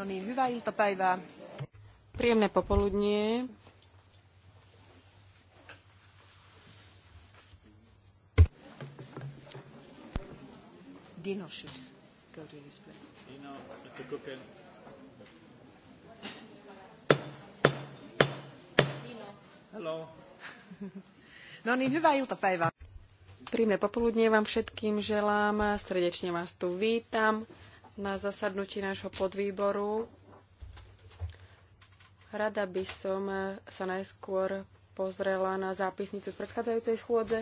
No niin, hyvää iltapäivää. Príjemné popoludnie. Dino should. Go to Hello. No niin, hyvää iltapäivää. popoludne vám všetkým želám. Srdečne vás tu vítam na zasadnutí nášho podvýboru. Rada by som sa najskôr pozrela na zápisnicu z predchádzajúcej schôdze,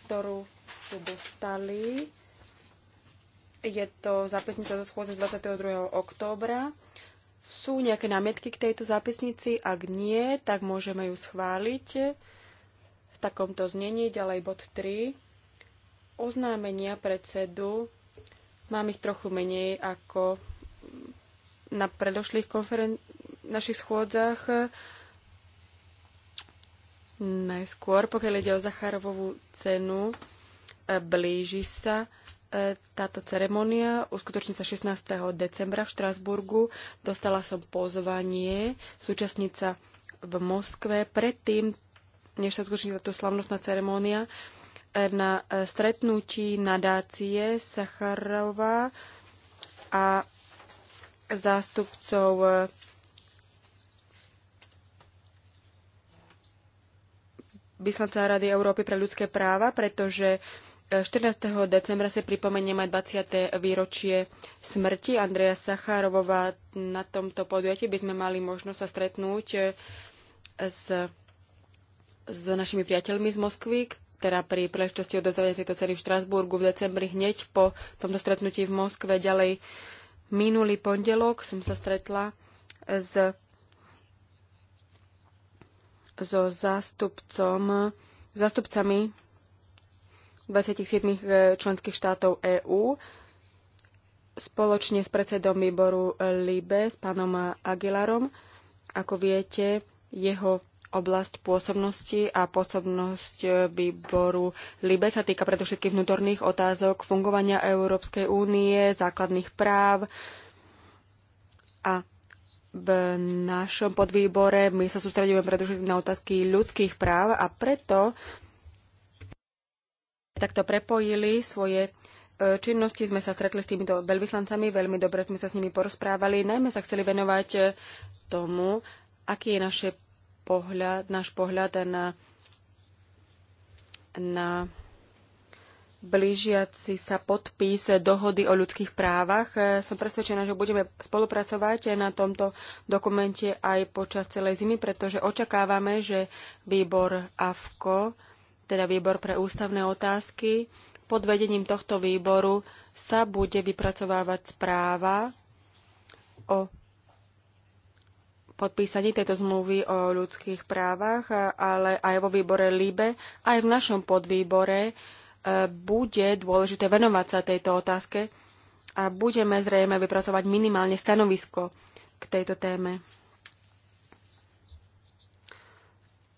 ktorú ste dostali. Je to zápisnica zo schôdze z 22. októbra. Sú nejaké námietky k tejto zápisnici? Ak nie, tak môžeme ju schváliť v takomto znení. Ďalej bod 3. Oznámenia predsedu. Mám ich trochu menej ako na predošlých konferen- našich schôdzach. Najskôr, pokiaľ ide o Zacharovovú cenu, blíži sa E, táto ceremonia uskutoční sa 16. decembra v Štrasburgu. Dostala som pozvanie súčasniť sa v Moskve predtým, než sa skutoční táto slavnostná ceremonia, e, na e, stretnutí nadácie Sacharová a zástupcov vyslanca Rady Európy pre ľudské práva, pretože 14. decembra si pripomenieme 20. výročie smrti Andreja Sacharovova. Na tomto podujatí by sme mali možnosť sa stretnúť e, s, s našimi priateľmi z Moskvy, teda pri príležitosti odozvania tejto ceny v Štrasburgu v decembri hneď po tomto stretnutí v Moskve. Ďalej minulý pondelok som sa stretla s, so zástupcom, zástupcami 27 e, členských štátov EÚ spoločne s predsedom výboru e, LIBE, s pánom e, Aguilarom. Ako viete, jeho oblasť pôsobnosti a pôsobnosť výboru LIBE sa týka predovšetkých vnútorných otázok fungovania Európskej únie, základných práv a v našom podvýbore my sa sústredujeme predovšetkým na otázky ľudských práv a preto takto prepojili svoje e, činnosti. Sme sa stretli s týmito veľvyslancami, veľmi dobre sme sa s nimi porozprávali. Najmä sa chceli venovať e, tomu, aký je naše pohľad, náš pohľad na, na blížiaci sa podpis dohody o ľudských právach. E, som presvedčená, že budeme spolupracovať na tomto dokumente aj počas celej zimy, pretože očakávame, že výbor AFKO teda výbor pre ústavné otázky. Pod vedením tohto výboru sa bude vypracovávať správa o podpísaní tejto zmluvy o ľudských právach, ale aj vo výbore LIBE, aj v našom podvýbore e, bude dôležité venovať sa tejto otázke a budeme zrejme vypracovať minimálne stanovisko k tejto téme.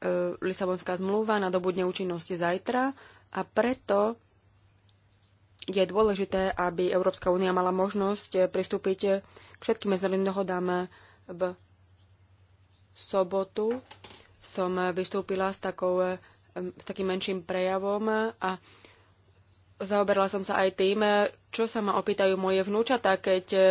E, Lisabonská zmluva nadobudne účinnosti zajtra a preto je dôležité, aby Európska únia mala možnosť pristúpiť k všetkým medzinárodným dohodám v sobotu. Som vystúpila s, takou, e, s takým menším prejavom a zaoberala som sa aj tým, čo sa ma opýtajú moje vnúčata, keď e,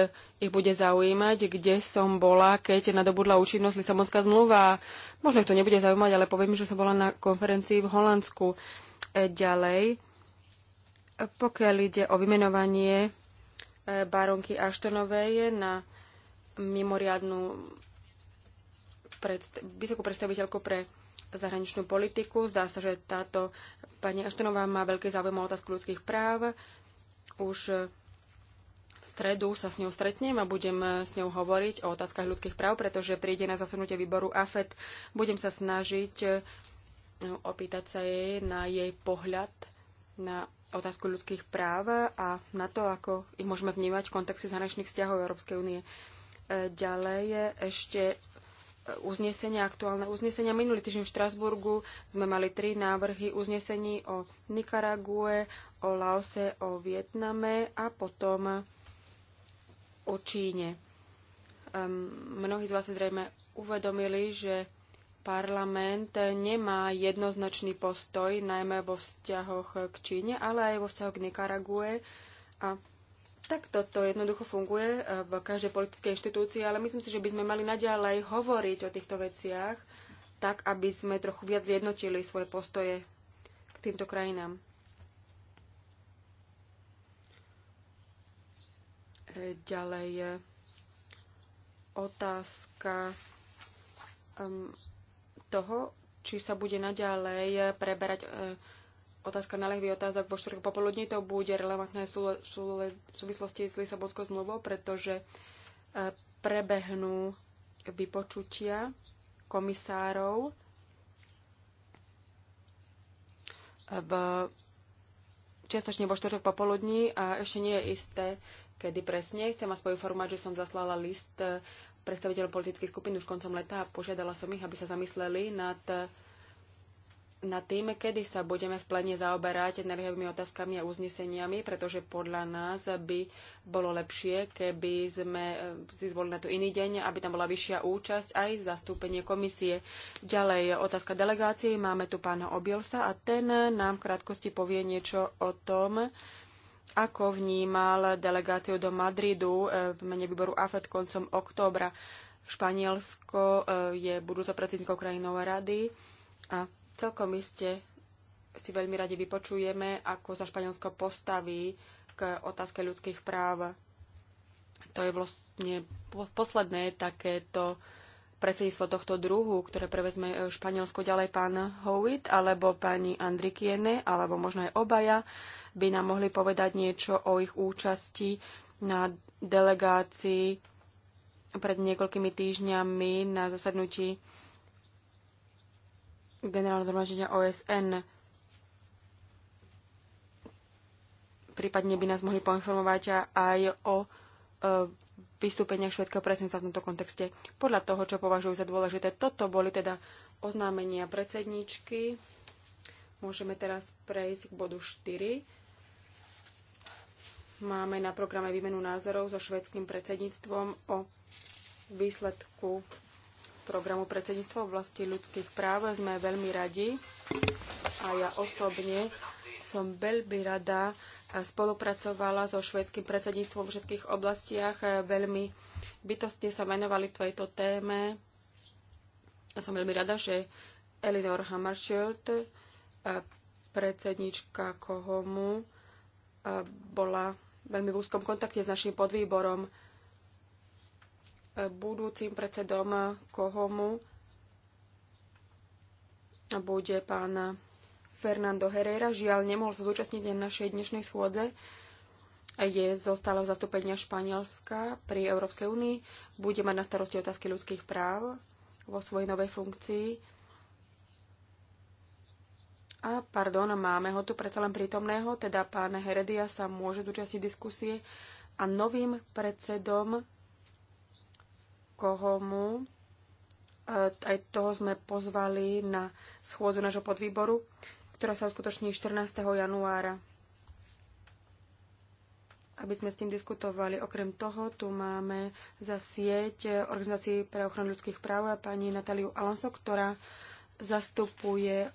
ich bude zaujímať, kde som bola, keď nadobudla účinnosť Lisabonská zmluva. Možno ich to nebude zaujímať, ale poviem, že som bola na konferencii v Holandsku. E, ďalej, pokiaľ ide o vymenovanie e, baronky Aštonovej na mimoriadnú predst- vysokú predstaviteľku pre zahraničnú politiku. Zdá sa, že táto pani Aštonová má veľký záujem o otázku ľudských práv už e, v stredu sa s ňou stretnem a budem e, s ňou hovoriť o otázkach ľudských práv, pretože príde na zasadnutie výboru AFET. Budem sa snažiť e, opýtať sa jej na jej pohľad na otázku ľudských práv a na to, ako ich môžeme vnímať v kontexte zahraničných vzťahov Európskej únie. Ďalej ešte uznesenia, aktuálne uznesenia. Minulý týždeň v Štrasburgu sme mali tri návrhy uznesení o Nikarague, o Laose, o Vietname a potom o Číne. Ehm, mnohí z vás zrejme uvedomili, že parlament nemá jednoznačný postoj, najmä vo vzťahoch k Číne, ale aj vo vzťahoch k Nikarague a tak toto jednoducho funguje eh, v každej politickej inštitúcii, ale myslím si, že by sme mali naďalej hovoriť o týchto veciach, tak aby sme trochu viac zjednotili svoje postoje k týmto krajinám. Eh, ďalej je otázka ehm, toho, či sa bude naďalej eh, preberať otázka na lehvý otázok vo štvrtok popoludní. To bude relevantné v súvislosti s Lisabonskou zmluvou, pretože e, prebehnú vypočutia komisárov e, v čiastočne vo štvrtok popoludní a ešte nie je isté, kedy presne. Chcem vás poinformovať, že som zaslala list e, predstaviteľom politických skupín už koncom leta a požiadala som ich, aby sa zamysleli nad na tým, kedy sa budeme v plene zaoberať energiovými otázkami a uzneseniami, pretože podľa nás by bolo lepšie, keby sme eh, si zvolili na to iný deň, aby tam bola vyššia účasť aj zastúpenie komisie. Ďalej otázka delegácií. Máme tu pána Obielsa a ten nám v krátkosti povie niečo o tom, ako vnímal delegáciu do Madridu eh, v mene výboru AFED koncom októbra. Španielsko eh, je budúco predsednikou krajinou rady a Celkom iste si veľmi radi vypočujeme, ako sa Španielsko postaví k otázke ľudských práv. To je vlastne posledné takéto predsedníctvo tohto druhu, ktoré prevezme e, Španielsko ďalej pán Howitt alebo pani Andrikiene, alebo možno aj obaja, by nám mohli povedať niečo o ich účasti na delegácii pred niekoľkými týždňami na zasadnutí generálneho zhromaždenia OSN. Prípadne by nás mohli poinformovať aj o e, vystúpeniach švedského predsednictva v tomto kontexte. Podľa toho, čo považujú za dôležité, toto boli teda oznámenia predsedničky. Môžeme teraz prejsť k bodu 4. Máme na programe výmenu názorov so švedským predsedníctvom o výsledku programu predsedníctva v oblasti ľudských práv. Sme veľmi radi a ja osobne som veľmi rada spolupracovala so švedským predsedníctvom v všetkých oblastiach. Veľmi bytostne sa venovali tejto téme. Ja som veľmi rada, že Elinor Hammarskjöld, predsednička Kohomu, bola veľmi v úzkom kontakte s našim podvýborom budúcim predsedom Kohomu bude pán Fernando Herrera. Žiaľ, nemohol sa zúčastniť na našej dnešnej schôdze. Je zo v zastúpenia Španielska pri Európskej únii. Bude mať na starosti otázky ľudských práv vo svojej novej funkcii. A pardon, máme ho tu predsa len prítomného, teda pán Heredia sa môže zúčastniť diskusie. A novým predsedom Kohomu. Aj toho sme pozvali na schôdu nášho podvýboru, ktorá sa uskutoční 14. januára. Aby sme s tým diskutovali. Okrem toho, tu máme za sieť Organizácií pre ochranu ľudských práv a pani Natáliu Alonso, ktorá zastupuje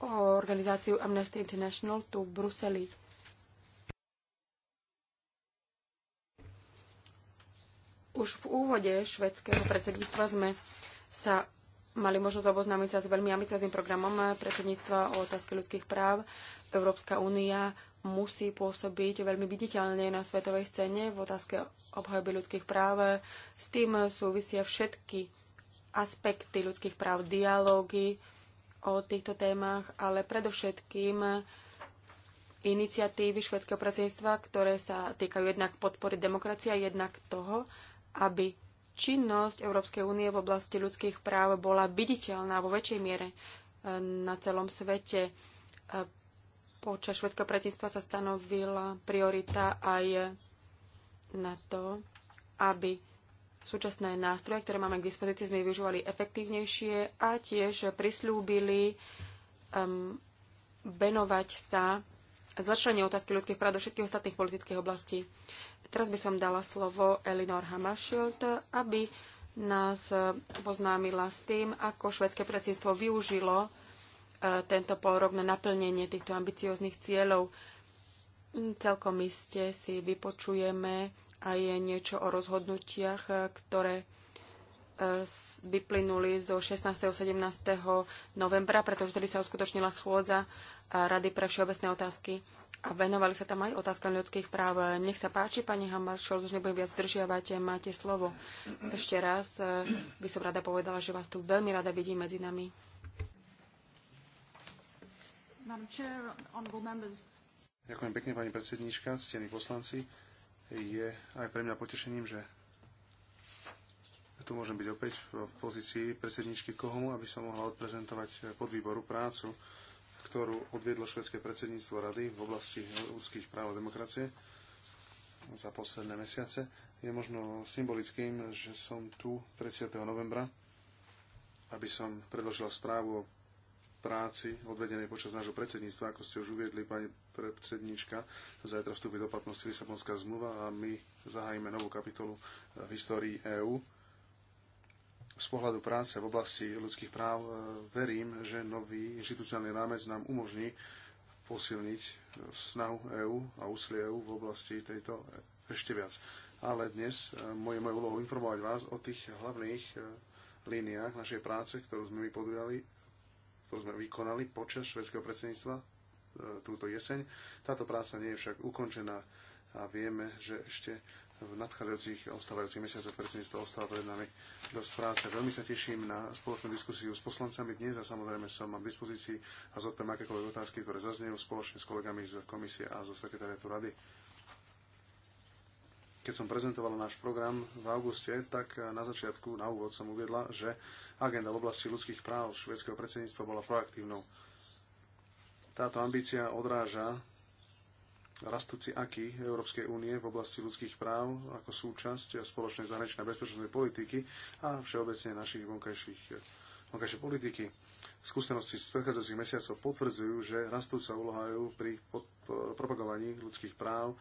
organizáciu Amnesty International tu v Bruseli. Už v úvode švedského predsedníctva sme sa mali možnosť oboznámiť sa s veľmi ambiciozným programom predsedníctva o otázke ľudských práv. Európska únia musí pôsobiť veľmi viditeľne na svetovej scéne v otázke obhajoby ľudských práv. S tým súvisia všetky aspekty ľudských práv, dialógy o týchto témach, ale predovšetkým iniciatívy švedského predsedníctva, ktoré sa týkajú jednak podpory a jednak toho, aby činnosť Európskej únie v oblasti ľudských práv bola viditeľná vo väčšej miere e, na celom svete. E, počas švedského predsedníctva sa stanovila priorita aj na to, aby súčasné nástroje, ktoré máme k dispozícii, sme využívali efektívnejšie a tiež prislúbili um, venovať sa zlepšenie otázky ľudských práv do všetkých ostatných politických oblastí. Teraz by som dala slovo Elinor Hammarskjöld, aby nás poznámila e, s tým, ako švedské predsedníctvo využilo e, tento pôrok na naplnenie týchto ambicióznych cieľov. Mm, celkom iste si vypočujeme aj niečo o rozhodnutiach, e, ktoré vyplynuli zo 16. a 17. novembra, pretože tedy sa uskutočnila schôdza Rady pre všeobecné otázky a venovali sa tam aj otázkam ľudských práv. Nech sa páči, pani Hamaršol, už nebudem viac zdržiavať, máte slovo. Ešte raz e, by som rada povedala, že vás tu veľmi rada vidím medzi nami. Ďakujem pekne, pani predsedníčka, ctení poslanci. Je aj pre mňa potešením, že tu môžem byť opäť v pozícii predsedničky Kohomu, aby som mohla odprezentovať podvýboru prácu ktorú odviedlo švedské predsedníctvo Rady v oblasti ľudských práv a demokracie za posledné mesiace. Je možno symbolickým, že som tu 30. novembra, aby som predložila správu o práci odvedenej počas nášho predsedníctva. Ako ste už uviedli, pani predsednička, zajtra vstúpi do platnosti Lisabonská zmluva a my zahájime novú kapitolu v histórii EÚ z pohľadu práce v oblasti ľudských práv e, verím, že nový inštitucionálny rámec nám umožní posilniť snahu EÚ a úsilie EÚ v oblasti tejto ešte viac. Ale dnes e, moje moje úlohou informovať vás o tých hlavných e, líniách našej práce, ktorú sme podujali, ktorú sme vykonali počas švedského predsedníctva túto jeseň. Táto práca nie je však ukončená a vieme, že ešte v nadchádzajúcich ostávajúcich mesiacoch predsedníctva ostáva pred nami dosť práce. Veľmi sa teším na spoločnú diskusiu s poslancami dnes a samozrejme som mám k dispozícii a zodpoviem akékoľvek otázky, ktoré zaznejú spoločne s kolegami z komisie a zo sekretariatu rady. Keď som prezentovala náš program v auguste, tak na začiatku, na úvod som uviedla, že agenda v oblasti ľudských práv švedského predsedníctva bola proaktívnou. Táto ambícia odráža rastúci aký Európskej únie v oblasti ľudských práv ako súčasť spoločnej zahraničnej bezpečnostnej politiky a všeobecne našich vonkajších vonkajšej politiky. Skúsenosti z predchádzajúcich mesiacov potvrdzujú, že rastúca úloha EÚ pri propagovaní ľudských práv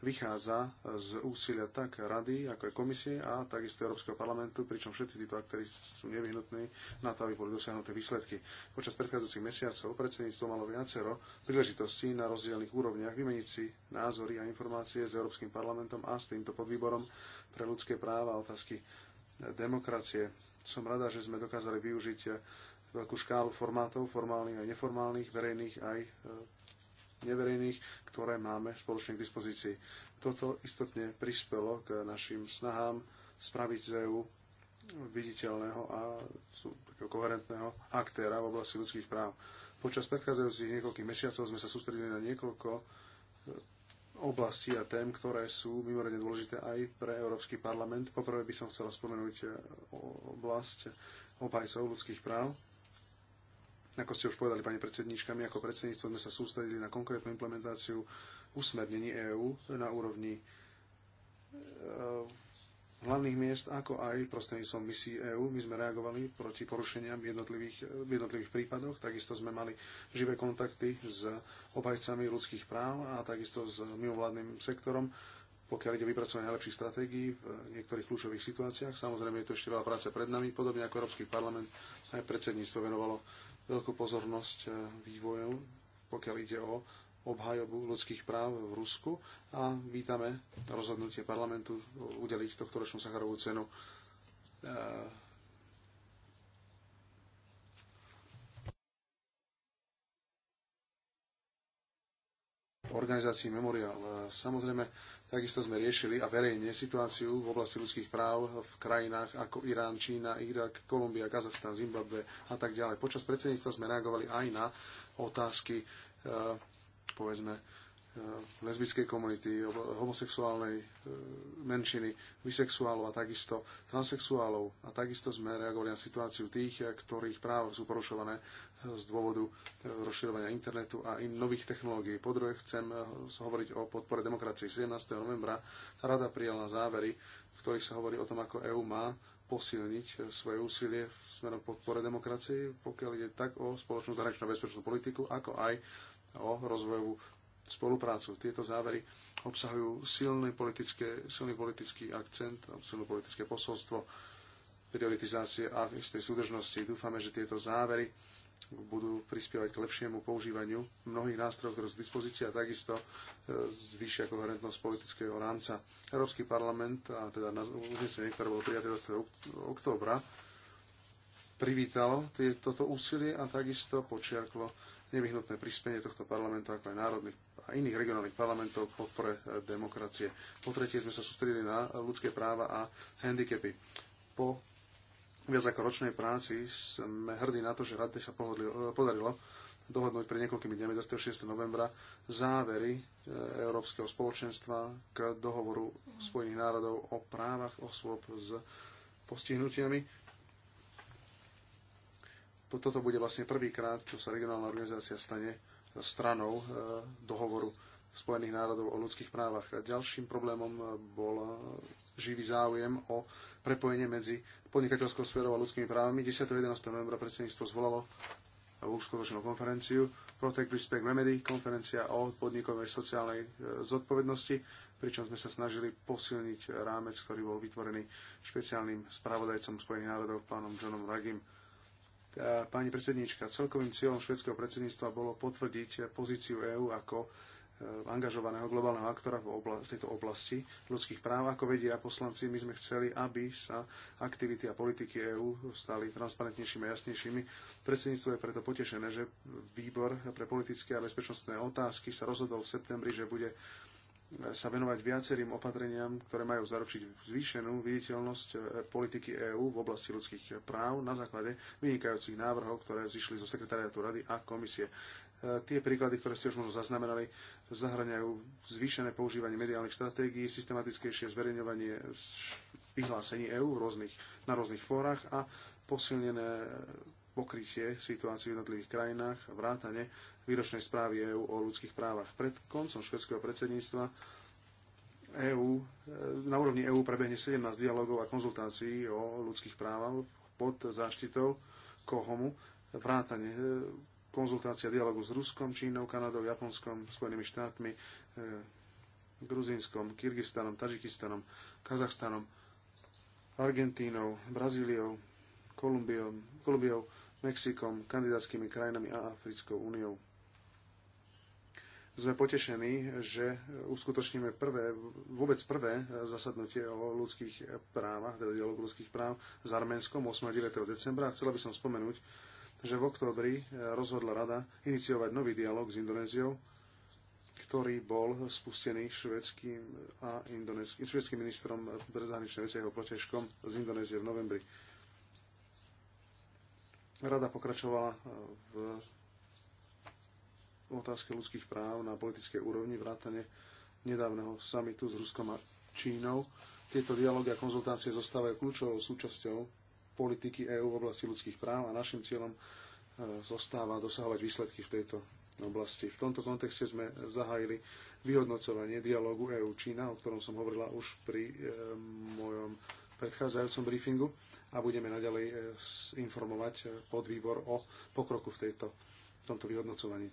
vychádza z úsilia tak Rady, ako aj komisie a takisto Európskeho parlamentu, pričom všetci títo aktéry sú nevyhnutní na to, aby boli dosiahnuté výsledky. Počas predchádzajúcich mesiacov predsedníctvo malo viacero príležitostí na rozdielnych úrovniach vymeniť si názory a informácie s Európskym parlamentom a s týmto podvýborom pre ľudské práva a otázky demokracie. Som rada, že sme dokázali využiť veľkú škálu formátov, formálnych aj neformálnych, verejných aj e, neverejných, ktoré máme spoločne k dispozícii. Toto istotne prispelo k našim snahám spraviť z EU viditeľného a koherentného aktéra v oblasti ľudských práv. Počas predchádzajúcich niekoľkých mesiacov sme sa sústredili na niekoľko eh, oblasti a tém, ktoré sú mimoriadne dôležité aj pre Európsky parlament. Poprvé by som chcela spomenúť eh, oblasť obhajcov ľudských práv. Ako ste už povedali, pani predsedníčka, my ako predsedníctvo sme sa sústredili na konkrétnu implementáciu usmernení EÚ na úrovni e, hlavných miest, ako aj prostredníctvom misií EÚ. My sme reagovali proti porušeniam v jednotlivých, v jednotlivých prípadoch. Takisto sme mali živé kontakty s obhajcami ľudských práv a takisto s mimovládnym sektorom, pokiaľ ide vypracovanie najlepších stratégií v niektorých kľúčových situáciách. Samozrejme, je to ešte veľa práce pred nami, podobne ako Európsky parlament aj predsedníctvo venovalo veľkú pozornosť e, vývojom, pokiaľ ide o obhajobu ľudských práv v Rusku a vítame rozhodnutie parlamentu udeliť tohto ročnú Sacharovú cenu e, Organizácii Memorial. Samozrejme, takisto sme riešili a verejne situáciu v oblasti ľudských práv v krajinách ako Irán, Čína, Irak, Kolumbia, Kazachstan, Zimbabwe a tak ďalej. Počas predsedníctva sme reagovali aj na otázky, eh, povedzme, E, lesbickej komunity, homosexuálnej e, menšiny, bisexuálov a takisto transexuálov. A takisto sme reagovali na situáciu tých, e, ktorých práva sú porušované z dôvodu rozširovania internetu a in nových technológií. Po druhé, chcem hovoriť o podpore demokracie. 17. novembra rada prijala závery, v ktorých sa hovorí o tom, ako EÚ má posilniť svoje úsilie smerom podpore demokracie, pokiaľ ide tak o spoločnú zahraničnú bezpečnú politiku, ako aj o rozvojovú spoluprácu. Tieto závery obsahujú silný, politický, silný politický akcent, silné politické posolstvo prioritizácie a istej súdržnosti. Dúfame, že tieto závery budú prispievať k lepšiemu používaniu mnohých nástrojov, ktoré sú z dispozície a takisto e, zvýšia koherentnosť politického rámca. Európsky parlament, a teda na uznesenie, ktoré bolo prijaté 20. októbra, privítalo toto úsilie a takisto počiarklo nevyhnutné prispenie tohto parlamentu, ako aj národných a iných regionálnych parlamentov k podpore e, demokracie. Po tretie sme sa sústredili na ľudské práva a handicapy. Po viac ako ročnej práci sme hrdí na to, že Rade sa e, podarilo dohodnúť pre niekoľkými dňami 26. novembra závery e, Európskeho spoločenstva k dohovoru Spojených národov o právach osôb s postihnutiami toto bude vlastne prvýkrát, čo sa regionálna organizácia stane stranou e, dohovoru Spojených národov o ľudských právach. ďalším problémom e, bol e, živý záujem o prepojenie medzi podnikateľskou sférou a ľudskými právami. 10. a 11. novembra predsedníctvo zvolalo uskutočnú konferenciu Protect Respect Remedy, konferencia o podnikovej sociálnej zodpovednosti, pričom sme sa snažili posilniť rámec, ktorý bol vytvorený špeciálnym spravodajcom Spojených národov, pánom Johnom Ragim Pani predsedníčka, celkovým cieľom švedského predsedníctva bolo potvrdiť pozíciu EÚ ako e, angažovaného globálneho aktora v obla- tejto oblasti ľudských práv. Ako vedia poslanci, my sme chceli, aby sa aktivity a politiky EÚ stali transparentnejšími a jasnejšími. Predsedníctvo je preto potešené, že výbor pre politické a bezpečnostné otázky sa rozhodol v septembri, že bude sa venovať viacerým opatreniam, ktoré majú zaručiť zvýšenú viditeľnosť eh, politiky EÚ v oblasti ľudských práv na základe vynikajúcich návrhov, ktoré vzýšli zo sekretariatu Rady a komisie. Eh, tie príklady, ktoré ste už možno zaznamenali, zahraňajú zvýšené používanie mediálnych stratégií, systematickejšie zverejňovanie vyhlásení EÚ na rôznych fórach a posilnené pokrytie situácie v jednotlivých krajinách, vrátane výročnej správy EÚ o ľudských právach. Pred koncom švedského predsedníctva EU, e, na úrovni EÚ prebehne 17 dialogov a konzultácií o ľudských právach pod záštitou Kohomu, vrátane e, konzultácia dialogu s Ruskom, Čínou, Kanadou, Japonskom, Spojenými štátmi, e, Gruzínskom, Kyrgyzstanom, Tadžikistanom, Kazachstanom, Argentínou, Brazíliou, Kolumbiou, Mexikom, kandidátskými krajinami a Africkou úniou. Sme potešení, že uskutočníme prvé, vôbec prvé zasadnutie o ľudských právach, teda dialog ľudských práv s Arménskom 8. a 9. decembra. Chcela by som spomenúť, že v októbri rozhodla Rada iniciovať nový dialog s Indonéziou, ktorý bol spustený švedským a švedským ministrom pre zahraničné veci a jeho protežkom z Indonézie v novembri Rada pokračovala e, v otázke ľudských práv na politickej úrovni vrátane nedávneho samitu s Ruskom a Čínou. Tieto dialógy a konzultácie zostávajú kľúčovou súčasťou politiky EÚ v oblasti ľudských práv a našim cieľom e, zostáva dosahovať výsledky v tejto oblasti. V tomto kontexte sme zahájili vyhodnocovanie dialógu EÚ-Čína, o ktorom som hovorila už pri e, mojom predchádzajúcom briefingu a budeme naďalej e, informovať e, podvýbor o pokroku v, tejto, v tomto vyhodnocovaní.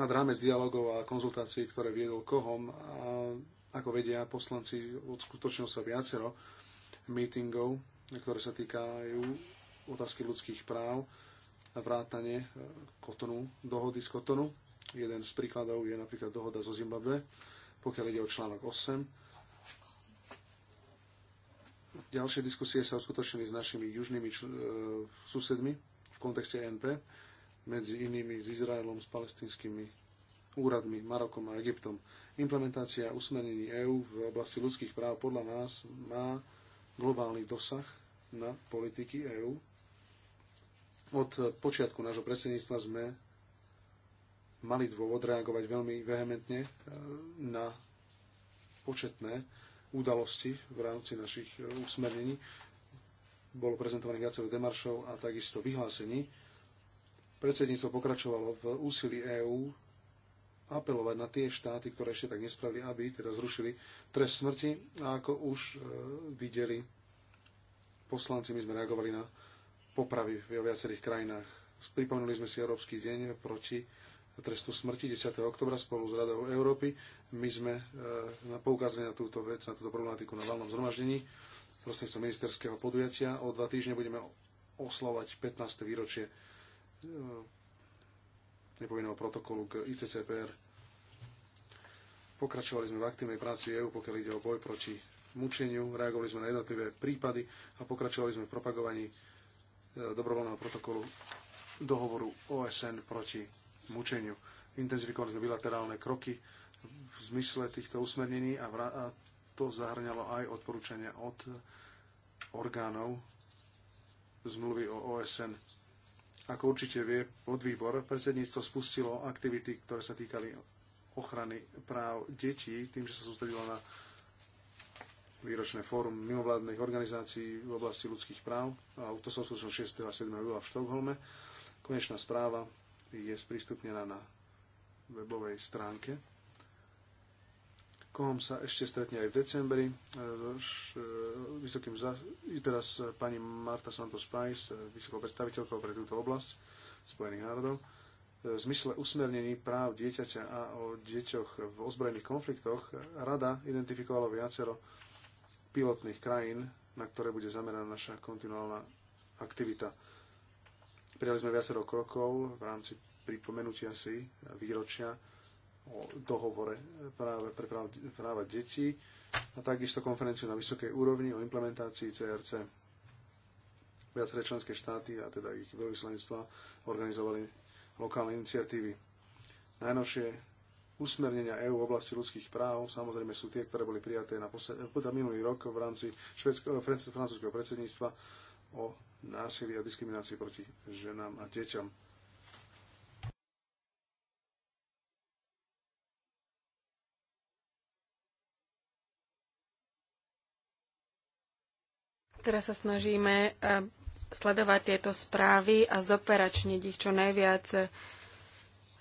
Nad rámec dialogov a konzultácií, ktoré viedol KOHOM, a ako vedia poslanci, odskutočnilo sa viacero meetingov, ktoré sa týkajú e otázky ľudských práv, vrátanie kotonu, dohody z kotonu. Jeden z príkladov je napríklad dohoda zo Zimbabwe, pokiaľ ide o článok 8 Ďalšie diskusie sa uskutočnili s našimi južnými čl- e, susedmi v kontexte e NP, medzi inými s Izraelom, s palestinskými úradmi Marokom a Egyptom. Implementácia usmernení EÚ v oblasti ľudských práv podľa nás má globálny dosah na politiky EÚ. Od počiatku nášho predsedníctva sme mali dôvod reagovať veľmi vehementne e, na početné udalosti v rámci našich e, usmernení. Bolo prezentované viacero demaršov a takisto vyhlásení. Predsedníctvo pokračovalo v úsilí EÚ apelovať na tie štáty, ktoré ešte tak nespravili, aby teda zrušili trest smrti. A ako už e, videli poslanci, my sme reagovali na popravy v viacerých krajinách. Pripomenuli sme si Európsky deň proti trestu smrti 10. oktobra spolu s Radou Európy. My sme e, poukázali na túto vec, na túto problematiku na valnom zhromaždení prostredníctvom ministerského podujatia. O dva týždne budeme oslovať 15. výročie e, nepovinného protokolu k ICCPR. Pokračovali sme v aktívnej práci EU, pokiaľ ide o boj proti mučeniu, reagovali sme na jednotlivé prípady a pokračovali sme v propagovaní e, dobrovoľného protokolu dohovoru OSN proti mučeniu. Intenzifikovali sme bilaterálne kroky v zmysle týchto usmernení a, to zahrňalo aj odporúčania od orgánov zmluvy o OSN. Ako určite vie podvýbor, predsedníctvo spustilo aktivity, ktoré sa týkali ochrany práv detí, tým, že sa sústredilo na výročné fórum mimovládnych organizácií v oblasti ľudských práv. A to sa so 6. a 7. júla v Štokholme. Konečná správa je sprístupnená na webovej stránke. Kohom sa ešte stretne aj v decembri e, e, za... vysokým teraz pani Marta Santos Pais, e, vysokou predstaviteľkou pre túto oblasť Spojených národov. V zmysle usmernení práv dieťaťa a o deťoch v ozbrojených konfliktoch rada identifikovala viacero pilotných krajín, na ktoré bude zameraná naša kontinuálna aktivita Prijali sme viacero krokov v rámci pripomenutia si výročia o dohovore práve pre práva detí a takisto konferenciu na vysokej úrovni o implementácii CRC. Viaceré členské štáty a teda ich veľvyslanectva organizovali lokálne iniciatívy. Najnovšie usmernenia EÚ v oblasti ľudských práv samozrejme sú tie, ktoré boli prijaté na posled, teda minulý rok v rámci švedského, francúzského predsedníctva o násilia a diskriminácii proti ženám a deťam. Teraz sa snažíme eh, sledovať tieto správy a zoperačniť ich čo najviac.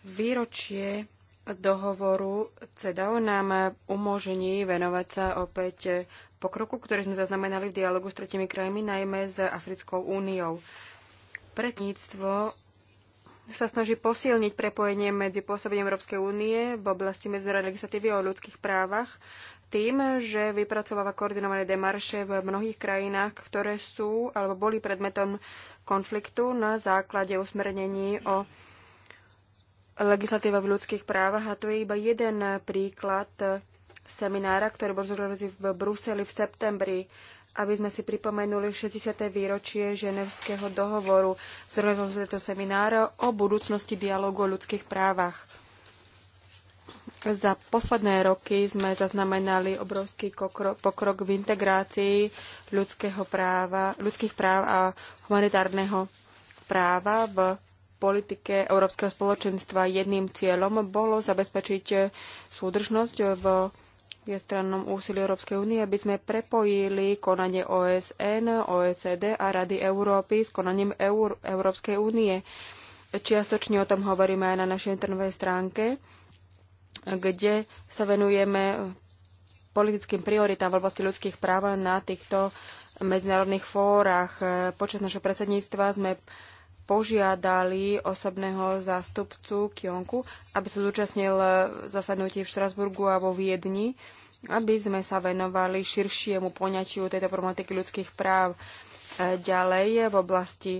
Výročie dohovoru CEDAW nám umožní venovať sa opäť pokroku, ktorý sme zaznamenali v dialogu s tretimi krajmi, najmä s Africkou úniou. Predníctvo sa snaží posilniť prepojenie medzi pôsobením Európskej únie v oblasti medzinárodnej legislatívy o ľudských právach tým, že vypracováva koordinované demarše v mnohých krajinách, ktoré sú alebo boli predmetom konfliktu na základe usmernení o legislatíve v ľudských právach. A to je iba jeden príklad seminára, ktorý bol zorganizovaný v Bruseli v septembri, aby sme si pripomenuli 60. výročie Ženevského dohovoru. z rozhodnutého seminára o budúcnosti dialogu o ľudských právach. Za posledné roky sme zaznamenali obrovský pokrok v integrácii ľudského práva, ľudských práv a humanitárneho práva v politike Európskeho spoločenstva jedným cieľom bolo zabezpečiť súdržnosť v je strannom úsilí Európskej únie, aby sme prepojili konanie OSN, OECD a Rady Európy s konaním Eur- Európskej únie. Čiastočne o tom hovoríme aj na našej internetovej stránke, kde sa venujeme politickým prioritám v oblasti ľudských práv na týchto medzinárodných fórach. Počas našho predsedníctva sme požiadali osobného zástupcu Kionku, aby sa zúčastnil zasadnutí v Štrasburgu a vo Viedni, aby sme sa venovali širšiemu poňatiu tejto problematiky ľudských práv. E, ďalej v oblasti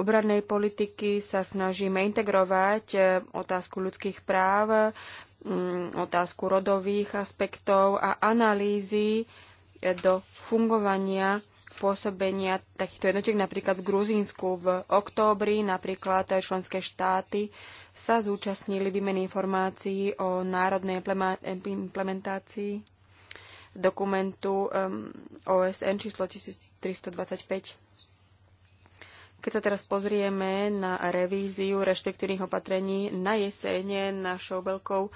obradnej politiky sa snažíme integrovať e, otázku ľudských práv, mm, otázku rodových aspektov a analýzy e, do fungovania pôsobenia takýchto jednotiek napríklad v Gruzínsku v októbri, napríklad členské štáty sa zúčastnili výmeny informácií o národnej implementácii dokumentu OSN číslo 1325. Keď sa teraz pozrieme na revíziu reštriktívnych opatrení na jesene, našou veľkou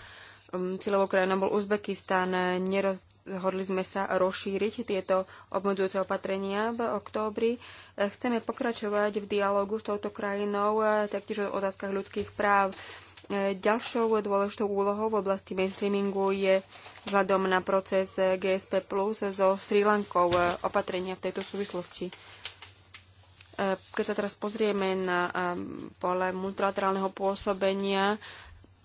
Um, cieľovou krajinou bol Uzbekistan. Nerozhodli sme sa rozšíriť tieto obmedzujúce opatrenia v októbri. Chceme pokračovať v dialogu s touto krajinou, taktiež o otázkach ľudských práv. Ďalšou dôležitou úlohou v oblasti mainstreamingu je vzhľadom na proces GSP Plus so Sri Lankou e, opatrenia v tejto súvislosti. E, keď sa teraz pozrieme na e, pole multilaterálneho pôsobenia,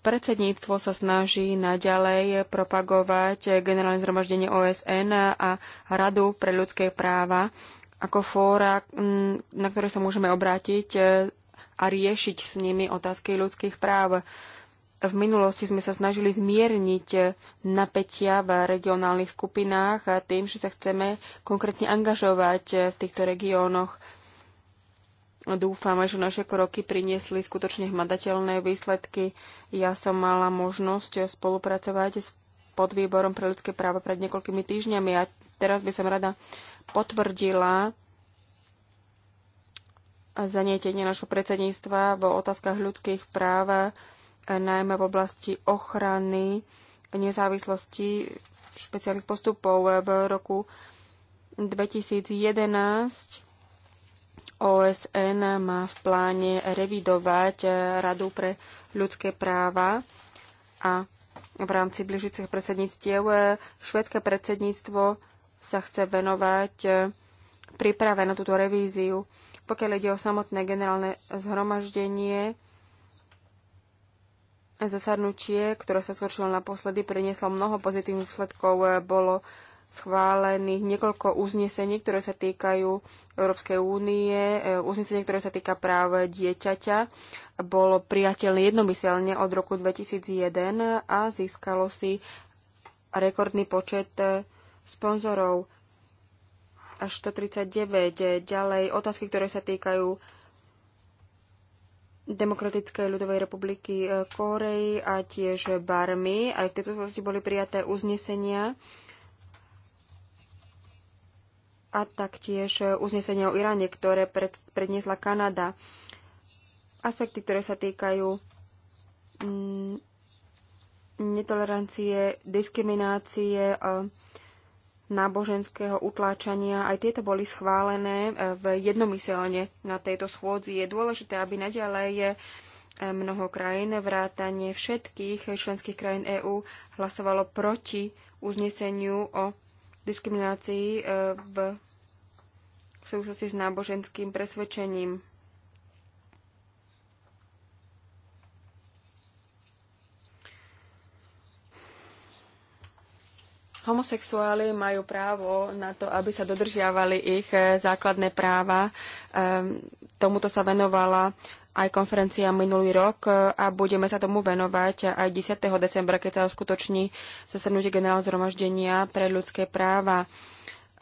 Predsedníctvo sa snaží naďalej propagovať generálne zhromaždenie OSN a Radu pre ľudské práva ako fóra, mm, na ktoré sa môžeme obrátiť e, a riešiť s nimi otázky ľudských práv. V minulosti sme sa snažili zmierniť napätia v regionálnych skupinách a tým, že sa chceme konkrétne angažovať v týchto regiónoch Dúfame, že naše kroky priniesli skutočne hmatateľné výsledky. Ja som mala možnosť spolupracovať s podvýborom pre ľudské práva pred niekoľkými týždňami a teraz by som rada potvrdila zanietenie našho predsedníctva vo otázkach ľudských práv, najmä v oblasti ochrany nezávislosti špeciálnych postupov v roku 2011 OSN má v pláne revidovať eh, Radu pre ľudské práva a v rámci blížicich predsedníctiev eh, švedské predsedníctvo sa chce venovať eh, príprave na túto revíziu. Pokiaľ ide o samotné generálne zhromaždenie, zasadnutie, ktoré sa skočilo naposledy, prinieslo mnoho pozitívnych výsledkov. Bolo schválených niekoľko uznesení, ktoré sa týkajú Európskej únie. E, uznesenie, ktoré sa týka práv dieťaťa, bolo priateľné jednomyselne od roku 2001 a získalo si rekordný počet e, sponzorov až 139. E, ďalej otázky, ktoré sa týkajú Demokratickej ľudovej republiky Kórey a tiež Barmy. Aj v tejto súvislosti boli prijaté uznesenia. Uh, a taktiež uznesenia o Iráne, ktoré pred, predniesla Kanada. Aspekty, ktoré sa týkajú mm, netolerancie, diskriminácie, e, náboženského utláčania. Aj tieto boli schválené e, v jednomyselne na tejto schôdzi. Je dôležité, aby naďalej e, mnoho krajín, vrátanie všetkých členských krajín EÚ hlasovalo proti uzneseniu o diskriminácii eh, v súvislosti s náboženským presvedčením. Homosexuáli majú právo na to, aby sa dodržiavali ich eh, základné práva. Ehm, tomuto sa venovala aj konferencia minulý rok eh, a budeme sa tomu venovať aj 10. decembra, keď sa uskutoční zasadnutie generálneho zhromaždenia pre ľudské práva.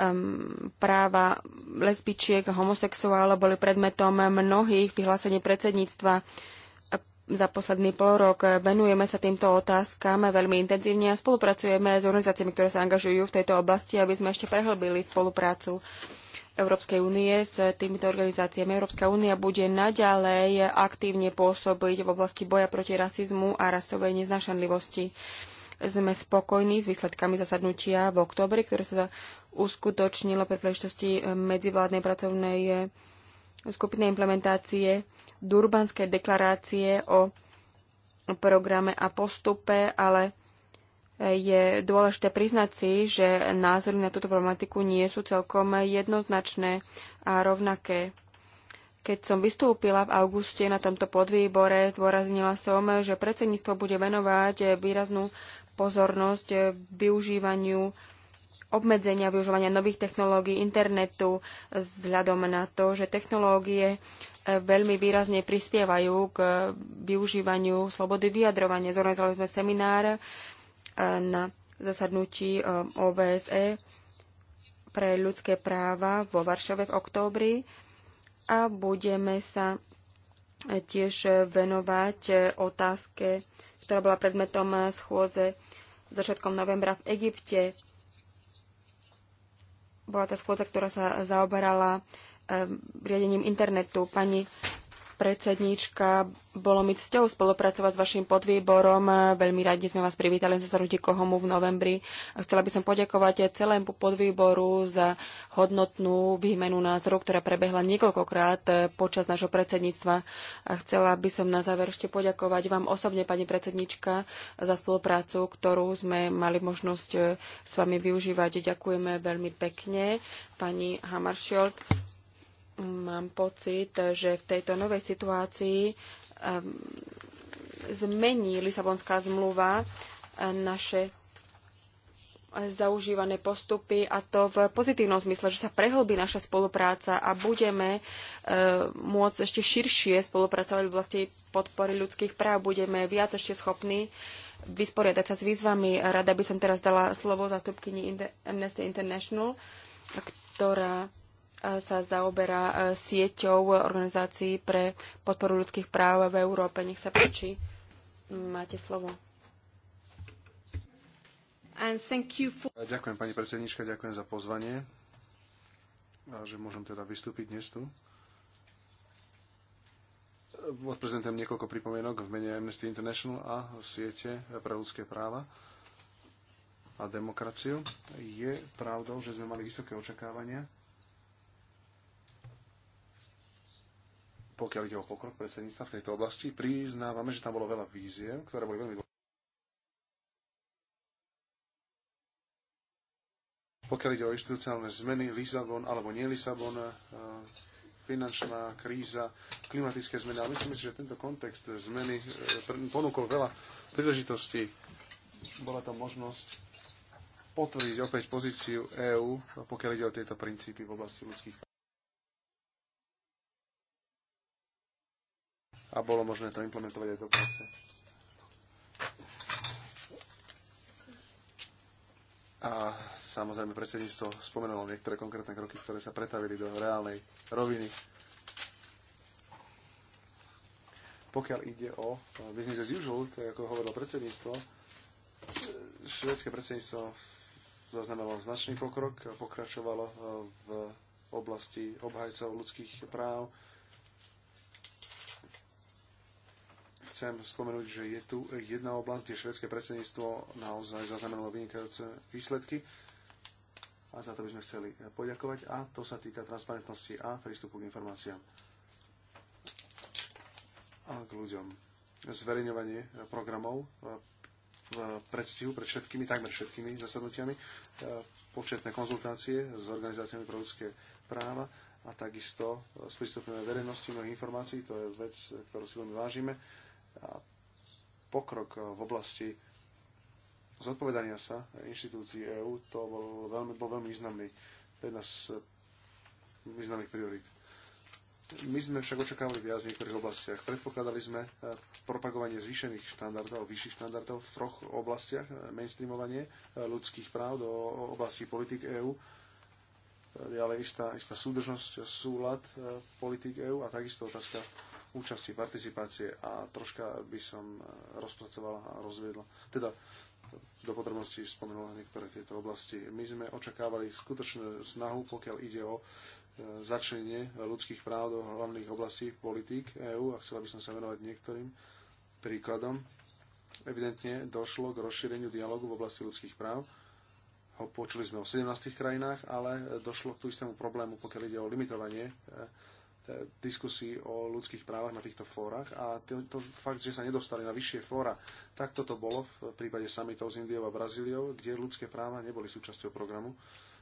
Um, práva lesbičiek, homosexuálov boli predmetom mnohých vyhlásení predsedníctva. Uh, za posledný pol rok. Venujeme sa týmto otázkam veľmi intenzívne a spolupracujeme s organizáciami, ktoré sa angažujú v tejto oblasti, aby sme ešte prehlbili spoluprácu Európskej únie s týmito organizáciami. Európska únia bude naďalej aktívne pôsobiť v oblasti boja proti rasizmu a rasovej neznášanlivosti. Sme spokojní s výsledkami zasadnutia v oktobri, ktoré sa uskutočnilo pri príležitosti medzivládnej pracovnej skupiny implementácie Durbanskej deklarácie o programe a postupe, ale je dôležité priznať si, že názory na túto problematiku nie sú celkom jednoznačné a rovnaké. Keď som vystúpila v auguste na tomto podvýbore, zdôraznila som, že predsedníctvo bude venovať výraznú pozornosť využívaniu obmedzenia využívania nových technológií internetu vzhľadom na to, že technológie e, veľmi výrazne prispievajú k e, využívaniu slobody vyjadrovania. Zorganizovali sme seminár e, na zasadnutí OBSE pre ľudské práva vo Varšave v októbri a budeme sa tiež venovať otázke, ktorá bola predmetom schôdze začiatkom novembra v Egypte bola tá schôdza, ktorá sa zaoberala eh, riadením internetu. Pani predsedníčka. Bolo mi cťou spolupracovať s vašim podvýborom. Veľmi radi sme vás privítali za zasadnutí Kohomu v novembri. A chcela by som poďakovať celému podvýboru za hodnotnú výmenu názorov, ktorá prebehla niekoľkokrát počas nášho predsedníctva. A chcela by som na záver ešte poďakovať vám osobne, pani predsednička, za spoluprácu, ktorú sme mali možnosť s vami využívať. Ďakujeme veľmi pekne, pani Hamaršiold. Mám pocit, že v tejto novej situácii ehm, zmení Lisabonská zmluva ehm, naše zaužívané postupy a to v pozitívnom zmysle, že sa prehlbí naša spolupráca a budeme ehm, môcť ešte širšie spolupracovať v oblasti podpory ľudských práv, budeme viac ešte schopní vysporiadať sa s výzvami. Rada by som teraz dala slovo zastupkyni Amnesty International, ktorá sa zaoberá e, sieťou organizácií pre podporu ľudských práv v Európe. Nech sa páči, máte slovo. For... Ďakujem, pani predsednička, ďakujem za pozvanie a že môžem teda vystúpiť dnes tu. Odprezentujem niekoľko pripomienok v mene Amnesty International a siete pre ľudské práva a demokraciu. Je pravdou, že sme mali vysoké očakávania pokiaľ ide o pokrok predsedníctva v tejto oblasti. Priznávame, že tam bolo veľa vízie, ktoré boli veľmi dôležité. Pokiaľ ide o inštitucionálne zmeny, Lisabon alebo nie Lisabon, e, finančná kríza, klimatické zmeny. Ale myslím si, že tento kontext zmeny e, ponúkol veľa príležitostí. Bola to možnosť potvrdiť opäť pozíciu EÚ, pokiaľ ide o tieto princípy v oblasti ľudských a bolo možné to implementovať aj do praxe. A samozrejme predsedníctvo spomenulo niektoré konkrétne kroky, ktoré sa pretavili do reálnej roviny. Pokiaľ ide o business as usual, tak ako hovorilo predsedníctvo, švedské predsedníctvo zaznamenalo značný pokrok, pokračovalo v oblasti obhajcov ľudských práv, chcem spomenúť, že je tu jedna oblasť, kde švedské predsedníctvo naozaj zaznamenalo vynikajúce výsledky a za to by sme chceli poďakovať a to sa týka transparentnosti a prístupu k informáciám a k ľuďom. Zverejňovanie programov v predstihu pred všetkými, takmer všetkými zasadnutiami, početné konzultácie s organizáciami pro ľudské práva a takisto sprístupňujeme verejnosti mnohých informácií, to je vec, ktorú si veľmi vážime pokrok v oblasti zodpovedania sa inštitúcií EÚ, to bol veľmi, bol veľmi významný, jedna z významných priorít. My sme však očakávali viac v niektorých oblastiach. Predpokladali sme e, propagovanie zvýšených štandardov, vyšších štandardov v troch oblastiach, e, mainstreamovanie e, ľudských práv do oblasti politik EÚ, ďalej istá, istá súdržnosť, súlad politik EÚ a takisto otázka účasti, participácie a troška by som eh, rozpracovala a rozviedla, teda do podrobností spomenula niektoré tieto oblasti. My sme očakávali skutočnú snahu, pokiaľ ide o eh, začlenie ľudských práv do hlavných oblastí politík EÚ a chcela by som sa venovať niektorým príkladom. Evidentne došlo k rozšíreniu dialogu v oblasti ľudských práv. Ho počuli sme o 17 krajinách, ale došlo k tú istému problému, pokiaľ ide o limitovanie eh, diskusí o ľudských právach na týchto fórach a to fakt, že sa nedostali na vyššie fóra. Tak toto bolo v prípade samitov s Indiou a Brazíliou, kde ľudské práva neboli súčasťou programu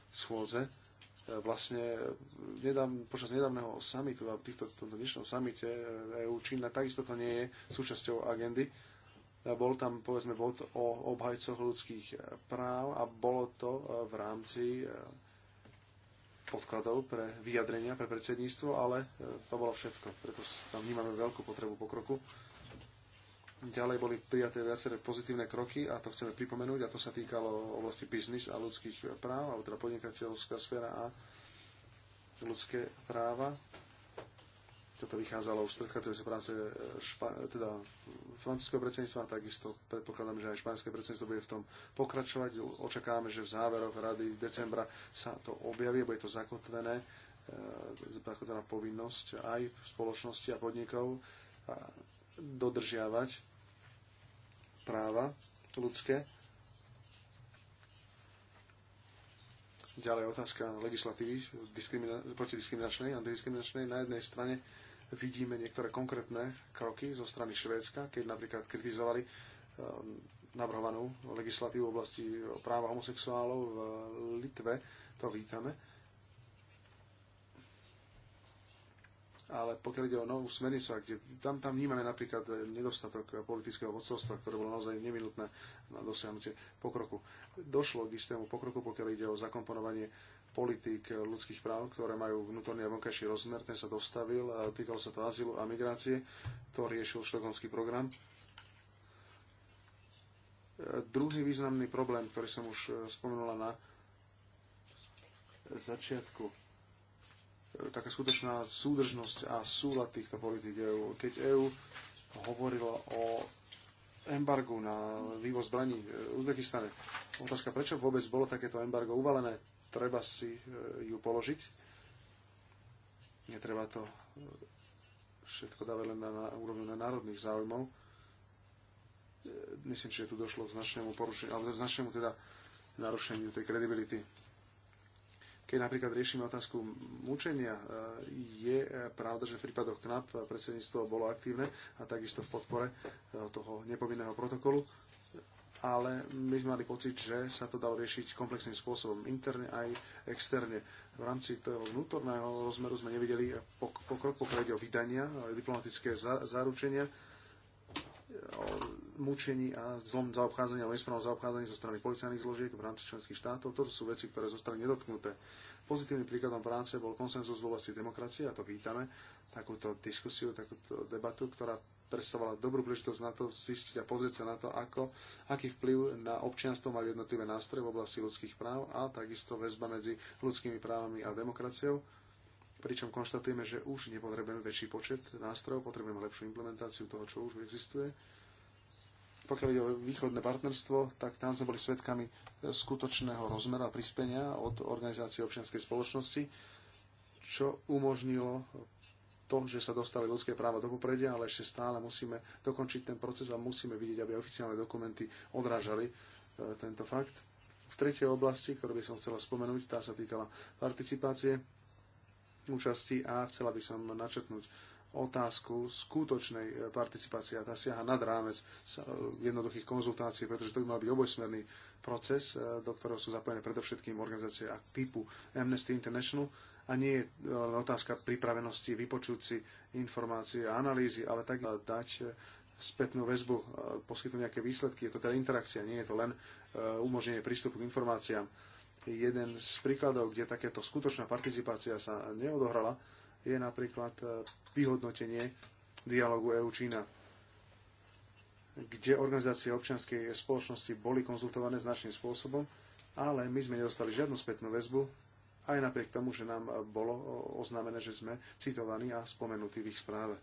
schôdze. Vlastne nedám, počas nedávneho samitu, a v tomto dnešnom samite EU Čína, takisto to nie je súčasťou agendy. Bol tam, povedzme, bod o obhajcoch ľudských práv a bolo to v rámci podkladov pre vyjadrenia, pre predsedníctvo, ale e, to bolo všetko. Preto tam vnímame veľkú potrebu pokroku. Ďalej boli prijaté viaceré pozitívne kroky a to chceme pripomenúť a to sa týkalo oblasti biznis a ľudských práv, alebo teda podnikateľská sféra a ľudské práva. Toto vychádzalo už z predchádzajúcej práce eh, špa, teda francúzského predsedníctva, takisto predpokladám, že aj španielské predsedníctvo bude v tom pokračovať. Očakávame, že v záveroch rady decembra sa to objaví, bude to zakotvené, eh, zakotvená povinnosť aj v spoločnosti a podnikov a eh, dodržiavať práva ľudské. Ďalej otázka legislatívy proti diskriminačnej, antidiskriminačnej. Na jednej strane vidíme niektoré konkrétne kroky zo strany Švédska, keď napríklad kritizovali ehm, navrhovanú legislatívu v oblasti práva homosexuálov v Litve. To vítame. Ale pokiaľ ide o novú smernicu, kde tam, tam vnímame napríklad eh, nedostatok politického vodcovstva, ktoré bolo naozaj neminutné na dosiahnutie pokroku. Došlo k istému pokroku, pokiaľ ide o zakomponovanie politík ľudských práv, ktoré majú vnútorný a vonkajší rozmer, ten sa dostavil, a týkal sa to azylu a migrácie, to riešil štokholmský program. Druhý významný problém, ktorý som už eh, spomenula na začiatku eh, taká skutočná súdržnosť a súlad týchto politik EU. Keď EÚ hovorilo o embargu na vývoz zbraní eh, v Uzbekistane, otázka, prečo vôbec bolo takéto embargo uvalené, treba si e, ju položiť. Netreba to e, všetko dávať len na, na úrovni na národných záujmov. E, myslím, že tu došlo k značnému porušeniu, alebo značnému teda narušeniu tej kredibility. Keď napríklad riešime otázku mučenia, je pravda, že v prípadoch KNAP predsedníctvo bolo aktívne a takisto v podpore toho nepovinného protokolu ale my sme mali pocit, že sa to dalo riešiť komplexným spôsobom, interne aj externe. V rámci toho vnútorného rozmeru sme nevideli pokrok, pokiaľ ide o vydania, diplomatické zaručenia, o mučení a zlom zaobchádzania, o nesprávnom zaobchádzaní zo strany policajných zložiek v rámci členských štátov. Toto sú veci, ktoré zostali nedotknuté. Pozitívnym príkladom práce bol konsenzus v oblasti demokracie a to vítame, takúto diskusiu, takúto debatu, ktorá predstavovala dobrú príležitosť na to zistiť a pozrieť sa na to, ako, aký vplyv na občianstvo majú jednotlivé nástroje v oblasti ľudských práv a takisto väzba medzi ľudskými právami a demokraciou. Pričom konštatujeme, že už nepotrebujeme väčší počet nástrojov, potrebujeme lepšiu implementáciu toho, čo už existuje. Pokiaľ ide o východné partnerstvo, tak tam sme boli svedkami skutočného rozmera a prispenia od organizácie občianskej spoločnosti, čo umožnilo to, že sa dostali ľudské práva do popredia, ale ešte stále musíme dokončiť ten proces a musíme vidieť, aby oficiálne dokumenty odrážali e, tento fakt. V tretej oblasti, ktorú by som chcela spomenúť, tá sa týkala participácie, účasti a chcela by som načetnúť otázku skutočnej e, participácie a tá siaha nad rámec e, jednoduchých konzultácií, pretože to by mal byť obojsmerný proces, do ktorého sú zapojené predovšetkým organizácie typu Amnesty International a nie je otázka pripravenosti vypočuť si informácie a analýzy, ale tak dať e, spätnú väzbu, e, poskytnúť nejaké výsledky. Je to teda interakcia, nie je to len e, umožnenie prístupu k informáciám. Jeden z príkladov, kde takéto skutočná participácia sa neodohrala, je napríklad vyhodnotenie dialogu EU-Čína, kde organizácie občianskej spoločnosti boli konzultované značným spôsobom, ale my sme nedostali žiadnu spätnú väzbu aj napriek tomu, že nám eh, bolo eh, oznámené, že sme citovaní a spomenutí v ich správe.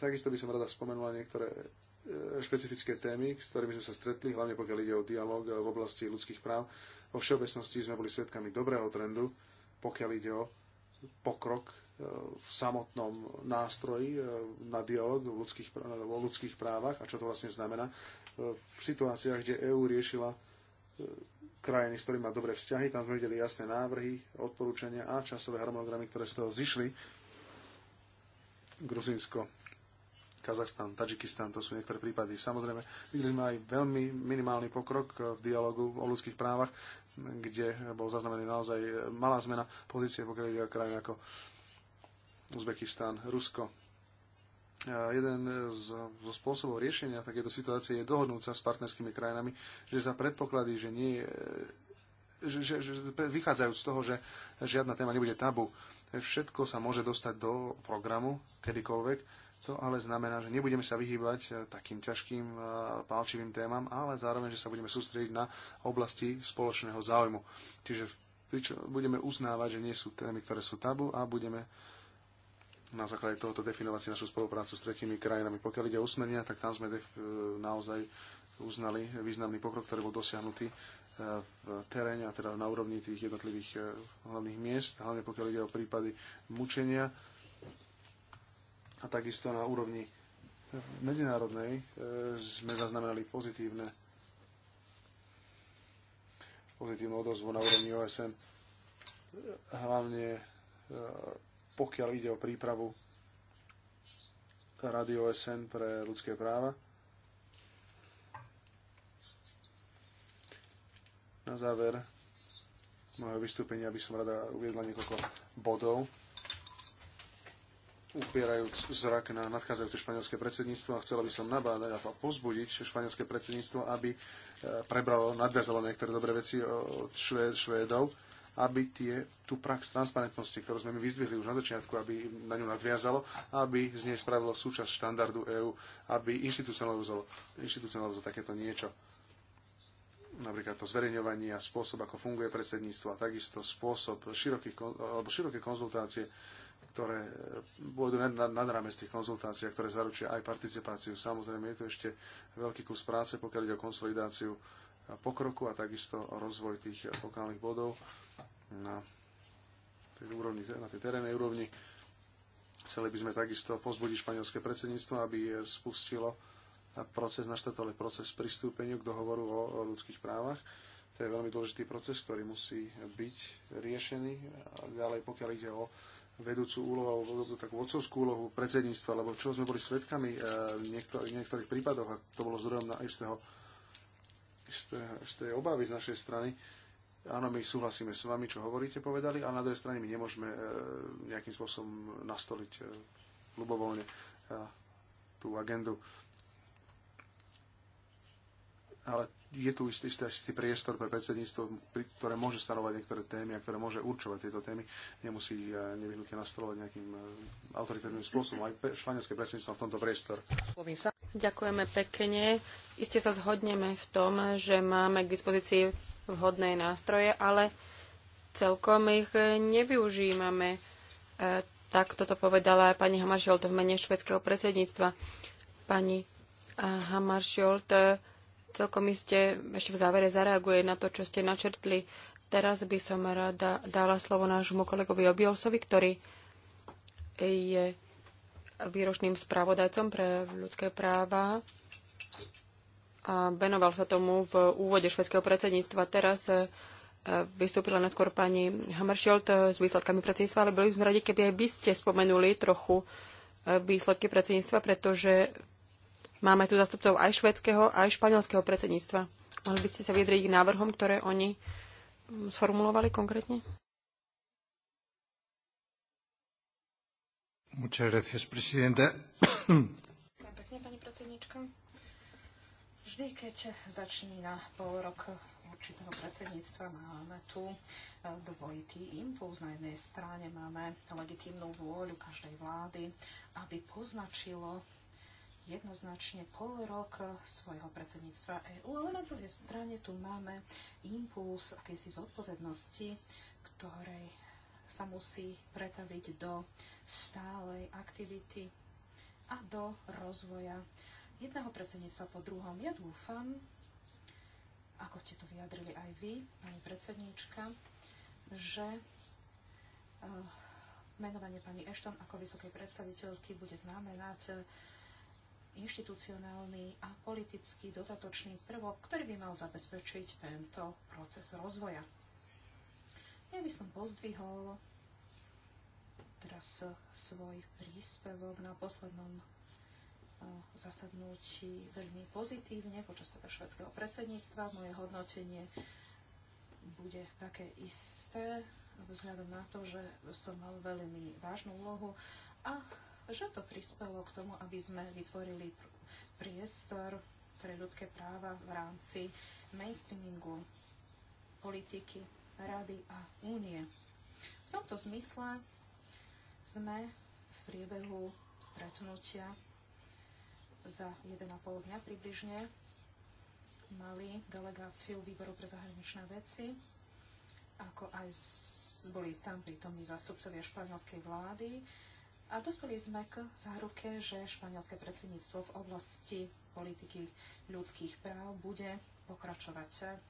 Takisto by som rada spomenula niektoré eh, špecifické témy, s ktorými sme sa stretli, hlavne pokiaľ ide o dialog v oblasti ľudských práv. Vo všeobecnosti sme boli svetkami dobrého trendu, pokiaľ ide o pokrok v samotnom nástroji na dialog o ľudských, o ľudských právach a čo to vlastne znamená. V situáciách, kde EÚ riešila krajiny, s ktorými má dobré vzťahy. Tam sme videli jasné návrhy, odporúčania a časové harmonogramy, ktoré z toho zišli. Gruzinsko, Kazachstan, Tadžikistan, to sú niektoré prípady. Samozrejme, videli sme aj veľmi minimálny pokrok v dialogu o ľudských právach, kde bol zaznamený naozaj malá zmena pozície, pokiaľ ide krajiny ako Uzbekistan, Rusko, jeden z, zo spôsobov riešenia takéto situácie je dohodnúť sa s partnerskými krajinami, že za predpoklady, že nie že, že, že vychádzajú z toho, že žiadna téma nebude tabu. Všetko sa môže dostať do programu kedykoľvek. To ale znamená, že nebudeme sa vyhýbať eh, takým ťažkým eh, pálčivým témam, ale zároveň, že sa budeme sústrediť na oblasti spoločného záujmu. Čiže budeme uznávať, že nie sú témy, ktoré sú tabu a budeme na základe tohoto definovať si našu spoluprácu s tretími krajinami. Pokiaľ ide o usmenia, tak tam sme naozaj uznali významný pokrok, ktorý bol dosiahnutý e, v teréne, a teda na úrovni tých jednotlivých e, hlavných miest, hlavne pokiaľ ide o prípady mučenia a takisto na úrovni medzinárodnej e, sme zaznamenali pozitívne pozitívnu odozvu na úrovni OSN, hlavne pokiaľ ide o prípravu Rady OSN pre ľudské práva. Na záver môjho vystúpenia by som rada uviedla niekoľko bodov, upierajúc zrak na nadchádzajúce španielské predsedníctvo a chcela by som nabádať a pozbudiť španielské predsedníctvo, aby eh, prebralo, nadviazalo niektoré dobré veci od Švédov aby tie, tú prax transparentnosti, ktorú sme my vyzdvihli už na začiatku, aby na ňu nadviazalo, aby z nej spravilo súčasť štandardu EÚ, aby institucionalizovalo, takéto niečo napríklad to zverejňovanie a spôsob, ako funguje predsedníctvo a takisto spôsob širokých, alebo široké konzultácie, ktoré budú nad rámec tých konzultácií, ktoré zaručia aj participáciu. Samozrejme, je tu ešte veľký kus práce, pokiaľ ide o konsolidáciu pokroku a takisto rozvoj tých lokálnych bodov na tej, úrovni, na tej terénnej úrovni. Chceli by sme takisto pozbudiť španielské predsedníctvo, aby spustilo proces, naštatovali proces pristúpeniu k dohovoru o, ľudských právach. To je veľmi dôležitý proces, ktorý musí byť riešený. A ďalej, pokiaľ ide o vedúcu úlohu, alebo takú vodcovskú úlohu predsedníctva, lebo čo sme boli svedkami eh, v niektorých prípadoch, a to bolo zrovna na istého z tej obavy z našej strany. Áno, my súhlasíme s vami, čo hovoríte, povedali, ale na druhej strane my nemôžeme e, nejakým spôsobom nastoliť e, ľubovoľne e, tú agendu. Ale je tu istý, istý, istý priestor pre predsedníctvo, ktoré môže stanovať niektoré témy a ktoré môže určovať tieto témy. Nemusí e, nevyhnutne nastolovať nejakým autoritárnym spôsobom. Aj španielské predsedníctvo v tomto priestor. Ďakujeme pekne. Iste sa zhodneme v tom, že máme k dispozícii vhodné nástroje, ale celkom ich nevyužívame. E, tak toto povedala aj pani Hamaršolt v mene švedského predsedníctva. Pani e, Hamaršolt e, celkom iste ešte v závere zareaguje na to, čo ste načrtli. Teraz by som rada dala slovo nášmu kolegovi Obiolsovi, ktorý je výročným spravodajcom pre ľudské práva a venoval sa tomu v úvode švedského predsedníctva. Teraz eh, vystúpila neskôr pani Hammerschild eh, s výsledkami predsedníctva, ale boli sme radi, keby aj vy ste spomenuli trochu eh, výsledky predsedníctva, pretože máme tu zastupcov aj švedského, aj španielského predsedníctva. Mohli by ste sa vyjadriť k návrhom, ktoré oni hm, sformulovali konkrétne? Muchas gracias, presidenta. Pekne, pani predsednička. Vždy, keď začína pol rok určitého predsedníctva, máme tu eh, dvojitý impuls. Na jednej strane máme legitímnu vôľu každej vlády, aby poznačilo jednoznačne pol rok svojho predsedníctva EÚ, ale na druhej strane tu máme impuls akejsi zodpovednosti, ktorej sa musí pretaviť do stálej aktivity a do rozvoja jedného predsedníctva po druhom. Ja dúfam, ako ste to vyjadrili aj vy, pani predsedníčka, že eh, menovanie pani Ešton ako vysokej predstaviteľky bude znamenať inštitucionálny a politický dodatočný prvok, ktorý by mal zabezpečiť tento proces rozvoja. Ja by som pozdvihol teraz svoj príspevok na poslednom eh, zasadnutí veľmi pozitívne počas toho švedského predsedníctva. Moje hodnotenie bude také isté vzhľadom na to, že som mal veľmi vážnu úlohu a že to prispelo k tomu, aby sme vytvorili priestor pre ľudské práva v rámci mainstreamingu politiky Rady a Únie. V tomto zmysle sme v priebehu stretnutia za 1,5 dňa približne mali delegáciu výboru pre zahraničné veci, ako aj boli tam prítomní zástupcovia španielskej vlády, a dospeli sme k záruke, že španielské predsedníctvo v oblasti politiky ľudských práv bude pokračovať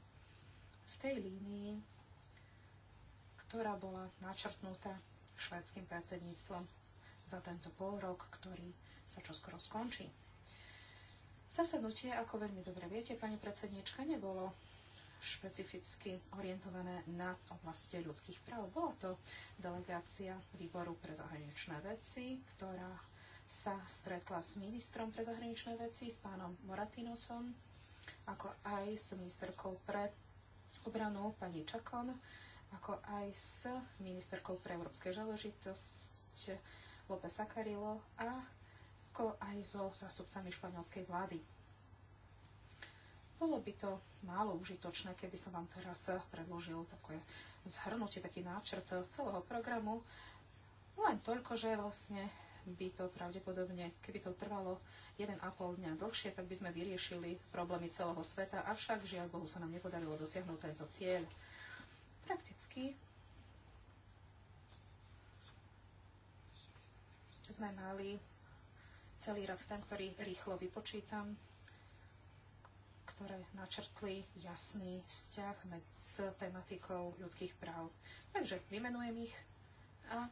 v tej línii, ktorá bola načrtnutá švédským predsedníctvom za tento pol rok, ktorý sa čoskoro skončí. Zasadnutie, ako veľmi dobre viete, pani predsednička, nebolo špecificky orientované na oblasti ľudských práv. Bola to delegácia výboru pre zahraničné veci, ktorá sa stretla s ministrom pre zahraničné veci, s pánom Moratinosom, ako aj s ministerkou pre obranu pani Čakon ako aj s ministerkou pre európske žaložitosť Lope Sakarilo a ako aj so zástupcami španielskej vlády. Bolo by to málo užitočné, keby som vám teraz predložil také zhrnutie, taký náčrt celého programu, len toľko, že vlastne by to pravdepodobne, keby to trvalo 1,5 dňa dlhšie, tak by sme vyriešili problémy celého sveta, avšak žiaľ Bohu sa nám nepodarilo dosiahnuť tento cieľ. Prakticky sme mali celý rad ten, ktorý rýchlo vypočítam, ktoré načrtli jasný vzťah med, s tematikou ľudských práv. Takže vymenujem ich a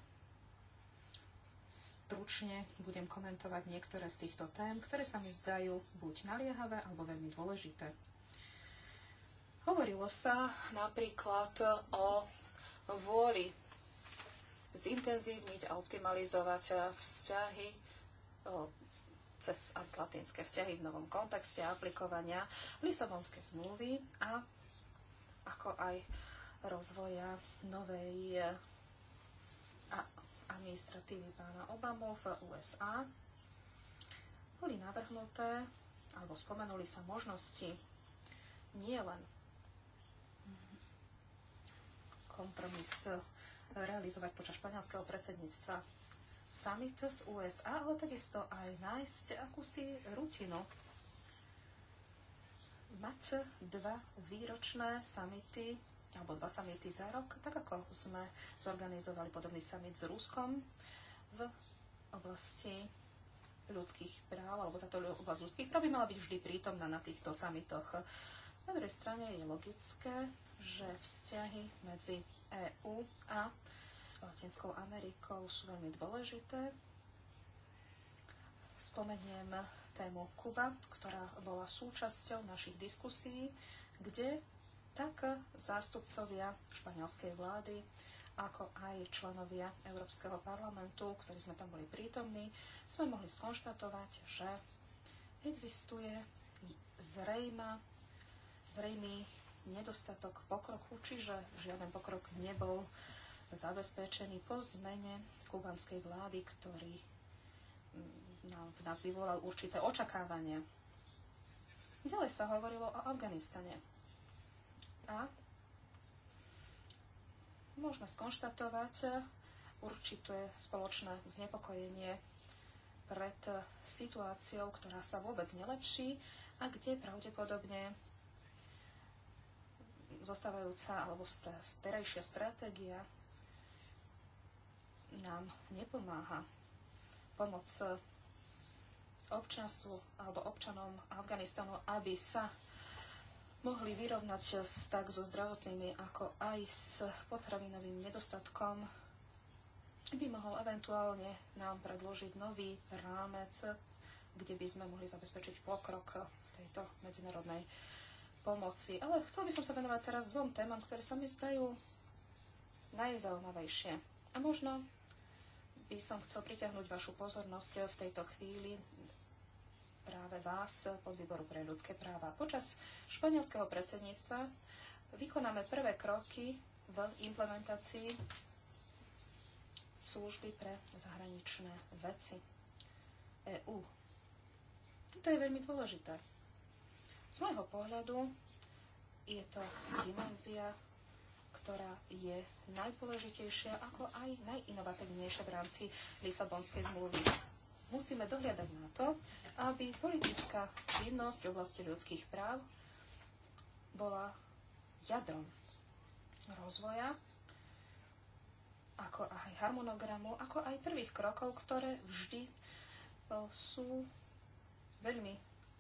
stručne budem komentovať niektoré z týchto tém, ktoré sa mi zdajú buď naliehavé alebo veľmi dôležité. Hovorilo sa napríklad o vôli zintenzívniť a optimalizovať vzťahy cez latinské vzťahy v novom kontexte aplikovania Lisabonskej zmluvy a ako aj rozvoja novej e, administratívy pána Obamu v USA boli navrhnuté alebo spomenuli sa možnosti nielen kompromis realizovať počas španielského predsedníctva summit z USA, ale takisto aj nájsť akúsi rutinu. Mať dva výročné samity alebo dva samity za rok, tak ako sme zorganizovali podobný summit s Ruskom v oblasti ľudských práv, alebo táto oblasť ľudských práv by mala byť vždy prítomná na týchto samitoch. Na druhej strane je logické, že vzťahy medzi EÚ a Latinskou Amerikou sú veľmi dôležité. Spomeniem tému Kuba, ktorá bola súčasťou našich diskusí, kde tak zástupcovia španielskej vlády, ako aj členovia Európskeho parlamentu, ktorí sme tam boli prítomní, sme mohli skonštatovať, že existuje zrejma, zrejmy nedostatok pokroku, čiže žiaden pokrok nebol zabezpečený po zmene kubanskej vlády, ktorý mm, v nás vyvolal určité očakávanie. Ďalej sa hovorilo o Afganistane. A môžeme skonštatovať určité spoločné znepokojenie pred situáciou, ktorá sa vôbec nelepší a kde pravdepodobne zostávajúca alebo tá terajšia stratégia nám nepomáha. Pomoc občanstvu alebo občanom Afganistanu, aby sa mohli vyrovnať s, tak so zdravotnými, ako aj s potravinovým nedostatkom, by mohol eventuálne nám predložiť nový rámec, kde by sme mohli zabezpečiť pokrok v tejto medzinárodnej uh, pomoci. Ale chcel by som sa venovať teraz dvom témam, ktoré sa mi zdajú najzaujímavejšie. A možno by som chcel priťahnuť vašu pozornosť v tejto chvíli práve vás pod výboru pre ľudské práva. Počas španielského predsedníctva vykonáme prvé kroky v implementácii služby pre zahraničné veci EU. To je veľmi dôležité z môjho pohľadu je to dimenzia, ktorá je najdôležitejšia, ako aj najinovatívnejšia v rámci Lisabonskej zmluvy. Musíme dohľadať na to, aby politická činnosť v oblasti ľudských práv bola jadrom rozvoja, ako aj harmonogramu, ako aj prvých krokov, ktoré vždy eh, sú veľmi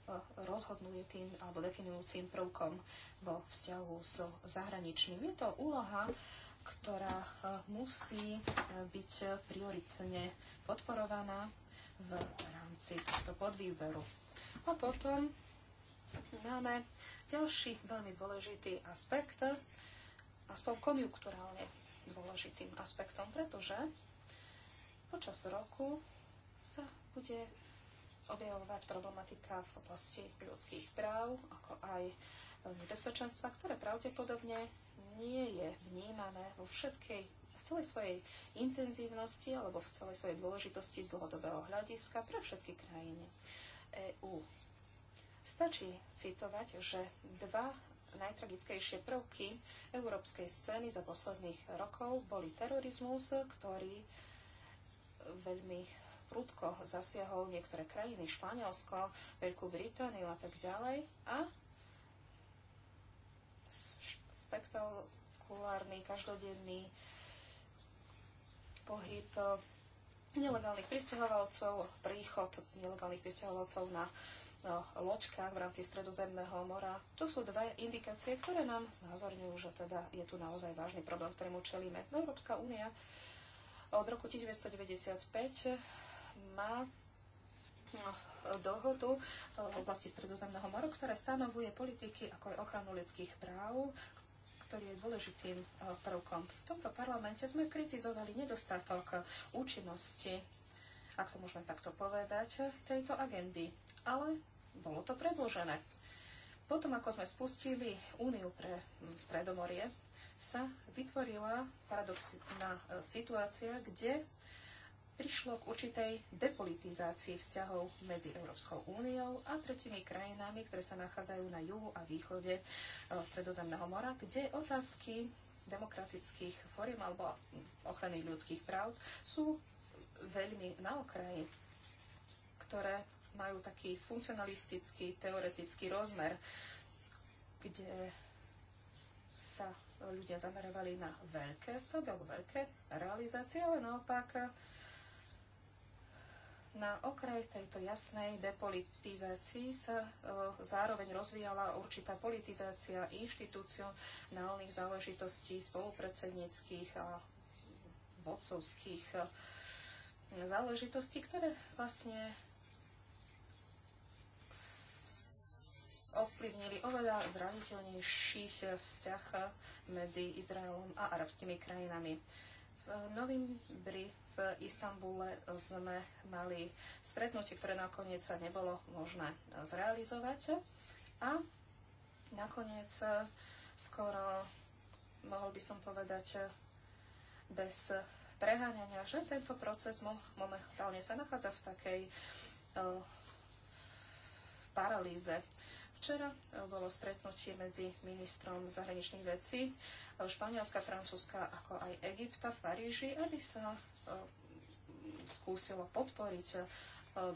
Eh, rozhodnutým alebo definujúcim prvkom vo vzťahu s zahraničným. Je to úloha, ktorá eh, musí eh, byť prioritne podporovaná v rámci tohto podvýberu. A potom máme ďalší veľmi dôležitý aspekt, aspoň konjunkturálne dôležitým aspektom, pretože počas roku sa bude objavovať problematika v oblasti ľudských práv, ako aj nebezpečenstva, ktoré pravdepodobne nie je vnímané vo všetkej v celej svojej intenzívnosti alebo v celej svojej dôležitosti z dlhodobého hľadiska pre všetky krajiny EÚ. Stačí citovať, že dva najtragickejšie prvky európskej scény za posledných rokov boli terorizmus, ktorý veľmi prudko zasiahol niektoré krajiny, Španielsko, Veľkú Britániu a tak ďalej. A spektakulárny, každodenný pohyb nelegálnych pristahovalcov, príchod nelegálnych pristahovalcov na no, loďkách v rámci Stredozemného mora. To sú dve indikácie, ktoré nám znázorňujú, že teda je tu naozaj vážny problém, ktorému čelíme. No, Európska únia od roku 1995 má no, dohodu v oblasti Stredozemného moru, ktoré stanovuje politiky ako je ochranu ľudských práv, ktorý je dôležitým e, prvkom. V tomto parlamente sme kritizovali nedostatok účinnosti, ak to môžeme takto povedať, tejto agendy. Ale bolo to predložené. Potom, ako sme spustili Úniu pre Stredomorie, sa vytvorila paradoxná e, situácia, kde prišlo k určitej depolitizácii vzťahov medzi Európskou úniou a tretimi krajinami, ktoré sa nachádzajú na juhu a východe e, Stredozemného mora, kde otázky demokratických fóriem alebo ochrany ľudských práv sú veľmi na okraji, ktoré majú taký funkcionalistický, teoretický rozmer, kde sa ľudia zamerovali na veľké stavby alebo veľké realizácie, ale naopak na okraj tejto jasnej depolitizácii sa e, zároveň rozvíjala určitá politizácia inštitucionálnych záležitostí spolupredsedníckých a vodcovských e, záležitostí, ktoré vlastne ovplyvnili oveľa zraniteľnejší vzťah medzi Izraelom a arabskými krajinami. V novembri v Istambule sme mali stretnutie, ktoré nakoniec sa nebolo možné eh, zrealizovať. A nakoniec eh, skoro, mohol by som povedať, eh, bez preháňania, že tento proces momentálne sa nachádza v takej paralýze. Včera e, bolo stretnutie medzi ministrom zahraničných vecí e, Španielska, Francúzska ako aj Egypta v Paríži, aby sa e, skúsilo podporiť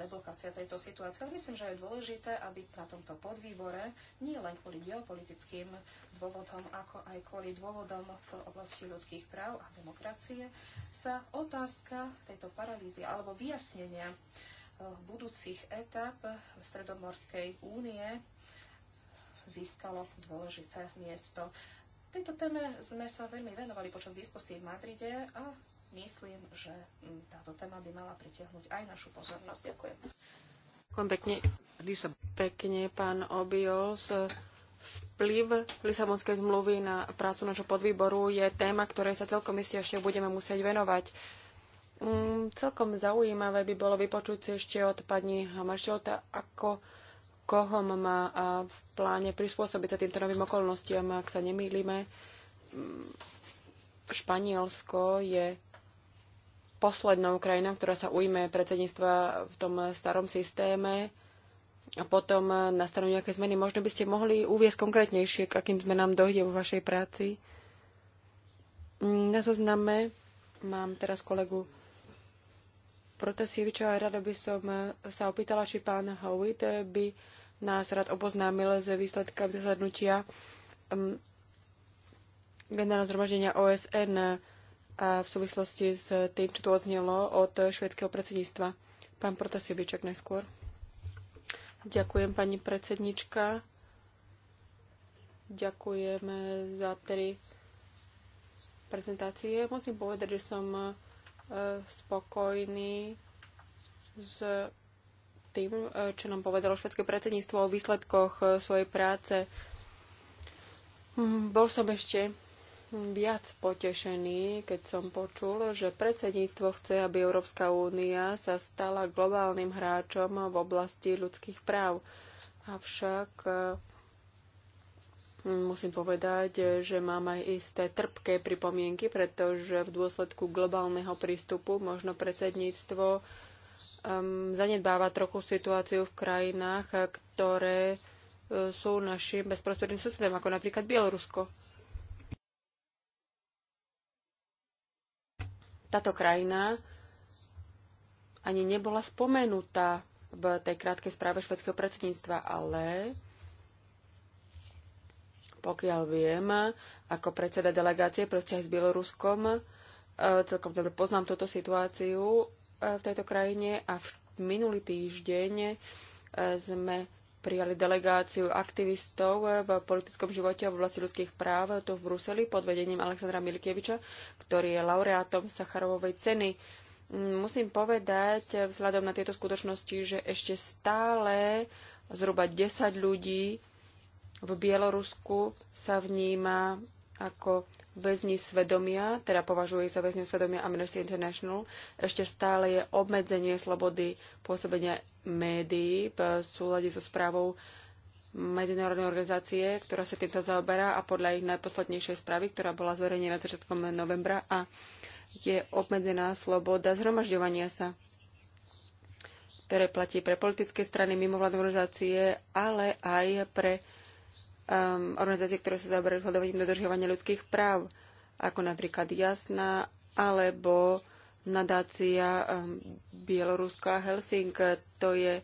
deblokácia tejto situácie. Ale myslím, že je dôležité, aby na tomto podvýbore nie len kvôli geopolitickým dôvodom, ako aj kvôli dôvodom v oblasti ľudských práv a demokracie, sa otázka tejto paralýzy alebo vyjasnenia budúcich etap Stredomorskej únie získalo dôležité miesto. Tejto téme sme sa veľmi venovali počas diskusie v Madride a myslím, že táto téma by mala pritiahnuť aj našu pozornosť. Ďakujem. Ďakujem pekne. Lisa. Pekne, pán Obios. Vplyv Lisabonskej zmluvy na prácu našho podvýboru je téma, ktorej sa celkom iste ešte budeme musieť venovať. Mm, celkom zaujímavé by bolo vypočuť si ešte od pani Hamaršelta, ako kohom má v pláne prispôsobiť sa týmto novým okolnostiam, ak sa nemýlime. Mm, Španielsko je poslednou krajinou, ktorá sa ujme predsedníctva v tom starom systéme a potom nastanú nejaké zmeny. Možno by ste mohli uviesť konkrétnejšie, k akým zmenám dojde vo vašej práci. Mm, na zozname mám teraz kolegu Protasieviča, rada by som eh, sa opýtala, či pán Howitt eh, by nás rád oboznámil s výsledkami zasadnutia um, generálneho zhromaždenia OSN eh, a v súvislosti s tým, čo tu odznelo od švedského predsedníctva. Pán Protasievičak najskôr. Ďakujem, pani predsednička. Ďakujeme za tri prezentácie. Musím povedať, že som E, spokojní s tým, e, čo nám povedalo švedské predsedníctvo o výsledkoch e, svojej práce. Mm, bol som ešte viac potešený, keď som počul, že predsedníctvo chce, aby Európska únia sa stala globálnym hráčom v oblasti ľudských práv. Avšak musím povedať, že mám aj isté trpké pripomienky, pretože v dôsledku globálneho prístupu možno predsedníctvo um, zanedbáva trochu situáciu v krajinách, ktoré e, sú našim bezprostredným susedom, ako napríklad Bielorusko. Táto krajina ani nebola spomenutá v tej krátkej správe švedského predsedníctva, ale pokiaľ viem, ako predseda delegácie pre vzťahy s Bieloruskom, e, celkom dobre poznám túto situáciu e, v tejto krajine a v minulý týždeň e, sme prijali delegáciu aktivistov v politickom živote v oblasti ľudských práv tu v Bruseli pod vedením Alexandra Milkeviča, ktorý je laureátom Sacharovovej ceny. Musím povedať vzhľadom na tieto skutočnosti, že ešte stále zhruba 10 ľudí v Bielorusku sa vníma ako väzni svedomia, teda považuje sa väzni svedomia Amnesty International, ešte stále je obmedzenie slobody pôsobenia médií v súlade so správou medzinárodnej organizácie, ktorá sa týmto zaoberá a podľa ich najposlednejšej správy, ktorá bola zverejnená začiatkom novembra a je obmedzená sloboda zhromažďovania sa ktoré platí pre politické strany, mimovládne organizácie, ale aj pre um, organizácie, ktoré sa zaoberajú sledovaním dodržiavania ľudských práv, ako napríklad jasná alebo nadácia um, Bieloruska Helsing. To je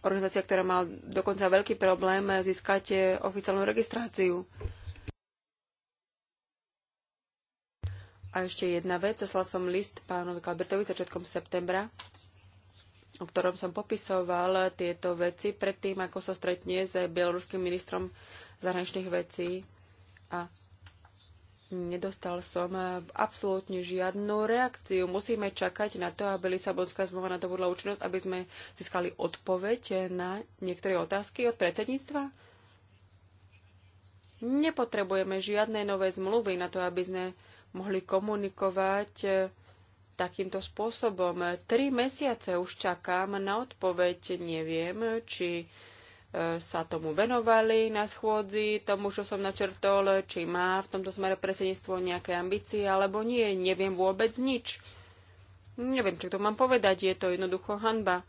organizácia, ktorá mala dokonca veľký problém získať eh, oficiálnu registráciu. A ešte jedna vec. Zaslal som list pánovi Kalbertovi začiatkom septembra v ktorom som popisoval tieto veci predtým, ako sa stretne s bieloruským ministrom zahraničných vecí a nedostal som absolútne žiadnu reakciu. Musíme čakať na to, aby Lisabonská zmluva budla účinnosť, aby sme získali odpoveď na niektoré otázky od predsedníctva. Nepotrebujeme žiadne nové zmluvy na to, aby sme mohli komunikovať takýmto spôsobom. Tri mesiace už čakám na odpoveď. Neviem, či e, sa tomu venovali na schôdzi, tomu, čo som načrtol, či má v tomto smere predsedníctvo nejaké ambície alebo nie. Neviem vôbec nič. Neviem, čo to mám povedať. Je to jednoducho hanba.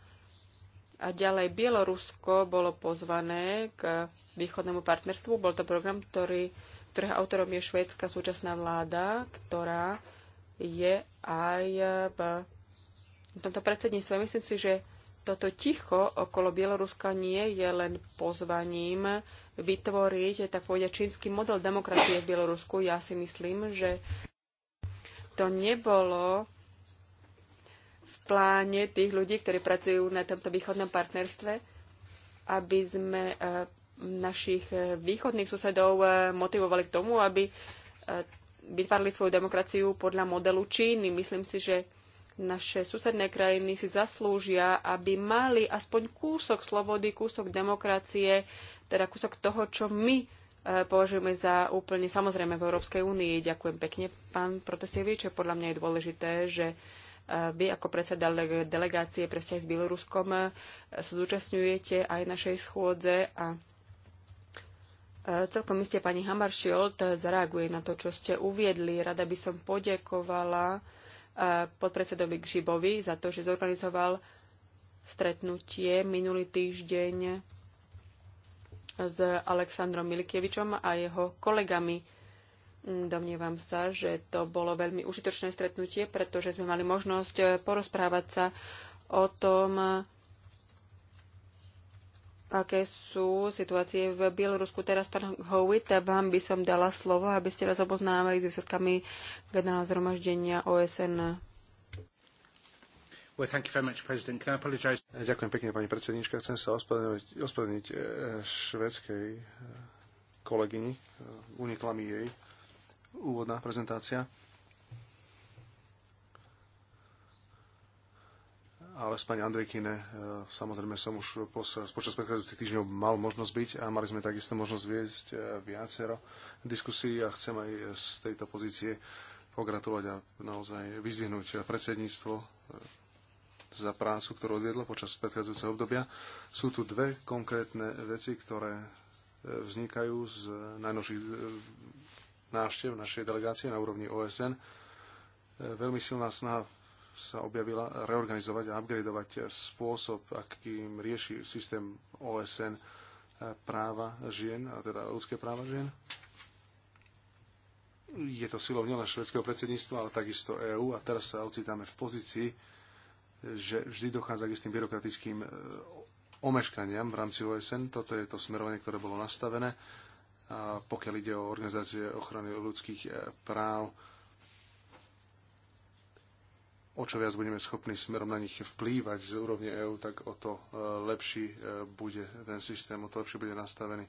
A ďalej Bielorusko bolo pozvané k východnému partnerstvu. Bol to program, ktorý, ktorého autorom je švédska súčasná vláda, ktorá je aj eh, v tomto predsedníctve. Myslím si, že toto ticho okolo Bieloruska nie je len pozvaním vytvoriť, tak povedia, čínsky model demokracie v Bielorusku. Ja si myslím, že to nebolo v pláne tých ľudí, ktorí pracujú na tomto východnom partnerstve, aby sme eh, našich eh, východných susedov motivovali k tomu, aby vytvárali svoju demokraciu podľa modelu Číny. Myslím si, že naše susedné krajiny si zaslúžia, aby mali aspoň kúsok slobody, kúsok demokracie, teda kúsok toho, čo my e, považujeme za úplne samozrejme v Európskej únii. Ďakujem pekne, pán Protasievič. Podľa mňa je dôležité, že e, vy ako predseda delegácie pre vzťahy s Bieloruskom e, sa zúčastňujete aj našej schôdze a Celkom iste pani Hamaršiold zareaguje na to, čo ste uviedli. Rada by som poďakovala e, podpredsedovi Gžibovi za to, že zorganizoval stretnutie minulý týždeň s Aleksandrom Milikievičom a jeho kolegami. Domnievam sa, že to bolo veľmi užitočné stretnutie, pretože sme mali možnosť porozprávať sa o tom, aké sú situácie v Bielorusku. Teraz, pán Howitt, vám by som dala slovo, aby ste nás oboznámili s výsledkami generálneho zhromaždenia OSN. Well, much, Ďakujem pekne, pani predsednička. Chcem sa ospravedlniť, ospravedlniť eh, švedskej eh, kolegyni. Eh, unikla mi jej úvodná prezentácia. ale s pani Andrejkine, e, samozrejme som už počas predchádzajúcich týždňov mal možnosť byť a mali sme takisto možnosť viesť e, viacero diskusí a chcem aj z tejto pozície pogratulovať a naozaj vyzvihnúť predsedníctvo e, za prácu, ktorú odviedlo počas predchádzajúceho obdobia. Sú tu dve konkrétne veci, ktoré vznikajú z najnovších návštev našej delegácie na úrovni OSN. Veľmi silná snaha sa objavila reorganizovať a upgradovať spôsob, akým rieši systém OSN eh, práva žien, a teda ľudské práva žien. Je to silou nielen švedského predsedníctva, ale takisto EÚ a teraz sa ocitáme v pozícii, že vždy dochádza k istým byrokratickým eh, omeškaniam v rámci OSN. Toto je to smerovanie, ktoré bolo nastavené. A pokiaľ ide o organizácie ochrany ľudských eh, práv, o čo viac budeme schopní smerom na nich vplývať z úrovne EÚ, tak o to e, lepší e, bude ten systém, o to lepšie bude nastavený.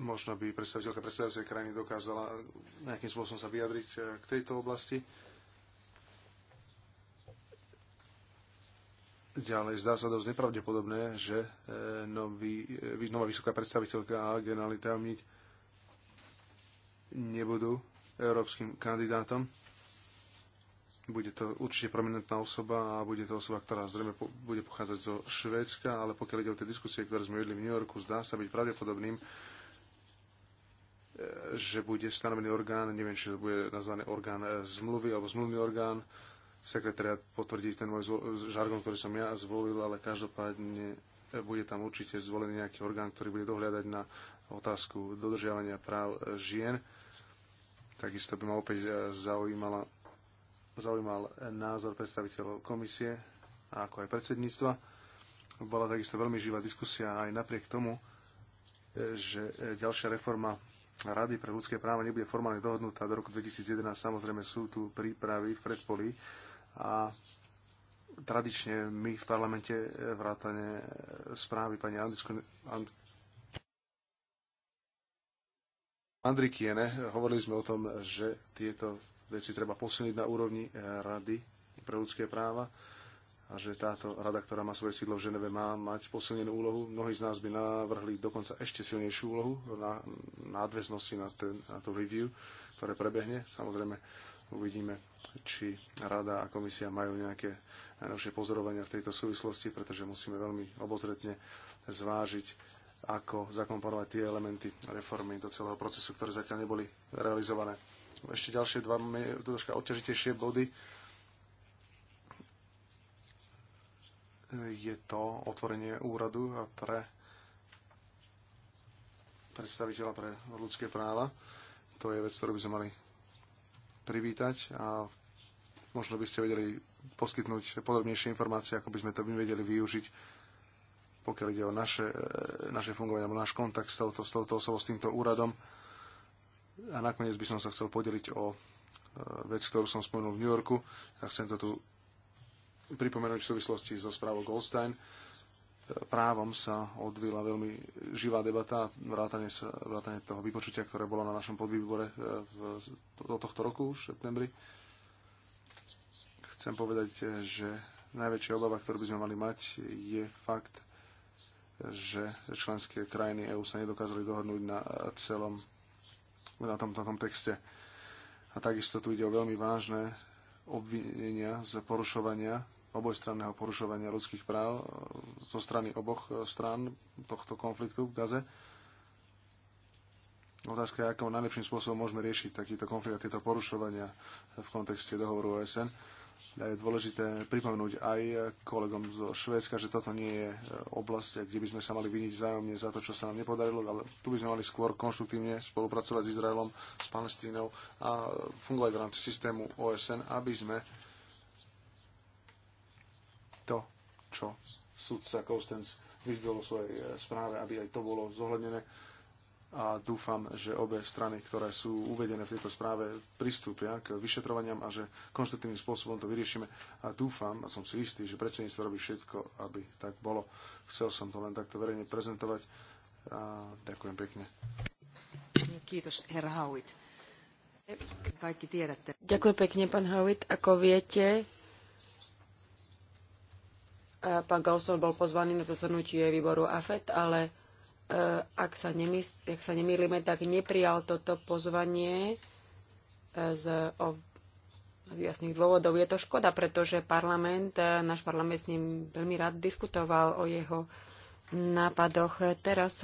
Možno by predstaviteľka predstavujúcej krajiny dokázala nejakým spôsobom sa vyjadriť e, k tejto oblasti. Ďalej, zdá sa dosť nepravdepodobné, že nový, nová vysoká predstaviteľka a generálny tajomník nebudú európskym kandidátom. Bude to určite prominentná osoba a bude to osoba, ktorá zrejme po, bude pochádzať zo Švédska, ale pokiaľ ide o tie diskusie, ktoré sme vedli v New Yorku, zdá sa byť pravdepodobným, e, že bude stanovený orgán, neviem, či to bude nazvaný orgán e, zmluvy alebo zmluvný orgán. Sekretariat potvrdí ten môj žargon, ktorý som ja zvolil, ale každopádne e, bude tam určite zvolený nejaký orgán, ktorý bude dohľadať na otázku dodržiavania práv žien Takisto by ma opäť e, zaujímala, zaujímal názor predstaviteľov komisie, ako aj predsedníctva. Bola takisto veľmi živá diskusia aj napriek tomu, e, že e, ďalšia reforma Rady pre ľudské práva nebude formálne dohodnutá do roku 2011. Samozrejme sú tu prípravy v predpolí a tradične my v parlamente vrátane správy pani Andrikiene. Hovorili sme o tom, že tieto veci treba posilniť na úrovni eh, Rady pre ľudské práva a že táto rada, ktorá má svoje sídlo v Ženeve, má mať posilnenú úlohu. Mnohí z nás by navrhli dokonca ešte silnejšiu úlohu na nadväznosti na, na tú review, ktoré prebehne. Samozrejme, uvidíme, či rada a komisia majú nejaké najnovšie eh, pozorovania v tejto súvislosti, pretože musíme veľmi obozretne zvážiť ako zakomponovať tie elementy reformy do celého procesu, ktoré zatiaľ neboli realizované. Ešte ďalšie dva troška odťažitejšie body. Je to otvorenie úradu pre predstaviteľa pre ľudské práva. To je vec, ktorú by sme mali privítať a možno by ste vedeli poskytnúť podrobnejšie informácie, ako by sme to vedeli využiť pokiaľ ide o naše, e, naše fungovanie alebo náš kontakt s touto, s touto osobou, s týmto úradom. A nakoniec by som sa chcel podeliť o e, vec, ktorú som spomenul v New Yorku a chcem to tu pripomenúť v súvislosti so správou Goldstein. E, právom sa odvila veľmi živá debata, vrátane, sa, vrátane toho vypočutia, ktoré bolo na našom podvýbore v, do tohto roku, už v septembri. Chcem povedať, že najväčšia obava, ktorú by sme mali mať, je fakt, že členské krajiny EÚ sa nedokázali dohodnúť na celom na tomto tom texte. A takisto tu ide o veľmi vážne obvinenia z porušovania, obojstranného porušovania ľudských práv zo strany oboch strán tohto konfliktu v Gaze. Otázka je, akým najlepším spôsobom môžeme riešiť takýto konflikt a tieto porušovania v kontexte dohovoru OSN je dôležité pripomenúť aj kolegom zo Švédska, že toto nie je oblasť, kde by sme sa mali vyniť vzájomne za to, čo sa nám nepodarilo, ale tu by sme mali skôr konštruktívne spolupracovať s Izraelom, s Palestínou a fungovať v rámci systému OSN, aby sme to, čo sudca Kostens vyzdol v svojej správe, aby aj to bolo zohľadnené a dúfam, že obe strany, ktoré sú uvedené v tejto správe, pristúpia k vyšetrovaniam a že konštruktívnym spôsobom to vyriešime. A dúfam, a som si istý, že predsedníctvo robí všetko, aby tak bolo. Chcel som to len takto verejne prezentovať. A ďakujem pekne. Kýtos, herra Howitt. Ďakujem pekne, pán Howitt. Ako viete, pán Galson bol pozvaný na zasadnutie výboru AFET, ale Eh, ak sa, nemys- ak sa nemýlime, tak neprijal toto pozvanie eh, z, o, z jasných dôvodov. Je to škoda, pretože parlament, eh, náš parlament s ním veľmi rád diskutoval o jeho nápadoch. Teraz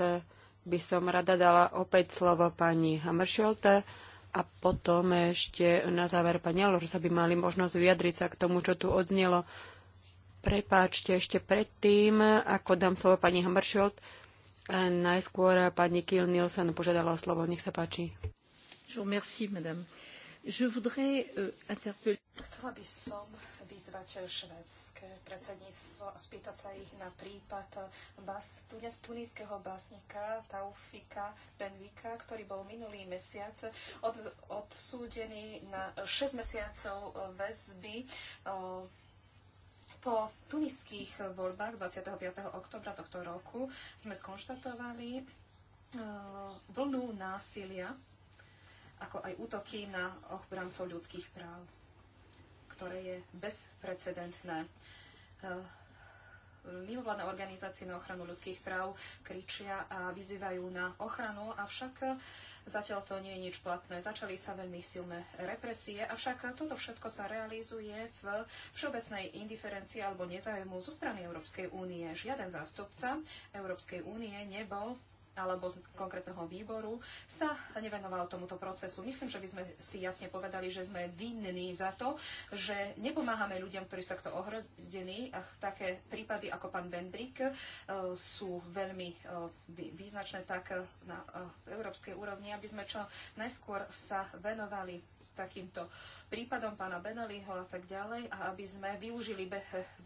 by som rada dala opäť slovo pani Hammerscholte a potom ešte na záver pani Alor sa by mali možnosť vyjadriť sa k tomu, čo tu odznelo. Prepáčte ešte predtým, ako dám slovo pani Hammerscholte, Najskôr pani Kiel Nielsen požiadala o slovo. Nech sa páči. Euh, Chcela by som vyzvať eh, švedské predsedníctvo a spýtať sa ich na prípad eh, bas, básnika Taufika Benzika, ktorý bol minulý mesiac od, odsúdený na 6 mesiacov eh, väzby po tuniských voľbách 25. oktobra tohto roku sme skonštatovali e, vlnu násilia, ako aj útoky na ochbrancov ľudských práv, ktoré je bezprecedentné e, mimovládne organizácie na ochranu ľudských práv kričia a vyzývajú na ochranu, avšak zatiaľ to nie je nič platné. Začali sa veľmi silné represie, avšak toto všetko sa realizuje v všeobecnej indiferencii alebo nezájmu zo strany Európskej únie. Žiaden zástupca Európskej únie nebol alebo z konkrétneho výboru sa nevenoval tomuto procesu. Myslím, že by sme si jasne povedali, že sme vinní za to, že nepomáhame ľuďom, ktorí sú takto ohrodení. Také prípady ako pán Bendrik e, sú veľmi e, význačné tak e, na európskej úrovni, aby sme čo najskôr sa venovali takýmto prípadom pána Beneliho a tak ďalej a aby sme využili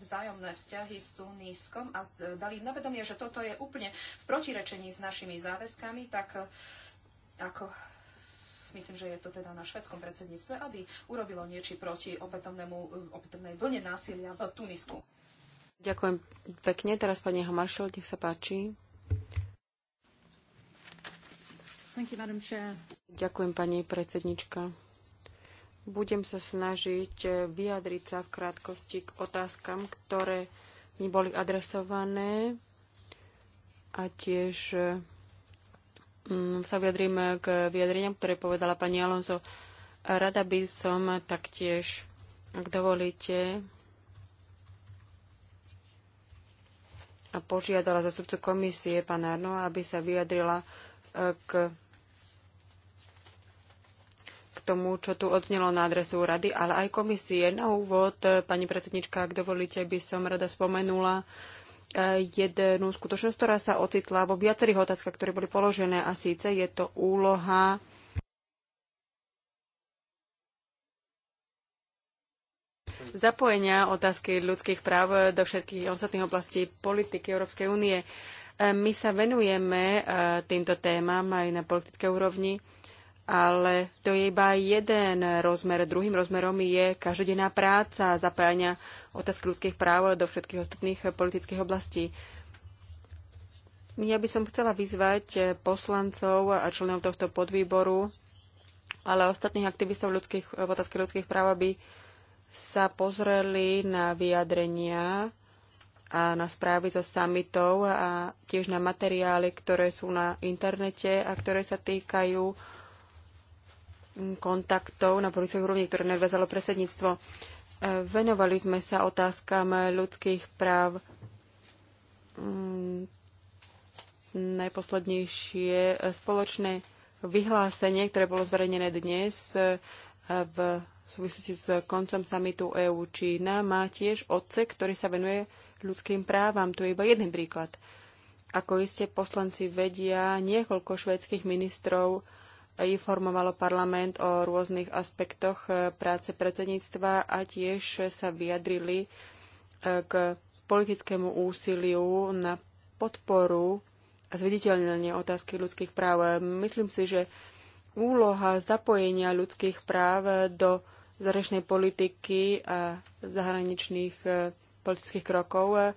vzájomné vzťahy s Tunískom a e, dali na vedomie, že toto je úplne v protirečení s našimi záväzkami, tak e, ako myslím, že je to teda na švedskom predsedníctve, aby urobilo niečo proti e, opätovnej vlne násilia v Tunisku. Ďakujem pekne. Teraz pani Hamaršel, nech sa páči. You, Ďakujem, pani predsednička. Budem sa snažiť eh, vyjadriť sa v krátkosti k otázkam, ktoré mi boli adresované a tiež eh, mm, sa vyjadrím k vyjadreniam, ktoré povedala pani Alonso. Rada by som taktiež, ak dovolíte, a požiadala zastupcu komisie pána Arno, aby sa vyjadrila eh, k tomu, čo tu odznelo na adresu rady, ale aj komisie. Na úvod, pani predsednička, ak dovolíte, by som rada spomenula e, jednu skutočnosť, ktorá sa ocitla vo viacerých otázkach, ktoré boli položené, a síce je to úloha zapojenia otázky ľudských práv do všetkých ostatných oblastí politiky Európskej únie. E, my sa venujeme e, týmto témam aj na politickej úrovni ale to je iba jeden rozmer. Druhým rozmerom je každodenná práca, zapájania otázky ľudských práv do všetkých ostatných politických oblastí. Ja by som chcela vyzvať poslancov a členov tohto podvýboru, ale ostatných aktivistov ľudských, v otázke ľudských práv, aby sa pozreli na vyjadrenia a na správy so summitov a tiež na materiály, ktoré sú na internete a ktoré sa týkajú kontaktov na policajnej úrovni, ktoré nadviazalo predsedníctvo. E, venovali sme sa otázkam ľudských práv. Mm, najposlednejšie e, spoločné vyhlásenie, ktoré bolo zverejnené dnes e, v súvislosti s koncom samitu EU Čína, má tiež odsek, ktorý sa venuje ľudským právam. Tu je iba jeden príklad. Ako iste poslanci vedia, niekoľko švédskych ministrov informovalo parlament o rôznych aspektoch e, práce predsedníctva a tiež sa vyjadrili e, k politickému úsiliu na podporu a zviditeľnenie otázky ľudských práv. Myslím si, že úloha zapojenia ľudských práv do zahraničnej politiky a zahraničných e, politických krokov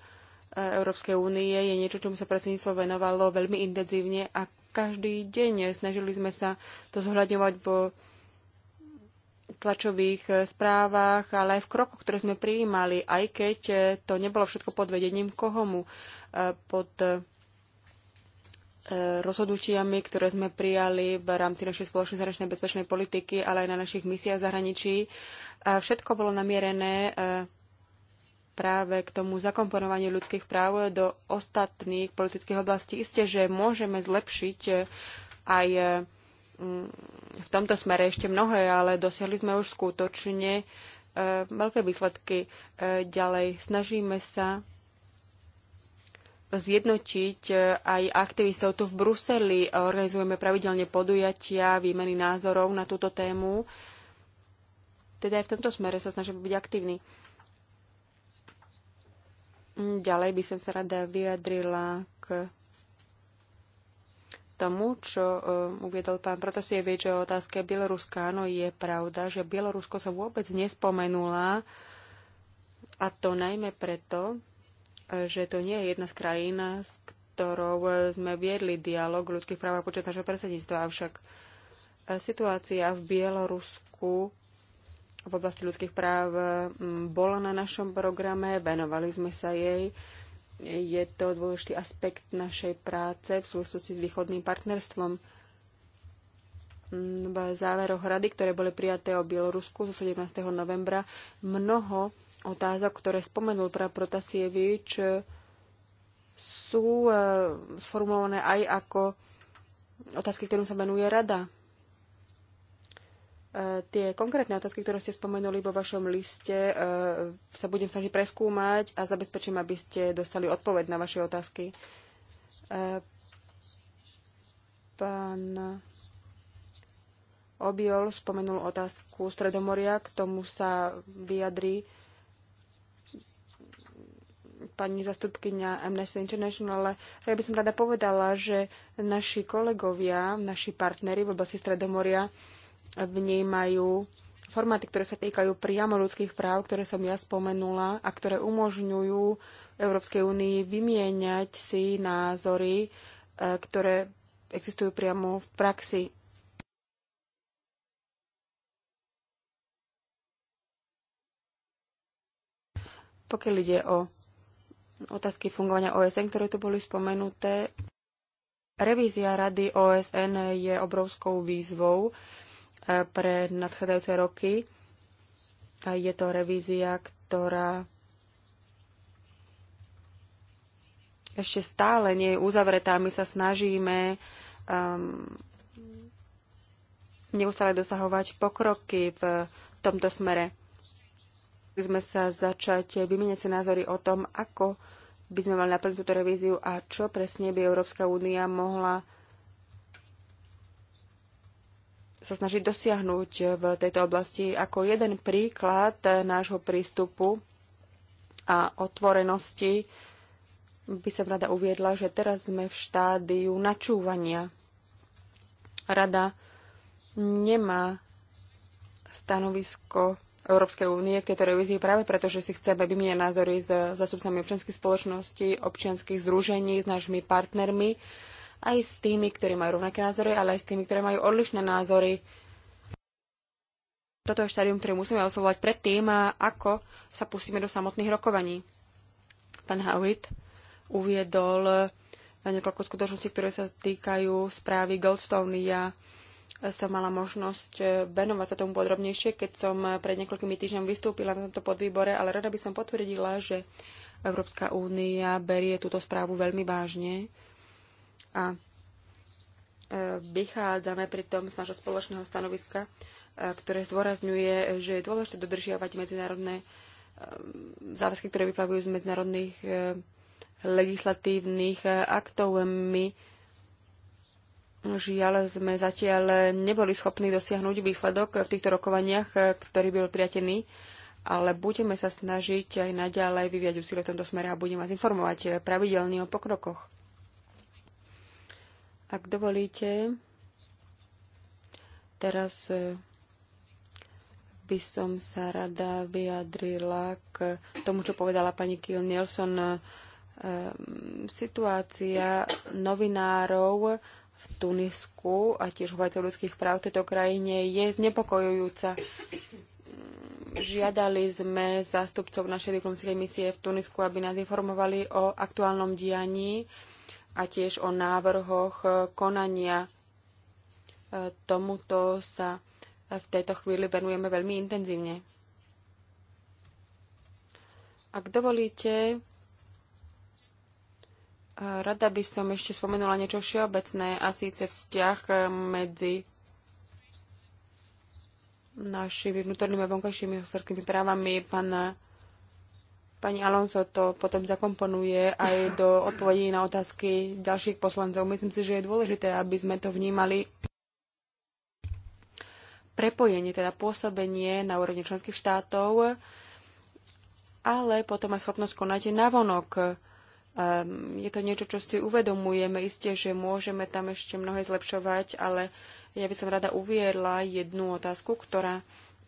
Európskej únie je niečo, čomu sa predsedníctvo venovalo veľmi intenzívne a každý deň. Snažili sme sa to zohľadňovať vo tlačových eh, správach, ale aj v krokoch, ktoré sme prijímali, aj keď eh, to nebolo všetko pod vedením kohomu, eh, pod rozhodnutiami, ktoré sme prijali v rámci našej spoločnej zahraničnej bezpečnej politiky, ale aj na našich misiách zahraničí. Všetko bolo namierené práve k tomu zakomponovaniu ľudských práv do ostatných politických oblastí. Isté, že môžeme zlepšiť eh, aj mm, v tomto smere ešte mnohé, ale dosiahli sme už skutočne eh, veľké výsledky. Eh, ďalej snažíme sa zjednotiť aj aktivistov tu v Bruseli. Organizujeme pravidelne podujatia, výmeny názorov na túto tému. Teda aj v tomto smere sa snažíme byť aktívni. Mm, ďalej by som sa rada vyjadrila k tomu, čo uh, uviedol pán Protasievič o otázke Bieloruska. Áno, je pravda, že Bielorusko sa vôbec nespomenula a to najmä preto, e, že to nie je jedna z krajín, s ktorou sme viedli dialog ľudských ľudských a počet našho predsedníctva. Avšak e, situácia v Bielorusku v oblasti ľudských práv mm, bola na našom programe, venovali sme sa jej. Je to dôležitý aspekt našej práce v súvislosti s východným partnerstvom. Mm, v záveroch rady, ktoré boli prijaté o Bielorusku zo 17. novembra, mnoho otázok, ktoré spomenul pra Protasievič, sú e, sformulované aj ako otázky, ktorým sa venuje rada tie konkrétne otázky, ktoré ste spomenuli vo vašom liste, e, sa budem snažiť preskúmať a zabezpečím, aby ste dostali odpoveď na vaše otázky. E, pán Obiol spomenul otázku Stredomoria, k tomu sa vyjadri pani zastupkynia Amnesty International, ale ja by som rada povedala, že naši kolegovia, naši partnery, v oblasti Stredomoria vnímajú formáty, ktoré sa týkajú priamo ľudských práv, ktoré som ja spomenula a ktoré umožňujú Európskej únii vymieňať si názory, e, ktoré existujú priamo v praxi. Pokiaľ ide o otázky fungovania OSN, ktoré tu boli spomenuté, revízia Rady OSN je obrovskou výzvou pre nadchádzajúce roky. A je to revízia, ktorá ešte stále nie je uzavretá. My sa snažíme um, neustále dosahovať pokroky v tomto smere. Sme sa začať vymeniať si názory o tom, ako by sme mali naplniť túto revíziu a čo presne by Európska únia mohla sa snažiť dosiahnuť v tejto oblasti. Ako jeden príklad nášho prístupu a otvorenosti by som rada uviedla, že teraz sme v štádiu načúvania. Rada nemá stanovisko Európskej únie k tejto revízii práve preto, že si chceme vymieňať názory s zastupcami občianskej spoločnosti, občianských združení, s našimi partnermi aj s tými, ktorí majú rovnaké názory, ale aj s tými, ktorí majú odlišné názory. Toto je štádium, ktoré musíme oslovovať predtým, ako sa pustíme do samotných rokovaní. Pán Howitt uviedol eh, niekoľko skutočností, ktoré sa týkajú správy Goldstone. Ja som mala možnosť eh, venovať sa tomu podrobnejšie, keď som eh, pred niekoľkými týždňami vystúpila na tomto podvýbore, ale rada by som potvrdila, že Európska únia berie túto správu veľmi vážne a e, vychádzame pritom z nášho spoločného stanoviska, e, ktoré zdôrazňuje, že je dôležité dodržiavať medzinárodné e, záväzky, ktoré vyplavujú z medzinárodných legislatívnych aktov. My žiaľ sme zatiaľ neboli schopní dosiahnuť výsledok v týchto rokovaniach, ktorý byl priatený, ale budeme sa snažiť aj naďalej vyviať úsilie v tomto smere a budeme vás informovať pravidelne o pokrokoch. Ak dovolíte, teraz e, by som sa rada vyjadrila k tomu, čo povedala pani Kiel Nielsen. E, situácia novinárov v Tunisku a tiež hovajcov ľudských práv v tejto krajine je znepokojujúca. Žiadali sme zástupcov našej diplomatickej misie v Tunisku, aby nás informovali o aktuálnom dianí a tiež o návrhoch e, konania. E, tomuto sa v tejto chvíli venujeme veľmi intenzívne. Ak dovolíte, e, rada by som ešte spomenula niečo všeobecné a síce vzťah medzi našimi vnútornými a vonkajšími hospodárskymi právami. Pán Pani Alonso to potom zakomponuje aj do odpovedí na otázky ďalších poslancov. Myslím si, že je dôležité, aby sme to vnímali prepojenie, teda pôsobenie na úrovni členských štátov, ale potom aj schopnosť konať navonok. Um, ehm, je to niečo, čo si uvedomujeme. Isté, že môžeme tam ešte mnohé zlepšovať, ale ja by som rada uviedla jednu otázku, ktorá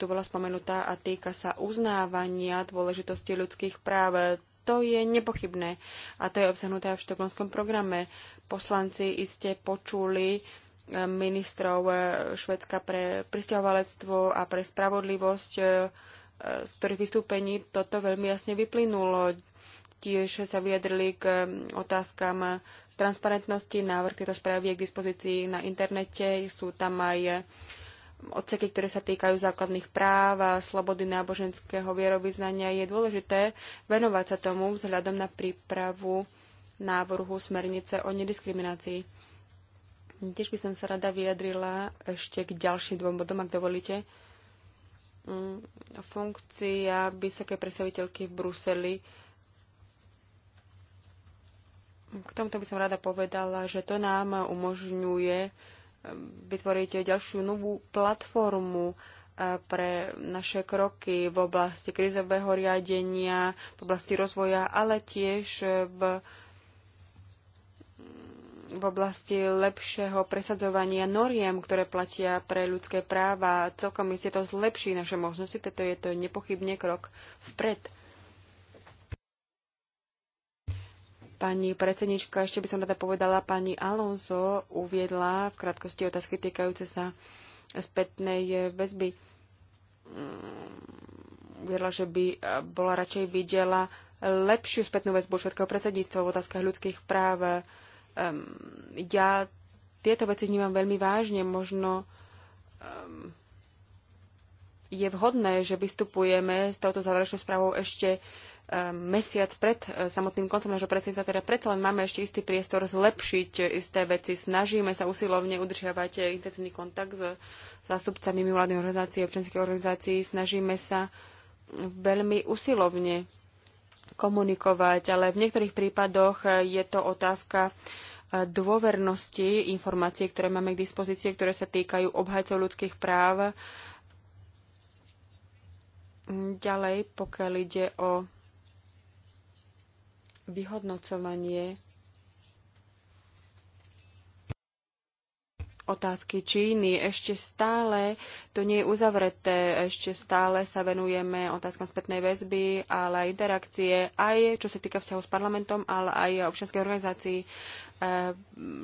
tu bola spomenutá a týka sa uznávania dôležitosti ľudských práv. To je nepochybné a to je obsahnuté v štokholmskom programe. Poslanci iste počuli eh, ministrov eh, Švedska pre pristahovalectvo a pre spravodlivosť, eh, z ktorých vystúpení toto veľmi jasne vyplynulo. Tiež sa vyjadrili k otázkam transparentnosti. Návrh tejto správy je k dispozícii na internete. Sú tam aj odseky, ktoré sa týkajú základných práv a slobody náboženského vierovýznania, je dôležité venovať sa tomu vzhľadom na prípravu návrhu smernice o nediskriminácii. Tiež by som sa rada vyjadrila ešte k ďalším dvom bodom, ak dovolíte. Mm, funkcia vysokej predstaviteľky v Bruseli. K tomuto by som rada povedala, že to nám umožňuje vytvoriť ďalšiu novú platformu e, pre naše kroky v oblasti krizového riadenia, v oblasti rozvoja, ale tiež v, v oblasti lepšieho presadzovania noriem, ktoré platia pre ľudské práva. Celkom iste to zlepší naše možnosti, toto je to nepochybne krok vpred. Pani predsednička, ešte by som rada povedala, pani Alonso uviedla v krátkosti otázky týkajúce sa spätnej väzby. Mm, uviedla, že by eh, bola radšej videla lepšiu spätnú väzbu všetkého predsedníctva v otázkach ľudských práv. Ehm, ja tieto veci vnímam veľmi vážne. Možno ehm, je vhodné, že vystupujeme s touto záverečnou správou ešte mesiac pred e, samotným koncom nášho predsedníctva, teda preto len máme ešte istý priestor zlepšiť isté veci. Snažíme sa usilovne udržiavať intenzívny kontakt s zástupcami mimovládnej organizácie, občianskej organizácií. Snažíme sa veľmi usilovne komunikovať, ale v niektorých prípadoch je to otázka e, dôvernosti informácií, ktoré máme k dispozícii, ktoré sa týkajú obhajcov ľudských práv. Ďalej, pokiaľ ide o vyhodnocovanie otázky Číny. Ešte stále to nie je uzavreté, ešte stále sa venujeme otázkam spätnej väzby, ale aj interakcie, aj čo sa týka vzťahu s parlamentom, ale aj občianskej organizácií. E,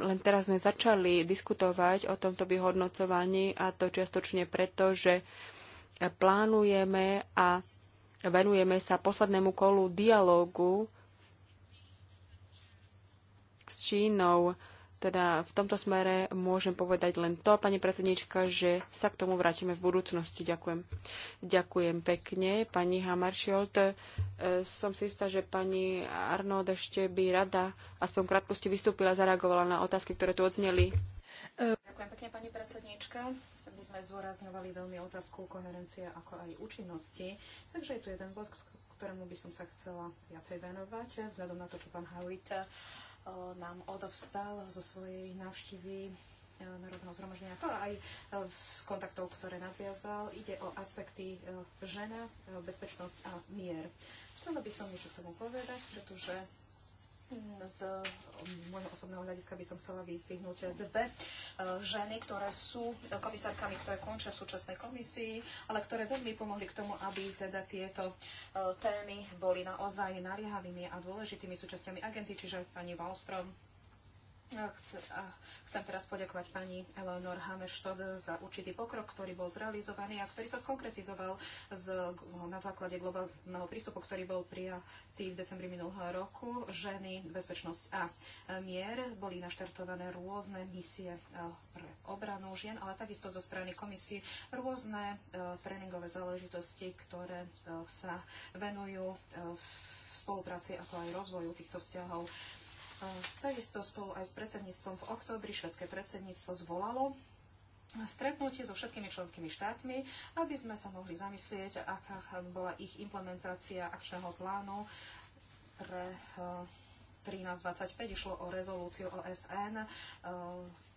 len teraz sme začali diskutovať o tomto vyhodnocovaní a to čiastočne preto, že plánujeme a venujeme sa poslednému kolu dialógu s Čínou. Teda v tomto smere môžem povedať len to, pani predsednička, že sa k tomu vrátime v budúcnosti. Ďakujem. Ďakujem pekne, pani Hamaršiolt. E, som si istá, že pani Arnold ešte by rada aspoň krátkosti vystúpila, zareagovala na otázky, ktoré tu odzneli. Ďakujem pekne, pani predsednička. My sme zdôrazňovali veľmi otázku koherencie ako aj účinnosti. Takže je tu jeden bod, ktorému by som sa chcela viacej venovať, vzhľadom na to, čo pán Hawita nám odovstal zo svojej návštevy e, Národného zhromaždenia, ako aj v e, kontaktov, ktoré nadviazal. Ide o aspekty e, žena, bezpečnosť a mier. Chcela by som niečo k tomu povedať, pretože z môjho osobného hľadiska by som chcela vyzdvihnúť dve e, ženy, ktoré sú komisárkami, ktoré končia v súčasnej komisii, ale ktoré veľmi pomohli k tomu, aby teda tieto e, témy boli naozaj naliehavými a dôležitými súčasťami agenty, čiže pani Wallström a Chcem teraz poďakovať pani Eleonor Hammerštod za určitý pokrok, ktorý bol zrealizovaný a ktorý sa skonkretizoval z, na základe globálneho prístupu, ktorý bol prijatý v decembri minulého roku. Ženy, bezpečnosť a mier boli naštartované rôzne misie e, pre obranu žien, ale takisto zo strany komisie rôzne e, tréningové záležitosti, ktoré e, sa venujú v spolupráci ako aj rozvoju týchto vzťahov. Takisto spolu aj s predsedníctvom v októbri švedské predsedníctvo zvolalo stretnutie so všetkými členskými štátmi, aby sme sa mohli zamyslieť, aká bola ich implementácia akčného plánu pre 1325. Eh, Išlo o rezolúciu OSN eh,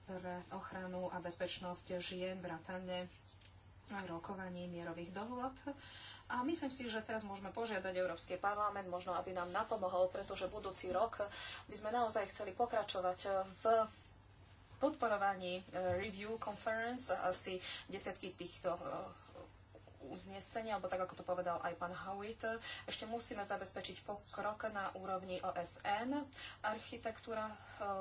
pre ochranu a bezpečnosť žien, vrátane rokovaní mierových dohôd. A myslím si, že teraz môžeme požiadať Európsky parlament, možno aby nám napomohol, pretože budúci rok by sme naozaj chceli pokračovať v podporovaní eh, review conference asi desiatky týchto eh, uznesenie, alebo tak, ako to povedal aj pán Howitt, ešte musíme zabezpečiť pokrok na úrovni OSN. Architektúra e,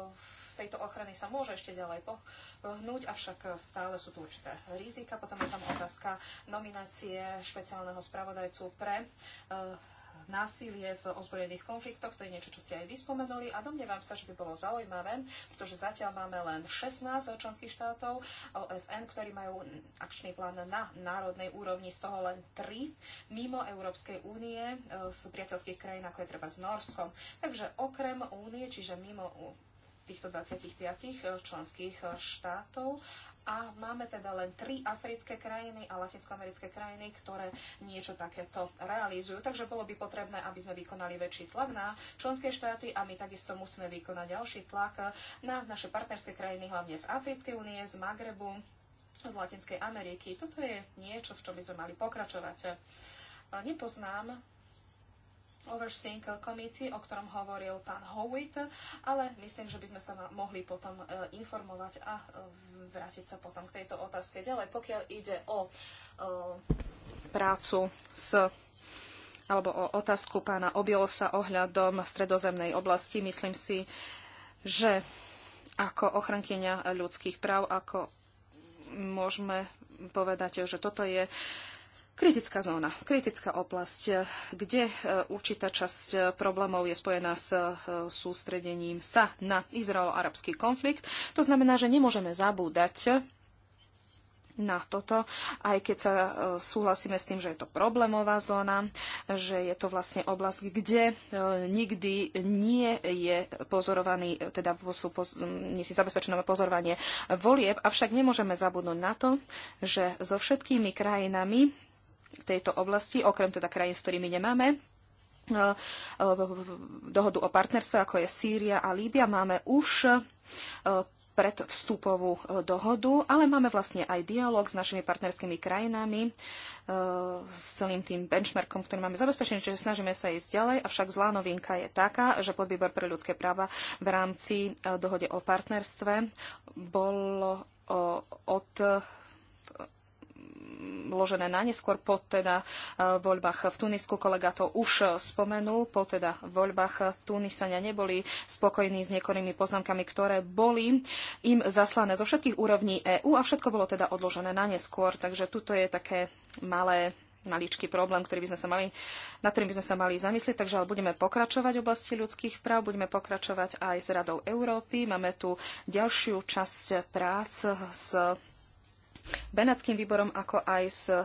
v tejto ochrany sa môže ešte ďalej pohnúť, avšak stále sú tu určité rizika. Potom je tam otázka nominácie špeciálneho spravodajcu pre e, násilie v ozbrojených konfliktoch. To je niečo, čo ste aj vyspomenuli a domnievam sa, že by bolo zaujímavé, pretože zatiaľ máme len 16 členských štátov OSN, ktorí majú akčný plán na národnej úrovni, z toho len 3 mimo Európskej únie sú e, priateľských krajín, ako je treba s Norskom. Takže okrem únie, čiže mimo týchto 25 členských štátov a máme teda len tri africké krajiny a latinskoamerické krajiny, ktoré niečo takéto realizujú. Takže bolo by potrebné, aby sme vykonali väčší tlak na členské štáty a my takisto musíme vykonať ďalší tlak na naše partnerské krajiny, hlavne z Africkej únie, z Magrebu, z Latinskej Ameriky. Toto je niečo, v čom by sme mali pokračovať. Nepoznám Overseeing Committee, o ktorom hovoril pán Howitt, ale myslím, že by sme sa mohli potom e, informovať a e, vrátiť sa potom k tejto otázke ďalej. Pokiaľ ide o, o e, prácu s alebo o otázku pána Obilosa ohľadom stredozemnej oblasti. Myslím si, že ako ochrankyňa ľudských práv, ako môžeme povedať, že toto je uh, Kritická zóna, kritická oblasť, kde e, určitá časť e, problémov je spojená s e, sústredením sa na izraelo-arabský konflikt. To znamená, že nemôžeme zabúdať na toto, aj keď sa súhlasíme s tým, že je to problémová zóna, že je to vlastne oblasť, kde nikdy nie je pozorovaný, teda sú, poz, nie si zabezpečené pozorovanie volieb, avšak nemôžeme zabudnúť na to, že so všetkými krajinami tejto oblasti, okrem teda krajín, s ktorými nemáme e, e, dohodu o partnerstve, ako je Sýria a Líbia, máme už e, predvstupovú dohodu, ale máme vlastne aj dialog s našimi partnerskými krajinami, s celým tým benchmarkom, ktorý máme zabezpečený, čiže snažíme sa ísť ďalej, avšak zlá novinka je taká, že podvýbor pre ľudské práva v rámci dohode o partnerstve bol od vložené na neskôr po teda e, voľbách v Tunisku. Kolega to už spomenul, po teda voľbách Tunisania neboli spokojní s niekorými poznámkami, ktoré boli im zaslané zo všetkých úrovní EÚ a všetko bolo teda odložené na neskôr. Takže tuto je také malé maličký problém, ktorý by sme sa mali, na ktorým by sme sa mali zamyslieť. Takže ale budeme pokračovať v oblasti ľudských práv, budeme pokračovať aj s Radou Európy. Máme tu ďalšiu časť prác s Benátským výborom, ako aj s e,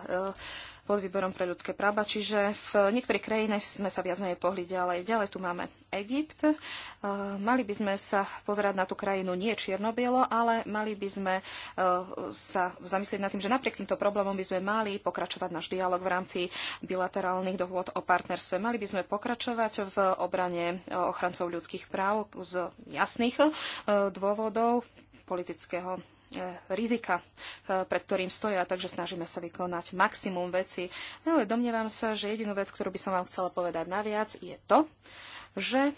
pod výborom pre ľudské práva. Čiže v niektorých krajinách sme sa viac menej pohli ďalej. Ďalej tu máme Egypt. E, mali by sme sa pozerať na tú krajinu nie čierno-bielo, ale mali by sme e, sa zamyslieť nad tým, že napriek týmto problémom by sme mali pokračovať náš dialog v rámci bilaterálnych dohôd o partnerstve. Mali by sme pokračovať v obrane ochrancov ľudských práv z jasných dôvodov politického E, rizika, e, pred ktorým stoja, takže snažíme sa vykonať maximum veci. No, domnievam sa, že jedinú vec, ktorú by som vám chcela povedať naviac, je to, že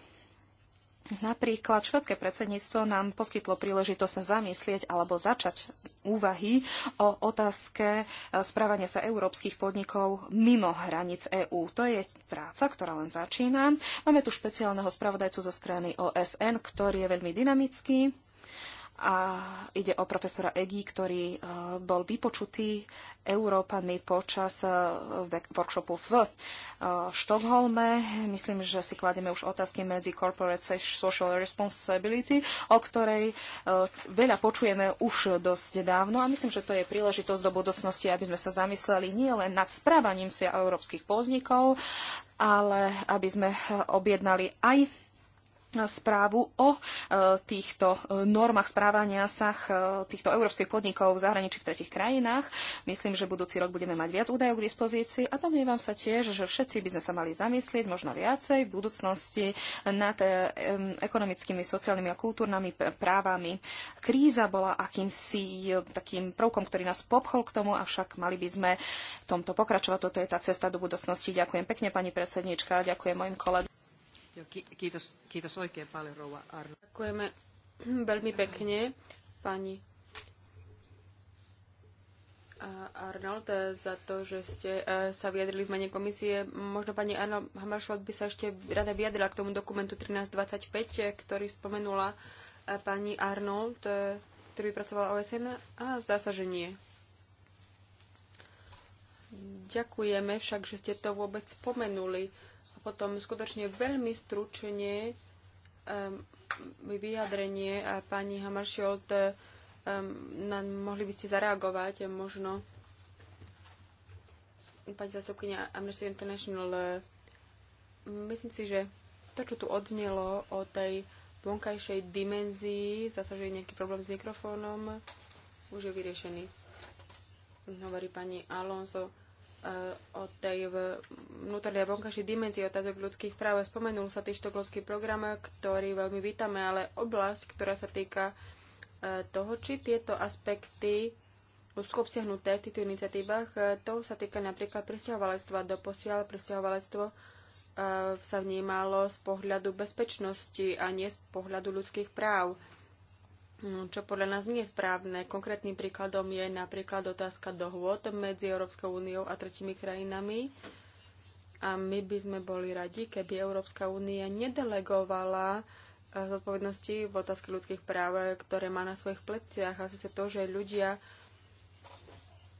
Napríklad švedské predsedníctvo nám poskytlo príležitosť sa zamyslieť alebo začať úvahy o otázke e, správania sa európskych podnikov mimo hranic EÚ. To je práca, ktorá len začína. Máme tu špeciálneho spravodajcu zo strany OSN, ktorý je veľmi dynamický a ide o profesora Egi, ktorý e, bol vypočutý Európanmi počas e, workshopu v e, Štokholme. Myslím, že si kladieme už otázky medzi corporate social responsibility, o ktorej veľa počujeme už dosť dávno a myslím, že to je príležitosť do budúcnosti, aby sme sa zamysleli nielen nad správaním sa európskych podnikov, ale aby sme objednali aj správu o e, týchto e, normách správania sa e, týchto európskych podnikov v zahraničí v tretich krajinách. Myslím, že budúci rok budeme mať viac údajov k dispozícii a domnievam sa tiež, že všetci by sme sa mali zamyslieť možno viacej v budúcnosti nad ekonomickými, sociálnymi a kultúrnymi právami. Kríza bola akýmsi takým prvkom, ktorý nás popchol k tomu, avšak mali by sme v tomto pokračovať. Toto je tá cesta do budúcnosti. Ďakujem pekne, pani predsednička, ďakujem mojim kolegom kiitos, kiitos oikein paljon, rouva Arno. Ďakujeme veľmi pekne, pani Arnold, za to, že ste sa vyjadrili v mene komisie. Možno pani Anna Hamaršot by sa ešte rada vyjadrila k tomu dokumentu 1325, ktorý spomenula pani Arnold, e, ktorý vypracovala OSN. A zdá sa, že nie. Ďakujeme však, že ste to vôbec spomenuli potom skutočne veľmi stručne um, vyjadrenie pani Hamaršolt, um, ehm, na, mohli by ste zareagovať eh, možno. Pani zastupkynia Amnesty International, eh, myslím si, že to, čo tu odznelo o tej vonkajšej dimenzii, zase, že je nejaký problém s mikrofónom, už je vyriešený. Hovorí pani Alonso od tej vnútornej a vonkajšej dimenzii otázok ľudských práv. Spomenul sa tý štokholmský program, ktorý veľmi vítame, ale oblasť, ktorá sa týka e, toho, či tieto aspekty sú obsiahnuté v týchto iniciatívach, e, to sa týka napríklad presťahovalectva. Doposiaľ presťahovalectvo e, sa vnímalo z pohľadu bezpečnosti a nie z pohľadu ľudských práv. No, čo podľa nás nie je správne. Konkrétnym príkladom je napríklad otázka dohôd medzi Európskou úniou a tretimi krajinami. A my by sme boli radi, keby Európska únia nedelegovala eh, zodpovednosti v otázke ľudských práv, eh, ktoré má na svojich pleciach. Asi sa to, že ľudia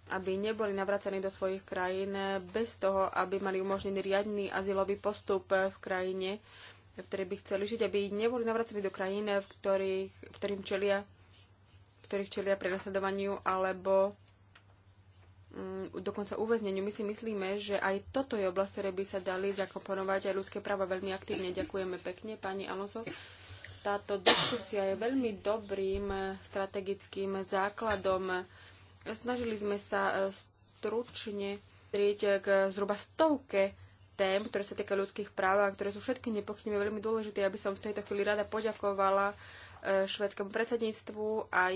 aby neboli navracaní do svojich krajín eh, bez toho, aby mali umožnený riadny azylový postup v krajine, ktoré by chceli žiť, aby neboli navracení do krajín, v ktorých, v ktorým čelia, v ktorých čelia prenasledovaniu alebo mm, dokonca uväzneniu. My si myslíme, že aj toto je oblasť, ktoré by sa dali zakomponovať aj ľudské práva veľmi aktívne. Ďakujeme pekne, pani Alonso. Táto diskusia je veľmi dobrým eh, strategickým základom. Snažili sme sa eh, stručne prieť k zhruba stovke tém, ktoré sa týka ľudských práv a ktoré sú všetky nepochybne veľmi dôležité. Ja by som v tejto chvíli rada poďakovala e, švedskému predsedníctvu aj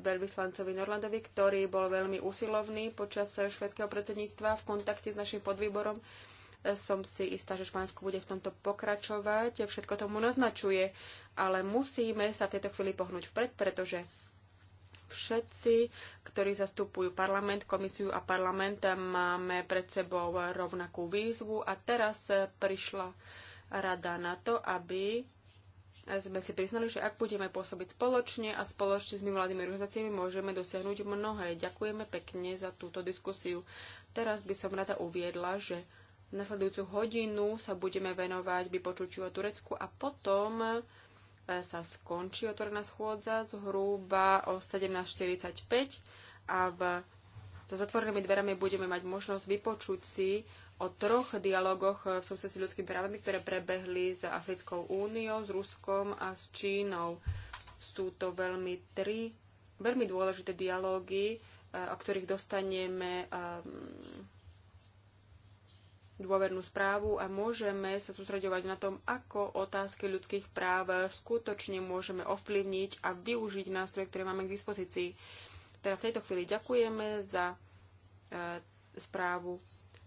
veľvyslancovi Norlandovi, ktorý bol veľmi usilovný počas švedského predsedníctva v kontakte s našim podvýborom. E, som si istá, že Španielsko bude v tomto pokračovať. Všetko tomu naznačuje, ale musíme sa v tejto chvíli pohnúť vpred, pretože všetci, ktorí zastupujú parlament, komisiu a parlament, máme pred sebou rovnakú výzvu a teraz prišla rada na to, aby sme si priznali, že ak budeme pôsobiť spoločne a spoločne s mimovládnymi organizáciami, môžeme dosiahnuť mnohé. Ďakujeme pekne za túto diskusiu. Teraz by som rada uviedla, že nasledujúcu hodinu sa budeme venovať vypočutiu o Turecku a potom E, sa skončí otvorená schôdza zhruba o 17.45 a v, za zatvorenými dverami budeme mať možnosť vypočuť si o troch dialogoch e, v súvislosti s ľudskými právami, ktoré prebehli s Africkou úniou, s Ruskom a s Čínou. Sú to veľmi tri veľmi dôležité dialógy, e, o ktorých dostaneme ehm, dôvernú správu a môžeme sa sústredovať na tom, ako otázky ľudských práv skutočne môžeme ovplyvniť a využiť nástroje, ktoré máme k dispozícii. Teda v tejto chvíli ďakujeme za e, správu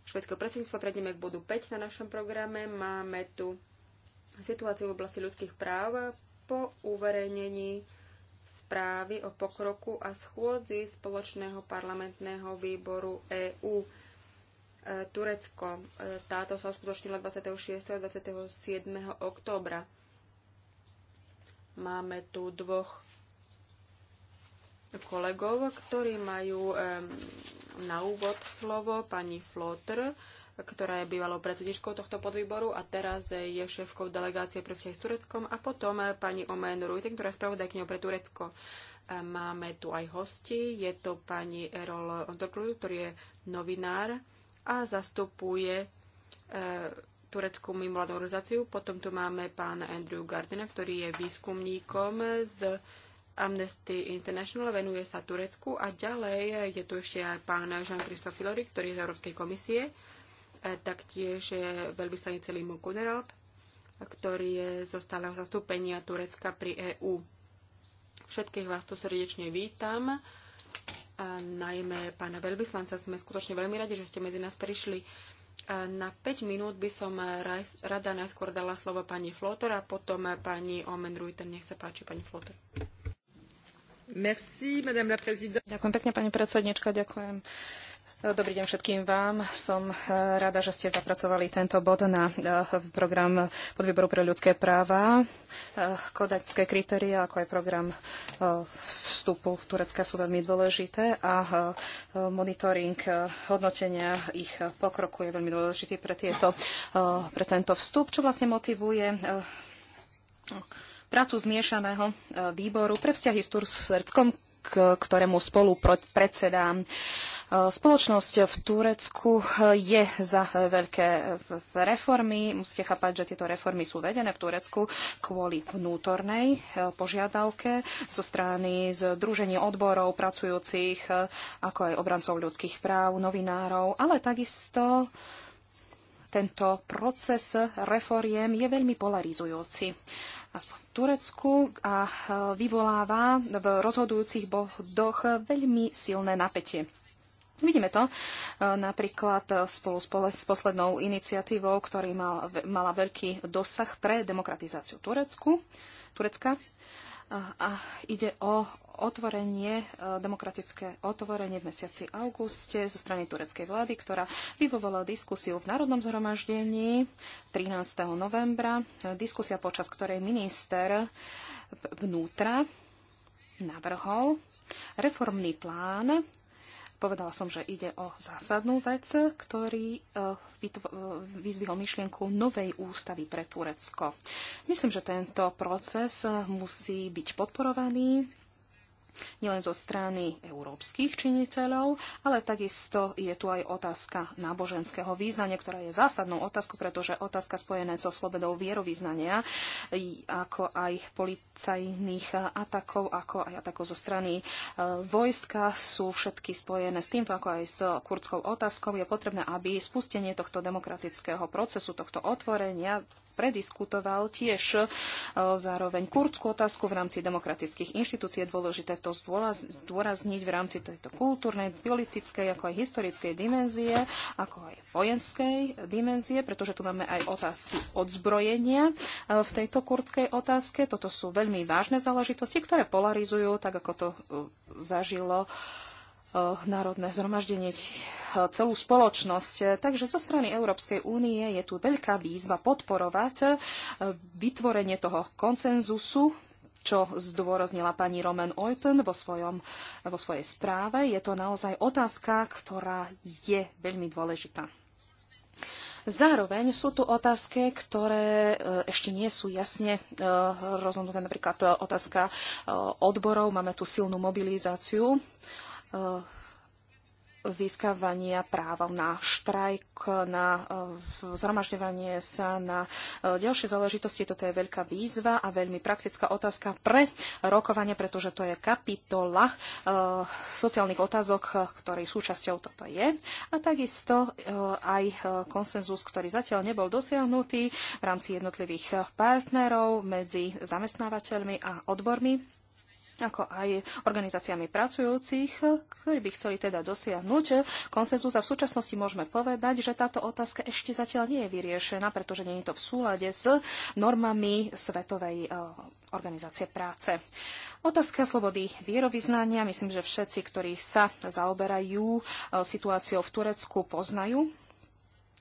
švedského predsedníctva. Prejdeme k bodu 5 na našom programe. Máme tu situáciu v oblasti ľudských práv po uverejnení správy o pokroku a schôdzi spoločného parlamentného výboru EÚ Turecko. Táto sa uskutočnila 26. a 27. októbra. Máme tu dvoch kolegov, ktorí majú na úvod slovo pani Flotr, ktorá je bývalou predsedničkou tohto podvýboru a teraz je šéfkou delegácie pre vzťahy s Tureckom a potom eh, pani Omen Ruiten, ktorá je spravodajkňou pre Turecko. Eh, máme tu aj hosti, je to pani Erol Ondoklu, ktorý je novinár a zastupuje e, tureckú mimovládnu organizáciu. Potom tu máme pána Andrew Gardena, ktorý je výskumníkom z Amnesty International, venuje sa Turecku a ďalej je tu ešte aj pán Jean-Christophe Filori, ktorý je z Európskej komisie, e, taktiež je veľvyslanice Limu Kuneralp, ktorý je zo stáleho zastúpenia Turecka pri EÚ. Všetkých vás tu srdečne vítam najmä pána veľvyslanca. Sme skutočne veľmi radi, že ste medzi nás prišli. na 5 minút by som rada najskôr dala slovo pani Flotor a potom pani Omen Ruiten. Nech sa páči, pani Flotor. Merci, madame la Ďakujem pekne, pani predsednička, ďakujem Dobrý deň všetkým vám. Som eh, rada, že ste zapracovali tento bod na eh, program podvýboru pre ľudské práva, eh, kodačské kritéria, ako aj program vstupu Turecka sú veľmi dôležité a monitoring hodnotenia ich pokroku je veľmi dôležitý pre, tieto, pre tento vstup, čo vlastne motivuje prácu zmiešaného výboru pre vzťahy s Turskom, k ktorému spolu predsedám. Spoločnosť v Turecku je za veľké reformy. Musíte chápať, že tieto reformy sú vedené v Turecku kvôli vnútornej požiadavke zo strany Združení odborov pracujúcich, ako aj obrancov ľudských práv, novinárov, ale takisto tento proces reforiem je veľmi polarizujúci aspoň v Turecku a vyvoláva v rozhodujúcich bodoch veľmi silné napätie. Vidíme to e, napríklad e, spolu s poslednou iniciatívou, ktorý mal, mala veľký dosah pre demokratizáciu Turecku, Turecka. A ide o otvorenie, e, demokratické otvorenie v mesiaci auguste zo strany tureckej vlády, ktorá vyvolala diskusiu v Národnom zhromaždení 13. novembra. Diskusia, počas ktorej minister vnútra navrhol reformný plán Povedala som, že ide o zásadnú vec, ktorý e, e, vyzvihol myšlienku novej ústavy pre Turecko. Myslím, že tento proces e, musí byť podporovaný nielen zo strany európskych činiteľov, ale takisto je tu aj otázka náboženského význania, ktorá je zásadnou otázkou, pretože otázka spojená so slobodou vierovýznania, ako aj policajných atakov, ako aj atakov zo strany e, vojska sú všetky spojené s týmto, ako aj s kurdskou otázkou. Je potrebné, aby spustenie tohto demokratického procesu, tohto otvorenia prediskutoval tiež e, zároveň kurdskú otázku v rámci demokratických inštitúcií. Je dôležité to zdôrazniť v rámci tejto kultúrnej, politickej, ako aj historickej dimenzie, ako aj vojenskej dimenzie, pretože tu máme aj otázky odzbrojenia e, v tejto kurdskej otázke. Toto sú veľmi vážne záležitosti, ktoré polarizujú, tak ako to e, zažilo uh, Eh, národné zhromaždenie, eh, celú spoločnosť. Eh, takže zo strany Európskej únie je tu veľká výzva podporovať vytvorenie toho konsenzusu čo zdôraznila pani Roman Oyton vo, svojom, vo svojej správe. Je to naozaj otázka, ktorá je veľmi dôležitá. Zároveň sú tu otázky, ktoré ešte nie sú jasne rozhodnuté. Napríklad otázka odborov. Máme tu silnú mobilizáciu Eh, získavania práva na štrajk, na eh, zhromažďovanie sa, na eh, ďalšie záležitosti. Toto je veľká výzva a veľmi praktická otázka pre rokovanie, pretože to je kapitola sociálnych otázok, ktorej súčasťou toto je. A takisto aj konsenzus, ktorý zatiaľ nebol dosiahnutý v rámci jednotlivých partnerov medzi zamestnávateľmi a odbormi ako aj organizáciami pracujúcich, ktorí by chceli teda dosiahnuť konsenzus. A v súčasnosti môžeme povedať, že táto otázka ešte zatiaľ nie je vyriešená, pretože nie je to v súlade s normami Svetovej e, organizácie práce. Otázka slobody vierovýznania. Myslím, že všetci, ktorí sa zaoberajú e, situáciou v Turecku, poznajú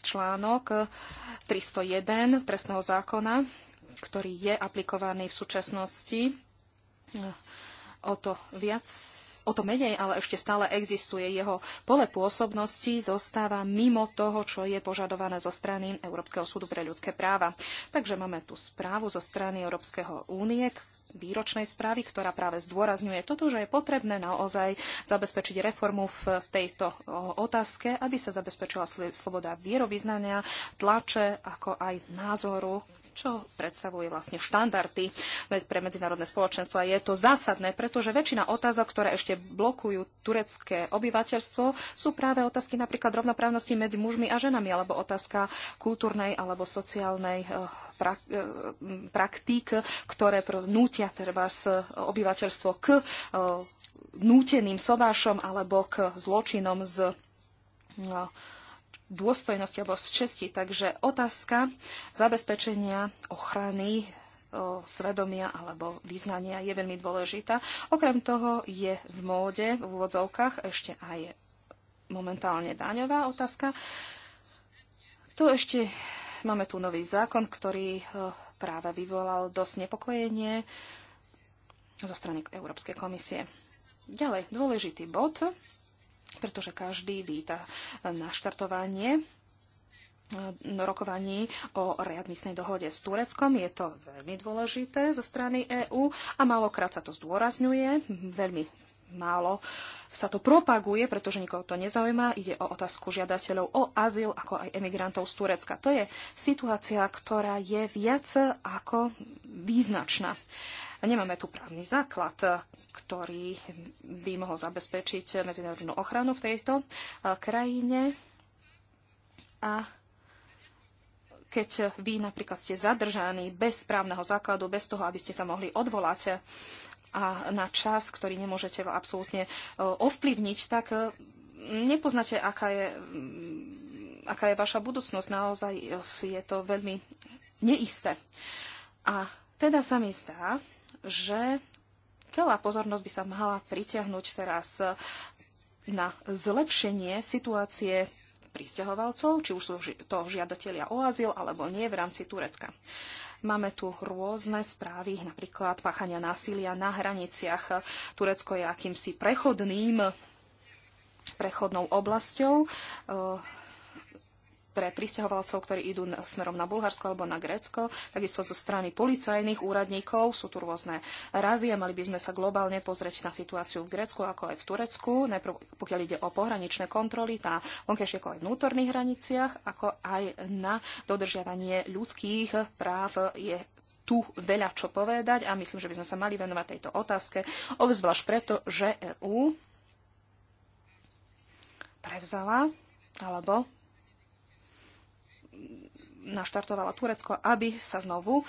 článok 301 e, trestného zákona, ktorý je aplikovaný v súčasnosti o to viac, o to menej, ale ešte stále existuje. Jeho pole pôsobnosti zostáva mimo toho, čo je požadované zo strany Európskeho súdu pre ľudské práva. Takže máme tu správu zo strany Európskeho únie, výročnej správy, ktorá práve zdôrazňuje toto, že je potrebné naozaj zabezpečiť reformu v tejto otázke, aby sa zabezpečila sloboda vierovýznania, tlače, ako aj názoru, čo predstavuje vlastne štandardy pre medzinárodné spoločenstvo. A je to zásadné, pretože väčšina otázok, ktoré ešte blokujú turecké obyvateľstvo, sú práve otázky napríklad rovnoprávnosti medzi mužmi a ženami, alebo otázka kultúrnej alebo sociálnej eh, eh, praktík, ktoré nútia treba obyvateľstvo k eh, núteným sobášom alebo k zločinom z dôstojnosti alebo z česti. Takže otázka zabezpečenia ochrany e, svedomia alebo význania je veľmi dôležitá. Okrem toho je v móde v úvodzovkách ešte aj momentálne daňová otázka. Tu ešte máme tu nový zákon, ktorý e, práve vyvolal dosť nepokojenie zo strany Európskej komisie. Ďalej, dôležitý bod pretože každý víta naštartovanie eh, rokovaní o readmisnej dohode s Tureckom. Je to veľmi dôležité zo strany EÚ a malokrát sa to zdôrazňuje, veľmi málo sa to propaguje, pretože nikoho to nezaujíma. Ide o otázku žiadateľov o azyl, ako aj emigrantov z Turecka. To je situácia, ktorá je viac ako význačná nemáme tu právny základ, ktorý by mohol zabezpečiť medzinárodnú ochranu v tejto krajine. A keď vy napríklad ste zadržaní bez právneho základu, bez toho, aby ste sa mohli odvolať a na čas, ktorý nemôžete absolútne ovplyvniť, tak e, nepoznáte, aká je, mm, aká je vaša budúcnosť. Naozaj e, je to veľmi neisté. A teda sa mi zdá, že celá pozornosť by sa mala pritiahnuť teraz na zlepšenie situácie pristahovalcov, či už sú to žiadatelia o azyl alebo nie v rámci Turecka. Máme tu rôzne správy, napríklad páchania násilia na hraniciach. Turecko je akýmsi prechodným prechodnou oblasťou pre pristahovalcov, ktorí idú smerom na Bulharsko alebo na Grécko, takisto zo strany policajných úradníkov. Sú tu rôzne razie, mali by sme sa globálne pozrieť na situáciu v Grécku ako aj v Turecku, najprv pokiaľ ide o pohraničné kontroly tá vonkajšie ako aj vnútorných hraniciach, ako aj na dodržiavanie ľudských práv je tu veľa čo povedať a myslím, že by sme sa mali venovať tejto otázke, obzvlášť preto, že EÚ prevzala alebo naštartovala Turecko, aby sa znovu e,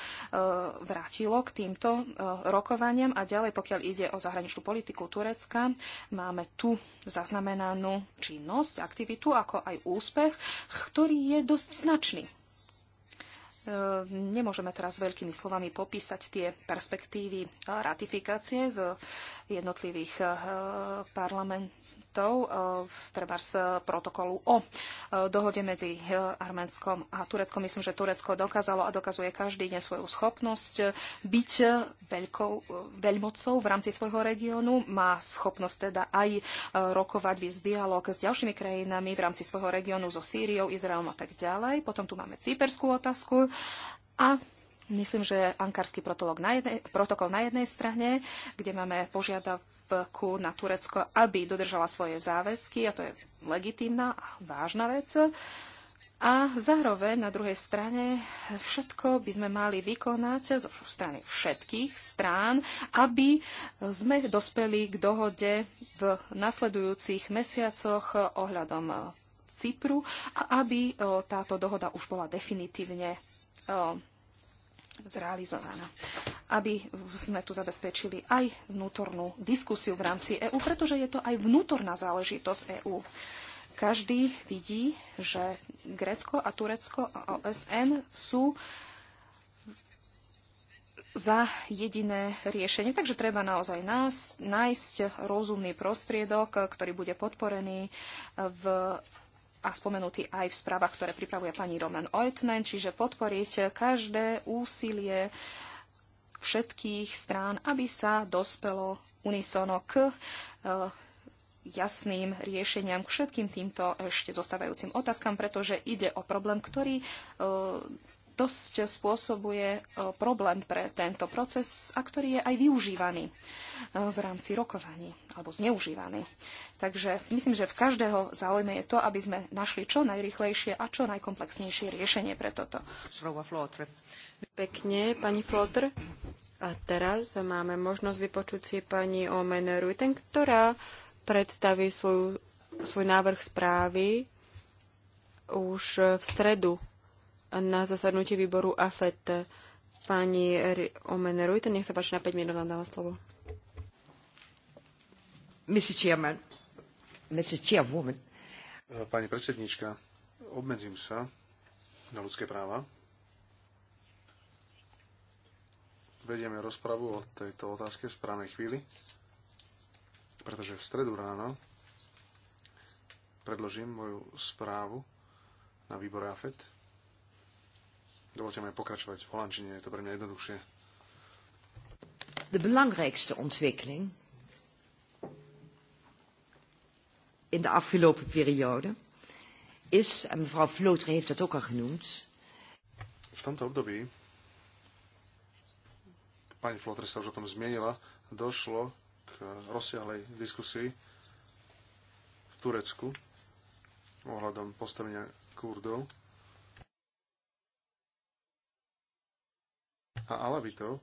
vrátilo k týmto e, rokovaniam. A ďalej, pokiaľ ide o zahraničnú politiku Turecka, máme tu zaznamenanú činnosť, aktivitu, ako aj úspech, ktorý je dosť značný. E, nemôžeme teraz veľkými slovami popísať tie perspektívy ratifikácie z jednotlivých parlamentov aspektov, e, v z protokolu o e, dohode medzi Arménskom a Tureckom. Myslím, že Turecko dokázalo a dokazuje každý deň svoju schopnosť e, byť veľkou, veľmocou v rámci svojho regiónu. Má schopnosť teda aj rokovať, viesť dialog s ďalšími krajinami v rámci svojho regiónu, so Sýriou, Izraelom a tak ďalej. Potom tu máme cyperskú otázku a Myslím, že ankarský protokol na jednej, protokol na jednej strane, kde máme požiadav, tlaku na Turecko, aby dodržala svoje záväzky, a to je legitímna a vážna vec. A zároveň na druhej strane všetko by sme mali vykonať zo strany všetkých strán, aby sme dospeli k dohode v nasledujúcich mesiacoch ohľadom e, Cypru a aby e, táto dohoda už bola definitívne e, zrealizovaná. Aby sme tu zabezpečili aj vnútornú diskusiu v rámci EÚ, pretože je to aj vnútorná záležitosť EÚ. Každý vidí, že Grécko a Turecko a OSN sú za jediné riešenie. Takže treba naozaj nás, nájsť rozumný prostriedok, ktorý bude podporený v a spomenutý aj v správach, ktoré pripravuje pani Roman Oitnen, čiže podporiť každé úsilie všetkých strán, aby sa dospelo unisono k e, jasným riešeniam k všetkým týmto ešte zostávajúcim otázkam, pretože ide o problém, ktorý e, dosť spôsobuje e, problém pre tento proces a ktorý je aj využívaný e, v rámci rokovaní alebo zneužívaný. Takže myslím, že v každého záujme je to, aby sme našli čo najrychlejšie a čo najkomplexnejšie riešenie pre toto. Pekne, pani Flotr. A teraz máme možnosť vypočuť si pani Omen Ruiten, ktorá predstaví svoju, svoj návrh správy už v stredu na zasadnutie výboru AFET. Pani Omen nech sa páči na 5 minút, vám dávam slovo. Mr. Chairman, Mr. Chairwoman. Pani predsednička, obmedzím sa na ľudské práva. Vedieme rozpravu o tejto otázke v správnej chvíli, pretože v stredu ráno predložím moju správu na výbore AFET Dovolte mi pokračovať v holandčine, je to pre mňa jednoduchšie. De belangrijkste ontwikkeling in de afgelopen periode is, en mevrouw Vloter heeft dat ook al genoemd. V tomto období, pani Vloter sa už o tom zmienila, došlo k rozsiahlej diskusii v Turecku ohľadom postavenia Kurdov a Alavitov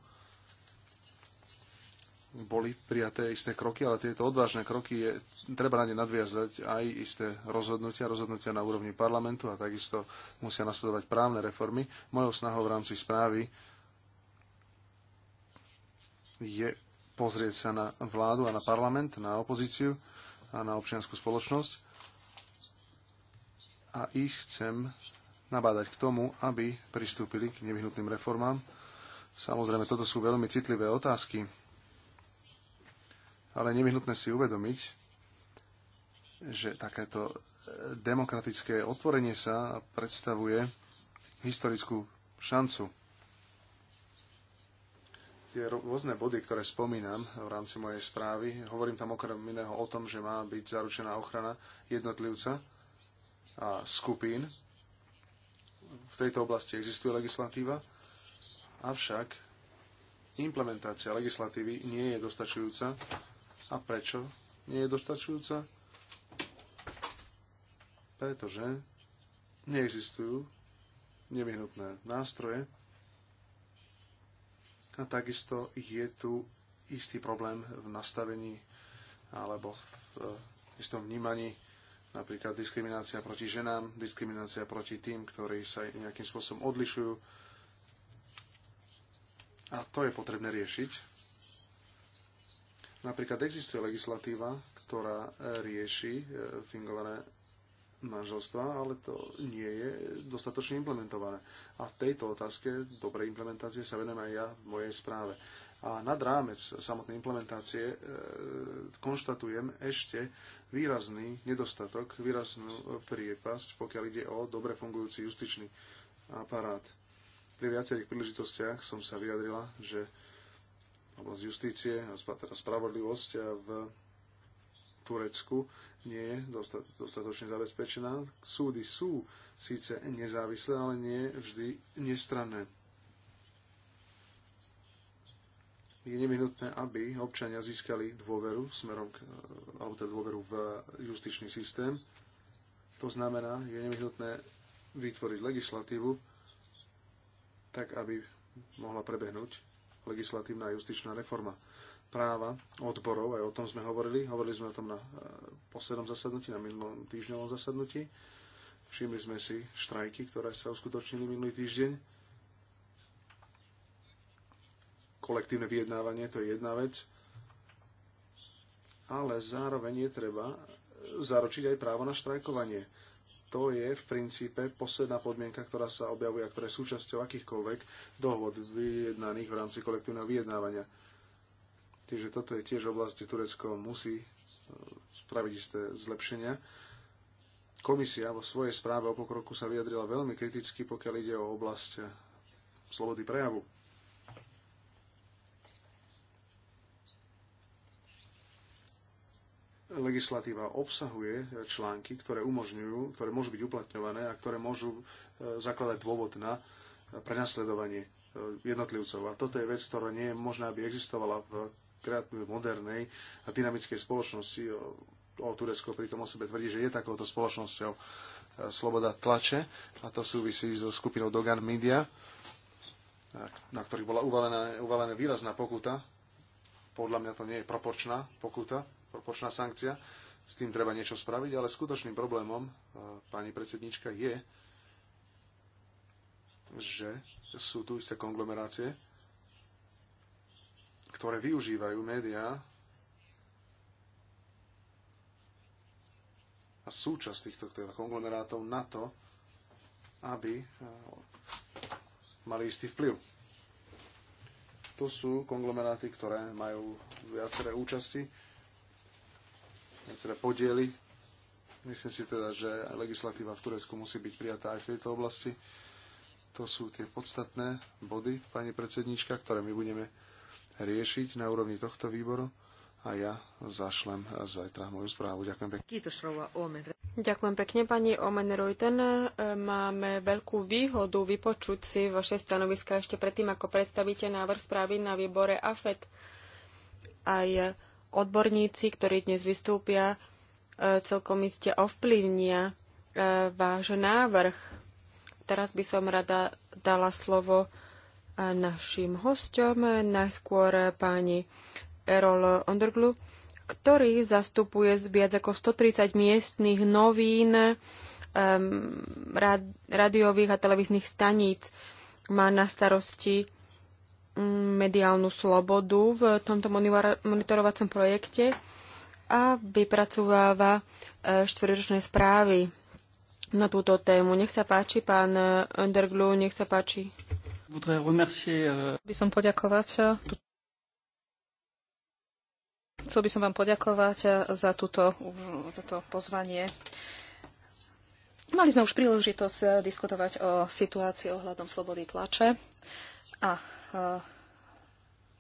boli prijaté isté kroky, ale tieto odvážne kroky je, treba na ne nadviazať aj isté rozhodnutia, rozhodnutia na úrovni parlamentu a takisto musia nasledovať právne reformy. Mojou snahou v rámci správy je pozrieť sa na vládu a na parlament, na opozíciu a na občianskú spoločnosť a ich chcem nabádať k tomu, aby pristúpili k nevyhnutným reformám, Samozrejme, toto sú veľmi citlivé otázky, ale nevyhnutné si uvedomiť, že takéto demokratické otvorenie sa predstavuje historickú šancu. Tie rôzne body, ktoré spomínam v rámci mojej správy, hovorím tam okrem iného o tom, že má byť zaručená ochrana jednotlivca a skupín. V tejto oblasti existuje legislatíva Avšak implementácia legislatívy nie je dostačujúca. A prečo nie je dostačujúca? Pretože neexistujú nevyhnutné nástroje a takisto je tu istý problém v nastavení alebo v eh, istom vnímaní napríklad diskriminácia proti ženám, diskriminácia proti tým, ktorí sa nejakým spôsobom odlišujú a to je potrebné riešiť. Napríklad existuje legislatíva, ktorá e, rieši e, fingované manželstva, ale to nie je dostatočne implementované. A v tejto otázke dobrej implementácie sa venujem aj ja v mojej správe. A nad rámec samotnej implementácie e, konštatujem ešte výrazný nedostatok, výraznú priepasť, pokiaľ ide o dobre fungujúci justičný aparát. Pri viacerých príležitostiach som sa vyjadrila, že oblasť justície a teda spravodlivosť v Turecku nie je dostatočne zabezpečená. Súdy sú síce nezávislé, ale nie vždy nestranné. Je nevyhnutné, aby občania získali dôveru smerom, k, alebo teda dôveru v justičný systém. To znamená, je nevyhnutné vytvoriť legislatívu, tak aby mohla prebehnúť legislatívna a justičná reforma práva odborov, aj o tom sme hovorili, hovorili sme o tom na e, poslednom zasadnutí, na minulom týždňovom zasadnutí. Všimli sme si štrajky, ktoré sa uskutočnili minulý týždeň. Kolektívne vyjednávanie to je jedna vec, ale zároveň je treba zaručiť aj právo na štrajkovanie to je v princípe posledná podmienka, ktorá sa objavuje a ktorá je súčasťou akýchkoľvek dohod vyjednaných v rámci kolektívneho vyjednávania. Čiže toto je tiež oblasť, kde Turecko musí e, spraviť isté zlepšenia. Komisia vo svojej správe o pokroku sa vyjadrila veľmi kriticky, pokiaľ ide o oblasť e, slobody prejavu. legislatíva obsahuje články, ktoré umožňujú, ktoré môžu byť uplatňované a ktoré môžu e, zakladať dôvod na prenasledovanie e, jednotlivcov. A toto je vec, ktorá nie je možná, aby existovala v kreatívnej, modernej a dynamickej spoločnosti. O Turecko pri tom o sebe tvrdí, že je takouto spoločnosťou e, sloboda tlače a to súvisí so skupinou Dogan Media, na ktorých bola uvalená, uvalená výrazná pokuta. Podľa mňa to nie je proporčná pokuta, proporčná sankcia. S tým treba niečo spraviť, ale skutočným problémom, e, pani predsednička, je, že sú tu isté konglomerácie, ktoré využívajú médiá a súčasť týchto teda konglomerátov na to, aby e, mali istý vplyv. To sú konglomeráty, ktoré majú viaceré účasti teda podiely. Myslím si teda, že legislatíva v Turecku musí byť prijatá aj v tejto oblasti. To sú tie podstatné body, pani predsednička, ktoré my budeme riešiť na úrovni tohto výboru a ja zašlem zajtra moju správu. Ďakujem pekne. Ďakujem pekne, pani Omen Reuten. Máme veľkú výhodu vypočuť si vaše stanoviska ešte predtým, ako predstavíte návrh správy na výbore AFET. Aj odborníci, ktorí dnes vystúpia, e, celkom iste ovplyvnia e, váš návrh. Teraz by som rada dala slovo e, našim hostom, najskôr páni Erol Onderglu, ktorý zastupuje viac ako 130 miestných novín, um, radiových a televíznych staníc. Má na starosti mediálnu slobodu v tomto monitorovacom projekte a vypracováva e, štvrťročné správy na túto tému. Nech sa páči, pán Underglu, nech sa páči. E, by som poďakovať. E, chcel by som vám poďakovať za túto, za to pozvanie. Mali sme už príležitosť diskutovať o situácii ohľadom slobody tlače a e,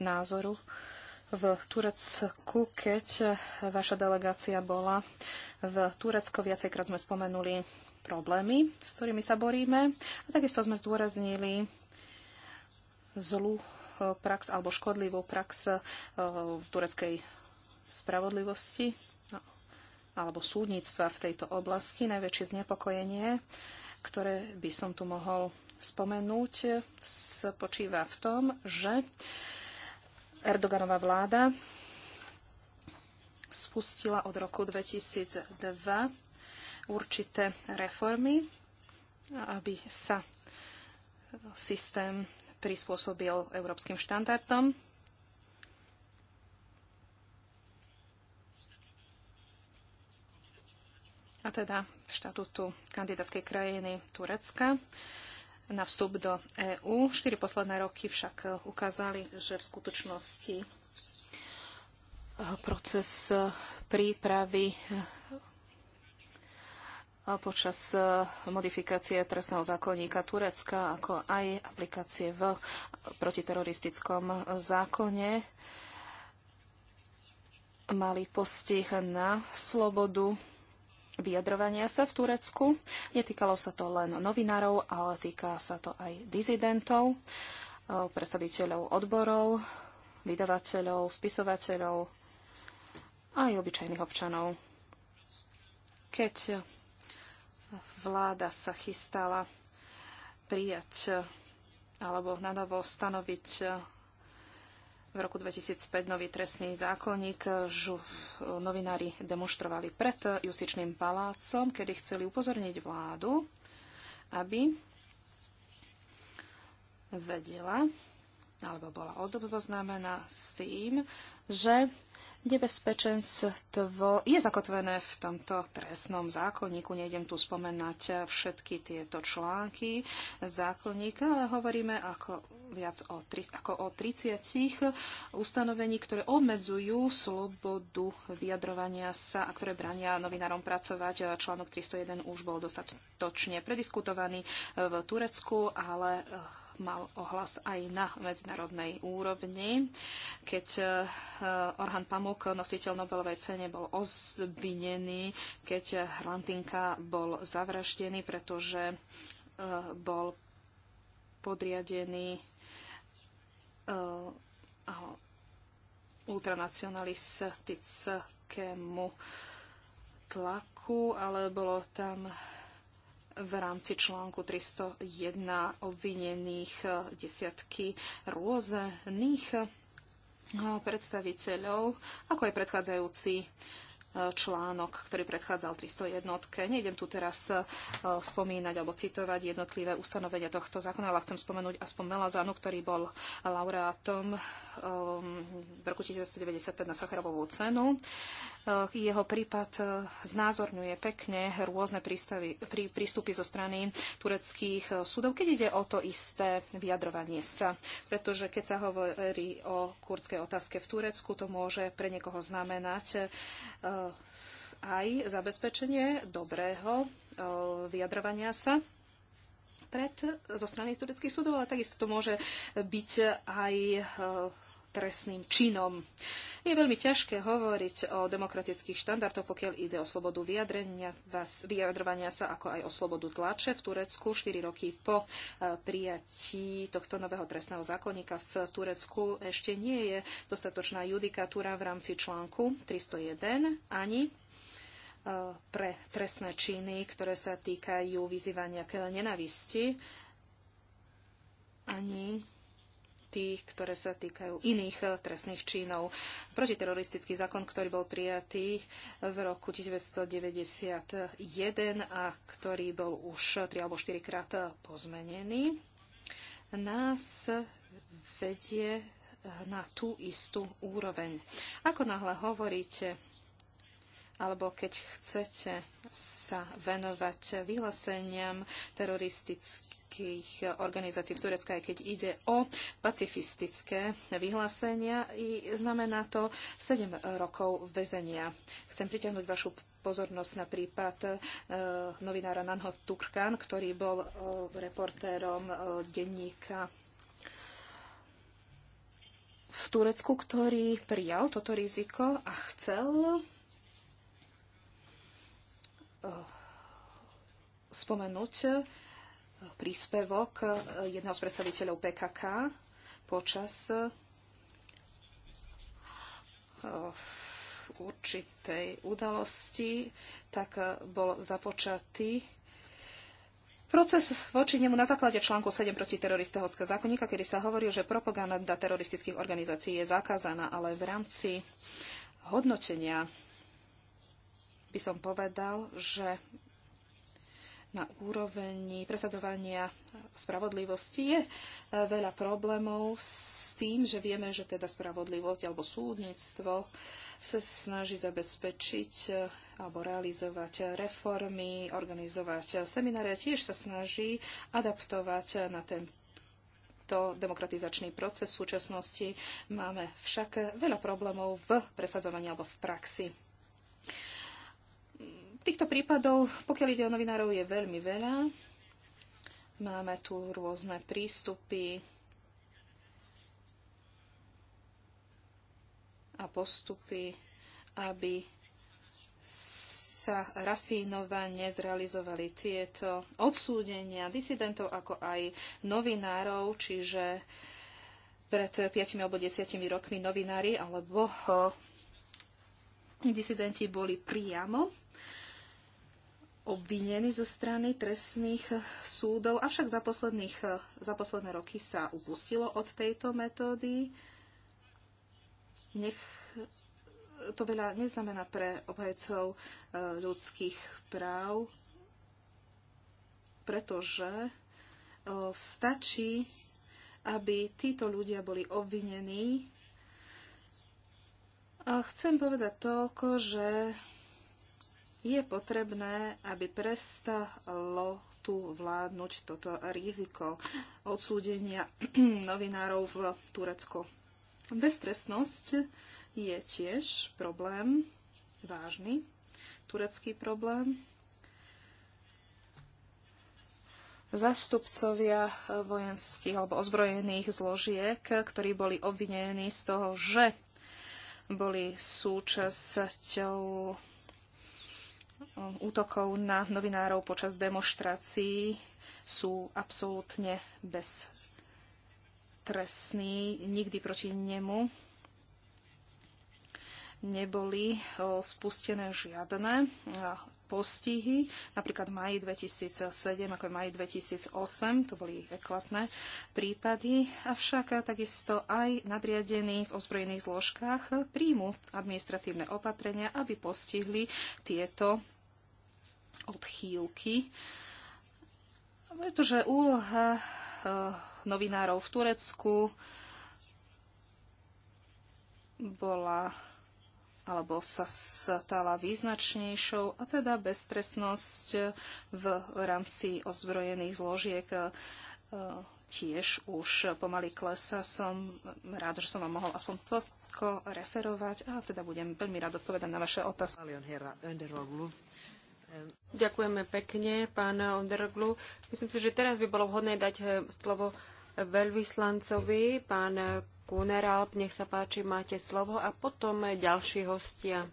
názoru v Turecku, keď vaša delegácia bola v Turecku. Viacejkrát sme spomenuli problémy, s ktorými sa boríme a takisto sme zdôraznili zlú e, prax alebo škodlivú prax e, v tureckej spravodlivosti no, alebo súdnictva v tejto oblasti. Najväčšie znepokojenie, ktoré by som tu mohol spomenúť, spočíva v tom, že Erdoganová vláda spustila od roku 2002 určité reformy, aby sa systém prispôsobil európskym štandardom. a teda štatútu kandidátskej krajiny Turecka na vstup do EÚ. Štyri posledné roky však eh, ukázali, že v skutočnosti eh, proces eh, prípravy počas modifikácie trestného zákonníka Turecka, ako aj aplikácie v protiteroristickom zákone, mali postih na slobodu vyjadrovania sa v Turecku. Netýkalo sa to len novinárov, ale týka sa to aj dizidentov, e, predstaviteľov odborov, vydavateľov, spisovateľov a aj obyčajných občanov. Keď vláda sa chystala prijať alebo nanovo stanoviť v roku 2005 nový trestný zákonník. novinári demonstrovali pred justičným palácom, kedy chceli upozorniť vládu, aby vedela alebo bola odoboznámená s tým, že Nebezpečenstvo je zakotvené v tomto trestnom zákonníku. Nejdem tu spomenať všetky tieto články zákonníka, ale hovoríme ako viac o, tri, ako o 30 ustanovení, ktoré obmedzujú slobodu vyjadrovania sa a ktoré brania novinárom pracovať. Článok 301 už bol dostatočne prediskutovaný v Turecku, ale mal ohlas aj na medzinárodnej úrovni, keď e, Orhan Pamuk, nositeľ Nobelovej cene, bol ozvinený, keď Hlantinka bol zavraždený, pretože e, bol podriadený e, ultranacionalistickému tlaku, ale bolo tam v rámci článku 301 obvinených e, desiatky rôznych e, predstaviteľov, ako aj predchádzajúci e, článok, ktorý predchádzal 301. Nejdem tu teraz spomínať alebo citovať jednotlivé ustanovenia tohto zákona, ale chcem spomenúť aspoň Melazanu, ktorý bol laureátom v roku 1995 na Sacharovovú cenu. Eh, jeho prípad eh, znázorňuje pekne rôzne prístavy, prí, prístupy zo strany tureckých eh, súdov, keď ide o to isté vyjadrovanie sa. Pretože keď sa hovorí o kurdskej otázke v Turecku, to môže pre niekoho znamenať aj zabezpečenie dobrého vyjadrovania sa pred zo strany tureckých súdov, ale takisto to môže byť aj trestným činom. Je veľmi ťažké hovoriť o demokratických štandardoch, pokiaľ ide o slobodu vyjadrenia, vyjadrovania sa, ako aj o slobodu tlače v Turecku. 4 roky po e, prijatí tohto nového trestného zákonníka v Turecku ešte nie je dostatočná judikatúra v rámci článku 301 ani e, pre trestné činy, ktoré sa týkajú vyzývania k nenavisti, ani tých, ktoré sa týkajú iných eh, trestných činov. Protiteroristický zákon, ktorý bol prijatý v roku 1991 a ktorý bol už 3 alebo 4 krát eh, pozmenený, nás vedie eh, na tú istú úroveň. Ako náhle hovoríte alebo keď chcete sa venovať vyhláseniam teroristických organizácií v Turecku, aj keď ide o pacifistické vyhlásenia, i znamená to 7 rokov väzenia. Chcem priťahnuť vašu pozornosť na prípad e, novinára Nanho Turkan, ktorý bol e, reportérom e, denníka v Turecku, ktorý prijal toto riziko a chcel Eh, spomenúť eh, príspevok eh, jedného z predstaviteľov PKK počas určitej udalosti, tak bol započatý Proces voči nemu na základe článku 7 proti teroristického zákonníka, kedy sa hovorí, že propaganda teroristických organizácií je zakázaná, ale v rámci hodnotenia by som povedal, že na úrovni presadzovania spravodlivosti je e, veľa problémov s tým, že vieme, že teda spravodlivosť alebo súdnictvo sa snaží zabezpečiť e, alebo realizovať reformy, organizovať semináre, tiež sa snaží adaptovať na ten tento demokratizačný proces v súčasnosti. Máme však veľa problémov v presadzovaní alebo v praxi. Týchto prípadov, pokiaľ ide o novinárov, je veľmi veľa. Máme tu rôzne prístupy a postupy, aby sa rafinovane zrealizovali tieto odsúdenia disidentov ako aj novinárov, čiže pred 5 alebo 10 rokmi novinári alebo disidenti boli priamo obvinení zo strany trestných súdov, avšak za, posledných, za posledné roky sa upustilo od tejto metódy. Nech to veľa neznamená pre obhajcov e, ľudských práv, pretože e, stačí, aby títo ľudia boli obvinení. A chcem povedať toľko, že je potrebné, aby prestalo tu vládnuť toto riziko odsúdenia novinárov v Turecku. Beztrestnosť je tiež problém, vážny turecký problém. Zastupcovia vojenských alebo ozbrojených zložiek, ktorí boli obvinení z toho, že boli súčasťou útokov na novinárov počas demonstrácií sú absolútne beztrestní. Nikdy proti nemu neboli spustené žiadne postihy, napríklad v maji 2007, ako v maji 2008, to boli eklatné prípady, avšak takisto aj nadriadení v ozbrojených zložkách príjmu administratívne opatrenia, aby postihli tieto odchýlky, pretože úloha e, novinárov v Turecku bola alebo sa stala význačnejšou a teda beztrestnosť v rámci ozbrojených zložiek e, tiež už pomaly klesa. Som rád, že som vám mohol aspoň toľko referovať a teda budem veľmi rád odpovedať na vaše otázky. Ďakujeme pekne, pán Onderglu. Myslím si, že teraz by bolo vhodné dať eh, slovo veľvyslancovi, pán Kuneralp, nech sa páči, máte slovo a potom ďalší hostia.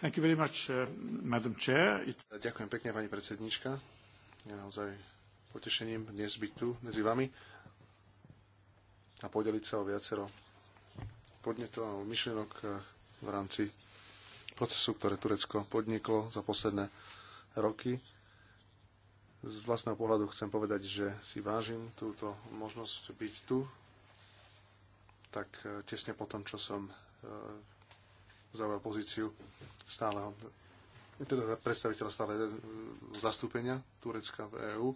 Much, uh, It... Ďakujem pekne, pani predsednička. Je naozaj potešením dnes byť tu medzi vami a podeliť sa o viacero podnetov a myšlienok eh, v rámci procesu, ktoré Turecko podniklo za posledné roky. Z vlastného pohľadu chcem povedať, že si vážim túto možnosť byť tu, tak eh, tesne po tom, čo som eh, zaujal pozíciu stáleho, teda predstaviteľa stále zastúpenia Turecka v EÚ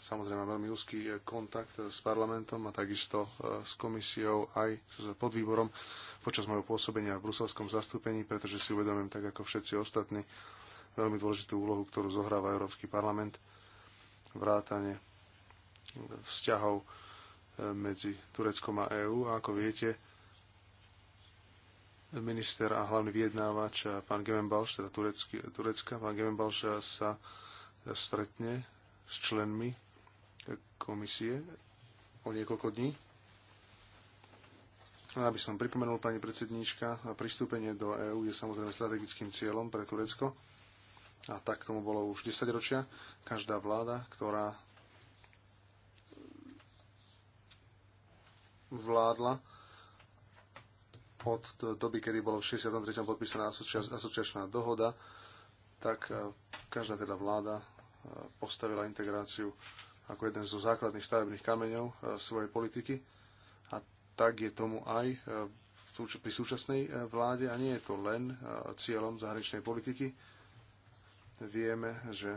samozrejme veľmi úzky eh, kontakt eh, s parlamentom a takisto eh, s komisiou aj s podvýborom počas mojho pôsobenia v bruselskom zastúpení, pretože si uvedomím, tak ako všetci ostatní, veľmi dôležitú úlohu, ktorú zohráva Európsky parlament, vrátane vzťahov medzi Tureckom a EÚ. A ako viete, minister a hlavný vyjednávač, pán Gemenbalš, teda Turecky, Turecka, pán Gemenbalš sa stretne s členmi komisie o niekoľko dní. Aby som pripomenul, pani predsedníčka, pristúpenie do EÚ je samozrejme strategickým cieľom pre Turecko. A tak tomu bolo už 10 ročia. Každá vláda, ktorá vládla od doby, kedy bolo v 63. podpísaná asociačná dohoda, tak eh, každá teda vláda eh, postavila integráciu ako jeden zo základných stavebných kameňov e, svojej politiky. A tak je tomu aj e, pri súčasnej e, vláde a nie je to len cieľom zahraničnej politiky. Vieme, že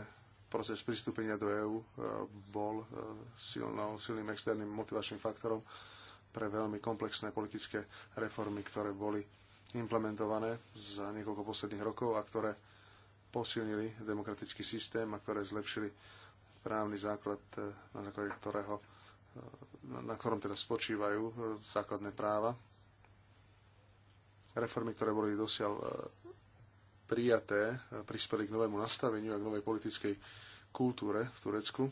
proces pristúpenia do EÚ bol silnou, silným externým motivačným faktorom pre veľmi komplexné politické reformy, ktoré boli implementované za niekoľko posledných rokov a ktoré posilnili demokratický systém a ktoré zlepšili právny základ, e, na základe ktorého, e, na ktorom teda spočívajú e, základné práva. Reformy, ktoré boli dosiaľ prijaté, prispeli k novému nastaveniu a k novej politickej kultúre v Turecku,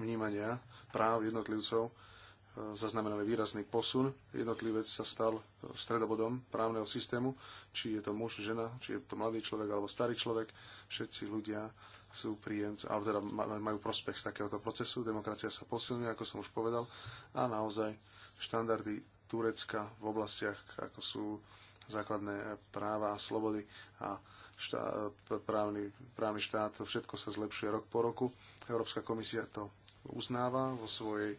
vnímania práv jednotlivcov, zaznamenali výrazný posun. Jednotlivec sa stal stredobodom právneho systému, či je to muž, žena, či je to mladý človek alebo starý človek. Všetci ľudia sú príjemci, alebo teda majú prospech z takéhoto procesu. Demokracia sa posilňuje, ako som už povedal, a naozaj štandardy Turecka v oblastiach, ako sú základné práva a slobody a štá, právny, právny štát, všetko sa zlepšuje rok po roku. Európska komisia to uznáva vo svojej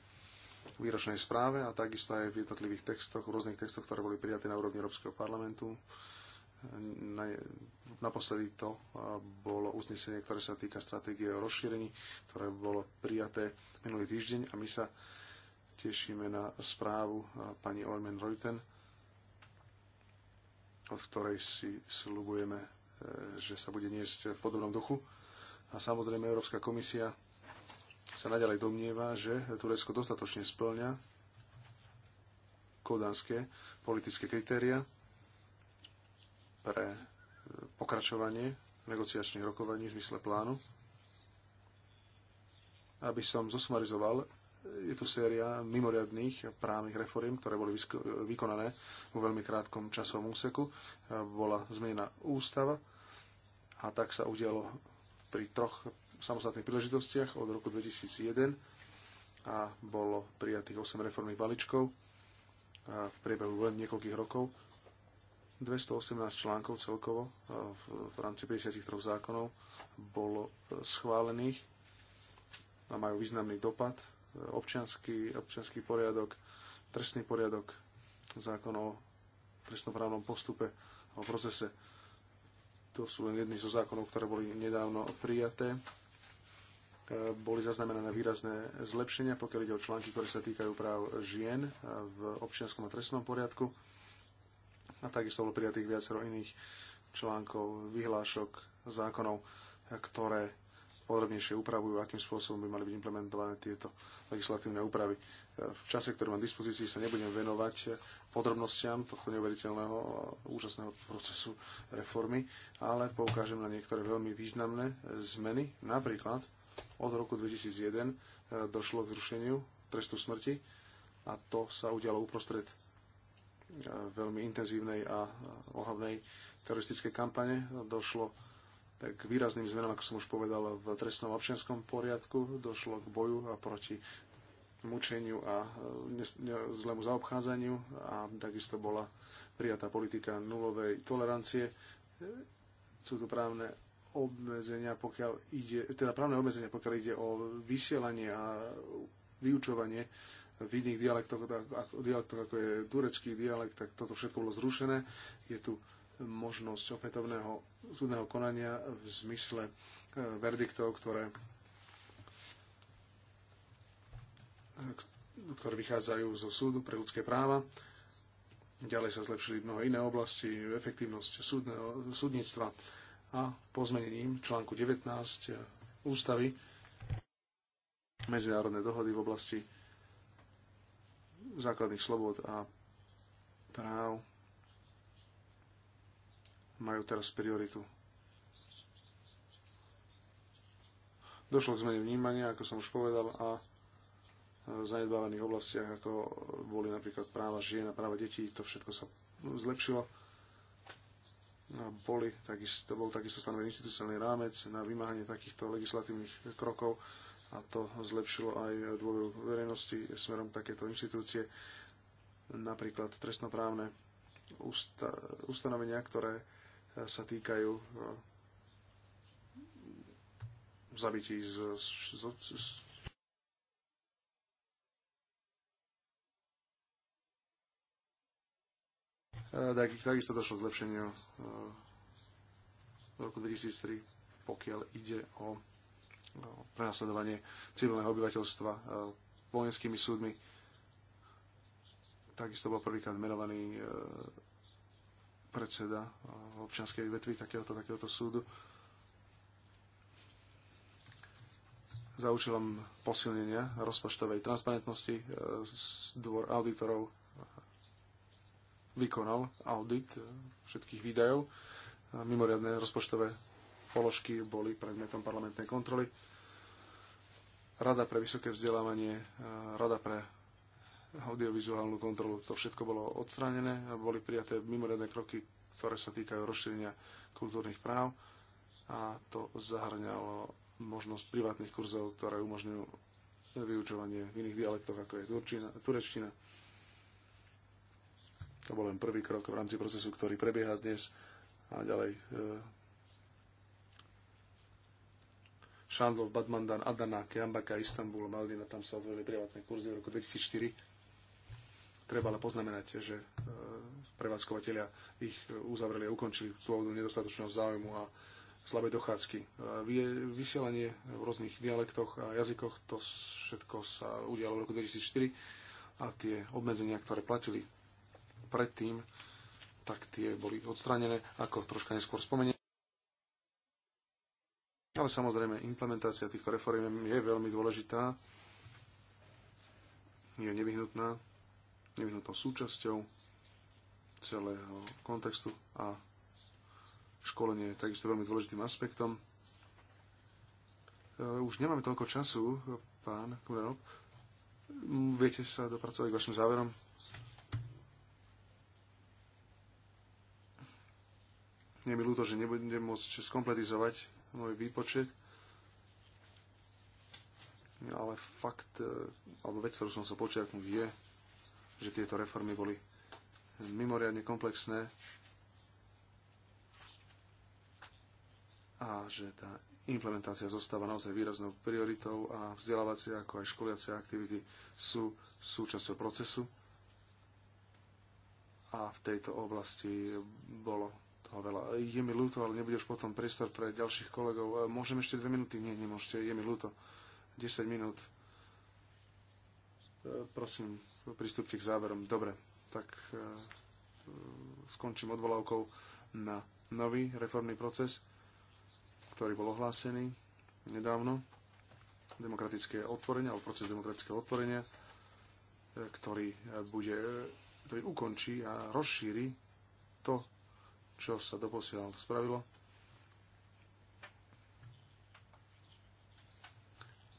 výročnej správe a takisto aj v jednotlivých textoch, v rôznych textoch, ktoré boli prijaté na úrovni Európskeho parlamentu Naposledy to e, bolo uznesenie, ktoré sa týka stratégie o rozšírení, ktoré bolo prijaté minulý týždeň a my sa tešíme na správu e, pani Ormen Reuten, od ktorej si slubujeme, e, že sa bude niesť v podobnom duchu. A samozrejme Európska komisia sa naďalej domnieva, že Turecko dostatočne splňa kodanské politické kritéria pre pokračovanie negociačných rokovaní v zmysle plánu. Aby som zosumarizoval, je tu séria mimoriadných právnych reforiem, ktoré boli vykonané vo veľmi krátkom časovom úseku. Bola zmenená ústava a tak sa udialo pri troch samostatných príležitostiach od roku 2001 a bolo prijatých 8 reformných balíčkov v priebehu len niekoľkých rokov 218 článkov celkovo v, rámci 53 zákonov bolo e, schválených a majú významný dopad. Občianský, e, občianský poriadok, trestný poriadok, zákon o trestnoprávnom postupe o procese. To sú len jedny zo zákonov, ktoré boli nedávno prijaté. E, boli zaznamenané výrazné zlepšenia, pokiaľ ide o články, ktoré sa týkajú práv žien v občianskom a trestnom poriadku a takisto bolo prijatých viacero iných článkov, vyhlášok, zákonov, ktoré podrobnejšie upravujú, akým spôsobom by mali byť implementované tieto legislatívne úpravy. V čase, ktorý mám v dispozícii, sa nebudem venovať podrobnostiam tohto neuveriteľného úžasného procesu reformy, ale poukážem na niektoré veľmi významné zmeny. Napríklad od roku 2001 e, došlo k zrušeniu trestu smrti a to sa udialo uprostred veľmi intenzívnej a ohavnej teroristickej kampane došlo k výrazným zmenám, ako som už povedal, v trestnom občianskom poriadku. Došlo k boju a proti mučeniu a e, zlému zaobchádzaniu a takisto bola prijatá politika nulovej tolerancie. Sú tu právne obmedzenia, pokiaľ ide, teda právne obmedzenia, pokiaľ ide o vysielanie a vyučovanie v iných dialektoch, dialektoch ako je turecký dialekt, tak toto všetko bolo zrušené. Je tu možnosť opätovného súdneho konania v zmysle e, verdiktov, ktoré, e, ktoré vychádzajú zo súdu pre ľudské práva. Ďalej sa zlepšili mnohé iné oblasti, efektívnosť súdneho, súdnictva a pozmenením článku 19 ústavy medzinárodné dohody v oblasti základných slobod a práv majú teraz prioritu. Došlo k zmene vnímania, ako som už povedal, a v zanedbávaných oblastiach, ako boli napríklad práva žien a práva detí, to všetko sa zlepšilo. A no, boli, takisto, bol takisto stanovený institucionálny rámec na vymáhanie takýchto legislatívnych krokov a to zlepšilo aj dôveru verejnosti smerom k takéto inštitúcie, napríklad trestnoprávne usta- ustanovenia, ktoré eh, sa týkajú eh, zabití z, z, z, eh, Takisto došlo k zlepšeniu v roku 2003, pokiaľ ide o No, prenasledovanie civilného obyvateľstva eh, vojenskými súdmi. Takisto bol prvýkrát menovaný eh, predseda eh, občianskej vetvy takéhoto, takéhoto súdu za účelom posilnenia rozpočtovej transparentnosti dvor auditorov vykonal audit všetkých výdajov mimoriadne rozpočtové položky boli predmetom parlamentnej kontroly. Rada pre vysoké vzdelávanie, e, Rada pre audiovizuálnu kontrolu, to všetko bolo odstránené a boli prijaté mimoriadne kroky, ktoré sa týkajú rozšírenia kultúrnych práv a to zahrňalo možnosť privátnych kurzov, ktoré umožňujú vyučovanie v iných dialektoch, ako je turčina, turečtina. To bol len prvý krok v rámci procesu, ktorý prebieha dnes a ďalej e, Šandlov, Badmandan, Adana, Kiambaka, Istanbul, Maldina, tam sa otvorili privátne kurzy v roku 2004. Treba ale poznamenať, že e, prevádzkovateľia ich e, uzavreli a ukončili z dôvodu nedostatočného záujmu a slabé dochádzky. E, vysielanie v rôznych dialektoch a jazykoch, to všetko sa udialo v roku 2004 a tie obmedzenia, ktoré platili predtým, tak tie boli odstranené, ako troška neskôr spomeniem. Ale samozrejme, implementácia týchto reform je veľmi dôležitá, je nevyhnutná, nevyhnutnou súčasťou celého kontextu a školenie je takisto veľmi dôležitým aspektom. E, už nemáme toľko času, pán Kumerov. Viete sa dopracovať k vašim záverom? Je mi ľúto, že nebudem môcť skompletizovať môj výpočet. No, ale fakt, e, alebo vec, ktorú som sa počiaknúť, je, že tieto reformy boli mimoriadne komplexné a že tá implementácia zostáva naozaj výraznou prioritou a vzdelávacie ako aj školiacie aktivity sú súčasťou procesu a v tejto oblasti bolo toho veľa. Je mi ľúto, ale nebude už potom priestor pre ďalších kolegov. E, môžem ešte dve minúty? Nie, nemôžete. Je mi ľúto. 10 minút. E, prosím, pristúpte k záverom. Dobre, tak e, skončím odvolávkou na nový reformný proces, ktorý bol ohlásený nedávno. Demokratické otvorenie, alebo proces demokratického otvorenia, ktorý, bude, ktorý ukončí a rozšíri to, čo sa doposiaľ spravilo.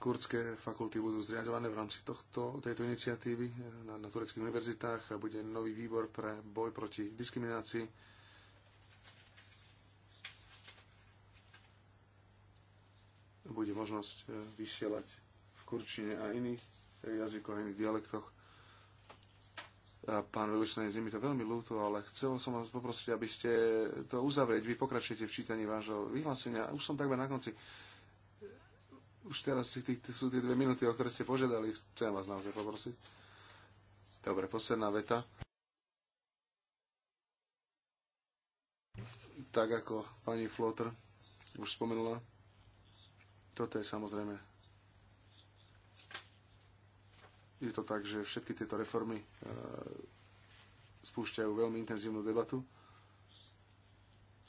Kurdské fakulty budú zriadované v rámci tohto, tejto iniciatívy na, na tureckých univerzitách a bude nový výbor pre boj proti diskriminácii. Bude možnosť eh, vysielať v kurčine a iných jazykoch a iných dialektoch pán Veličnej, je mi to veľmi ľúto, ale chcel som vás poprosiť, aby ste to uzavrieť. Vy pokračujete v čítaní vášho vyhlásenia. Už som takmer na konci. Už teraz sú tie dve minúty, o ktoré ste požiadali. Chcem vás naozaj poprosiť. Dobre, posledná veta. Tak ako pani Flotter už spomenula, toto je samozrejme je to tak, že všetky tieto reformy e, spúšťajú veľmi intenzívnu debatu.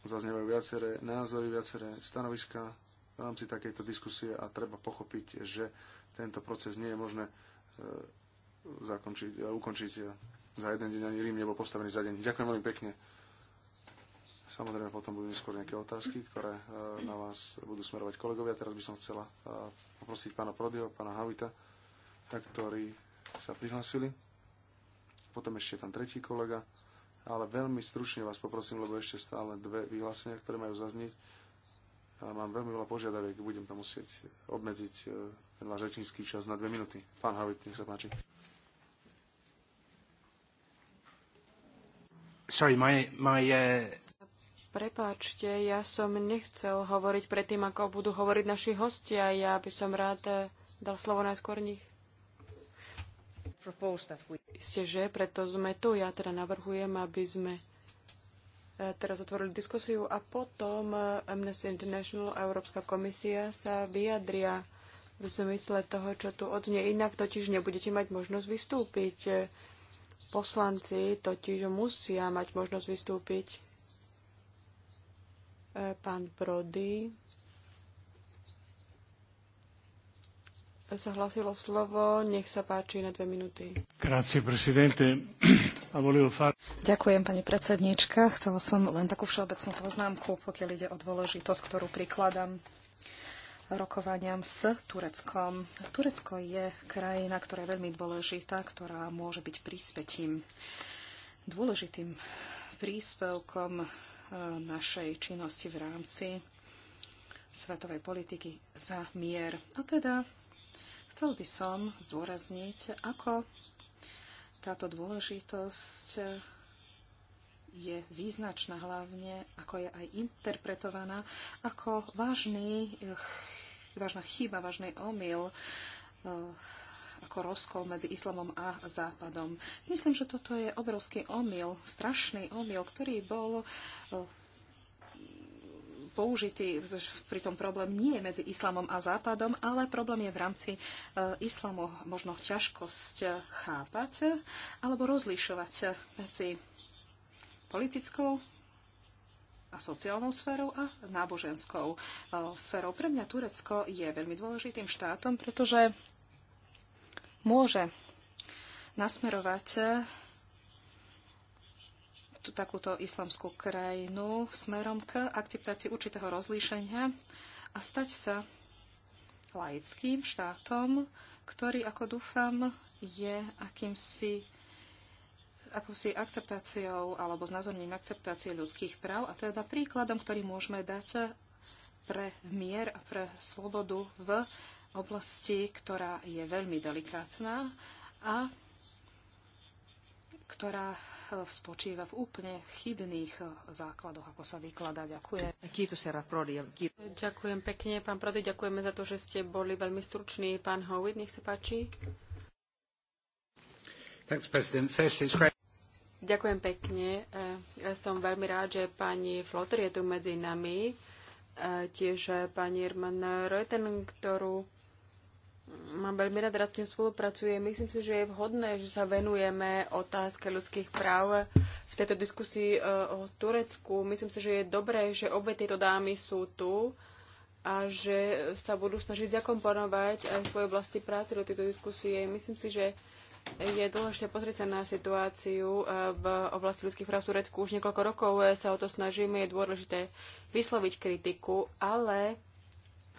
Zaznievajú viaceré názory, viaceré stanoviská v rámci takejto diskusie a treba pochopiť, že tento proces nie je možné e, zakončiť, ukončiť za jeden deň. Ani Rím nebol postavený za deň. Ďakujem veľmi pekne. Samozrejme, potom budú neskôr nejaké otázky, ktoré e, na vás budú smerovať kolegovia. Teraz by som chcela poprosiť pána Prodyho, pána Havita tak, ktorí sa prihlasili. Potom ešte je tam tretí kolega. Ale veľmi stručne vás poprosím, lebo ešte stále dve vyhlásenia, ktoré majú zaznieť. mám veľmi veľa požiadaviek, budem tam musieť obmedziť e, ten váš rečnícky čas na dve minúty. Pán Havit, nech sa páči. Sorry, my, my, uh... E, Prepáčte, ja som nechcel hovoriť predtým, ako budú hovoriť naši hostia. Ja by som rád e, dal slovo najskôr nich. Isté, že preto sme tu. Ja teda navrhujem, aby sme e, teraz otvorili diskusiu a potom e, Amnesty International a Európska komisia sa vyjadria v zmysle toho, čo tu odznie. Inak totiž nebudete mať možnosť vystúpiť. E, poslanci totiž musia mať možnosť vystúpiť. Pán Brody sa slovo. Nech sa páči na dve minúty. Ďakujem, pani predsednička. Chcela som len takú všeobecnú poznámku, pokiaľ ide o dôležitosť, ktorú prikladám rokovaniam s Tureckom. Turecko je krajina, ktorá je veľmi dôležitá, ktorá môže byť príspetím, dôležitým príspevkom e, našej činnosti v rámci svetovej politiky za mier. A teda Chcel by som zdôrazniť, ako táto dôležitosť je význačná hlavne, ako je aj interpretovaná, ako vážny, vážna chyba, vážny omyl, eh, ako rozkol medzi islamom a západom. Myslím, že toto je obrovský omyl, strašný omyl, ktorý bol eh, použitý, pritom problém nie je medzi islamom a západom, ale problém je v rámci eh, islamu možno ťažkosť chápať eh, alebo rozlišovať eh, medzi politickou a sociálnou sférou a náboženskou sférou. Pre mňa Turecko je veľmi dôležitým štátom, pretože môže nasmerovať takúto islamskú krajinu smerom k akceptácii určitého rozlíšenia a stať sa laickým štátom, ktorý, ako dúfam, je akýmsi akousi akceptáciou alebo znázornením akceptácie ľudských práv a teda príkladom, ktorý môžeme dať pre mier a pre slobodu v oblasti, ktorá je veľmi delikátna a ktorá eh, spočíva v úplne chybných eh, základoch, ako sa vykladá. Ďakujem. Ďakujem pekne, pán Prody. Ďakujeme za to, že ste boli veľmi struční. Pán Howitt, nech sa páči. Ďakujem pekne. Eh, ja som veľmi rád, že pani Flotter je tu medzi nami. Tiež pani Irman Reuten, ktorú mám veľmi rád s ňou spolupracujem. Myslím si, že je vhodné, že sa venujeme otázke ľudských práv v tejto diskusii eh, o Turecku. Myslím si, že je dobré, že obe tieto dámy sú tu a že sa budú snažiť zakomponovať aj svoje vlasti práce do tejto diskusie. Myslím si, že je dôležité pozrieť sa na situáciu eh, v oblasti ľudských práv v Turecku. Už niekoľko rokov eh, sa o to snažíme, je dôležité vysloviť kritiku, ale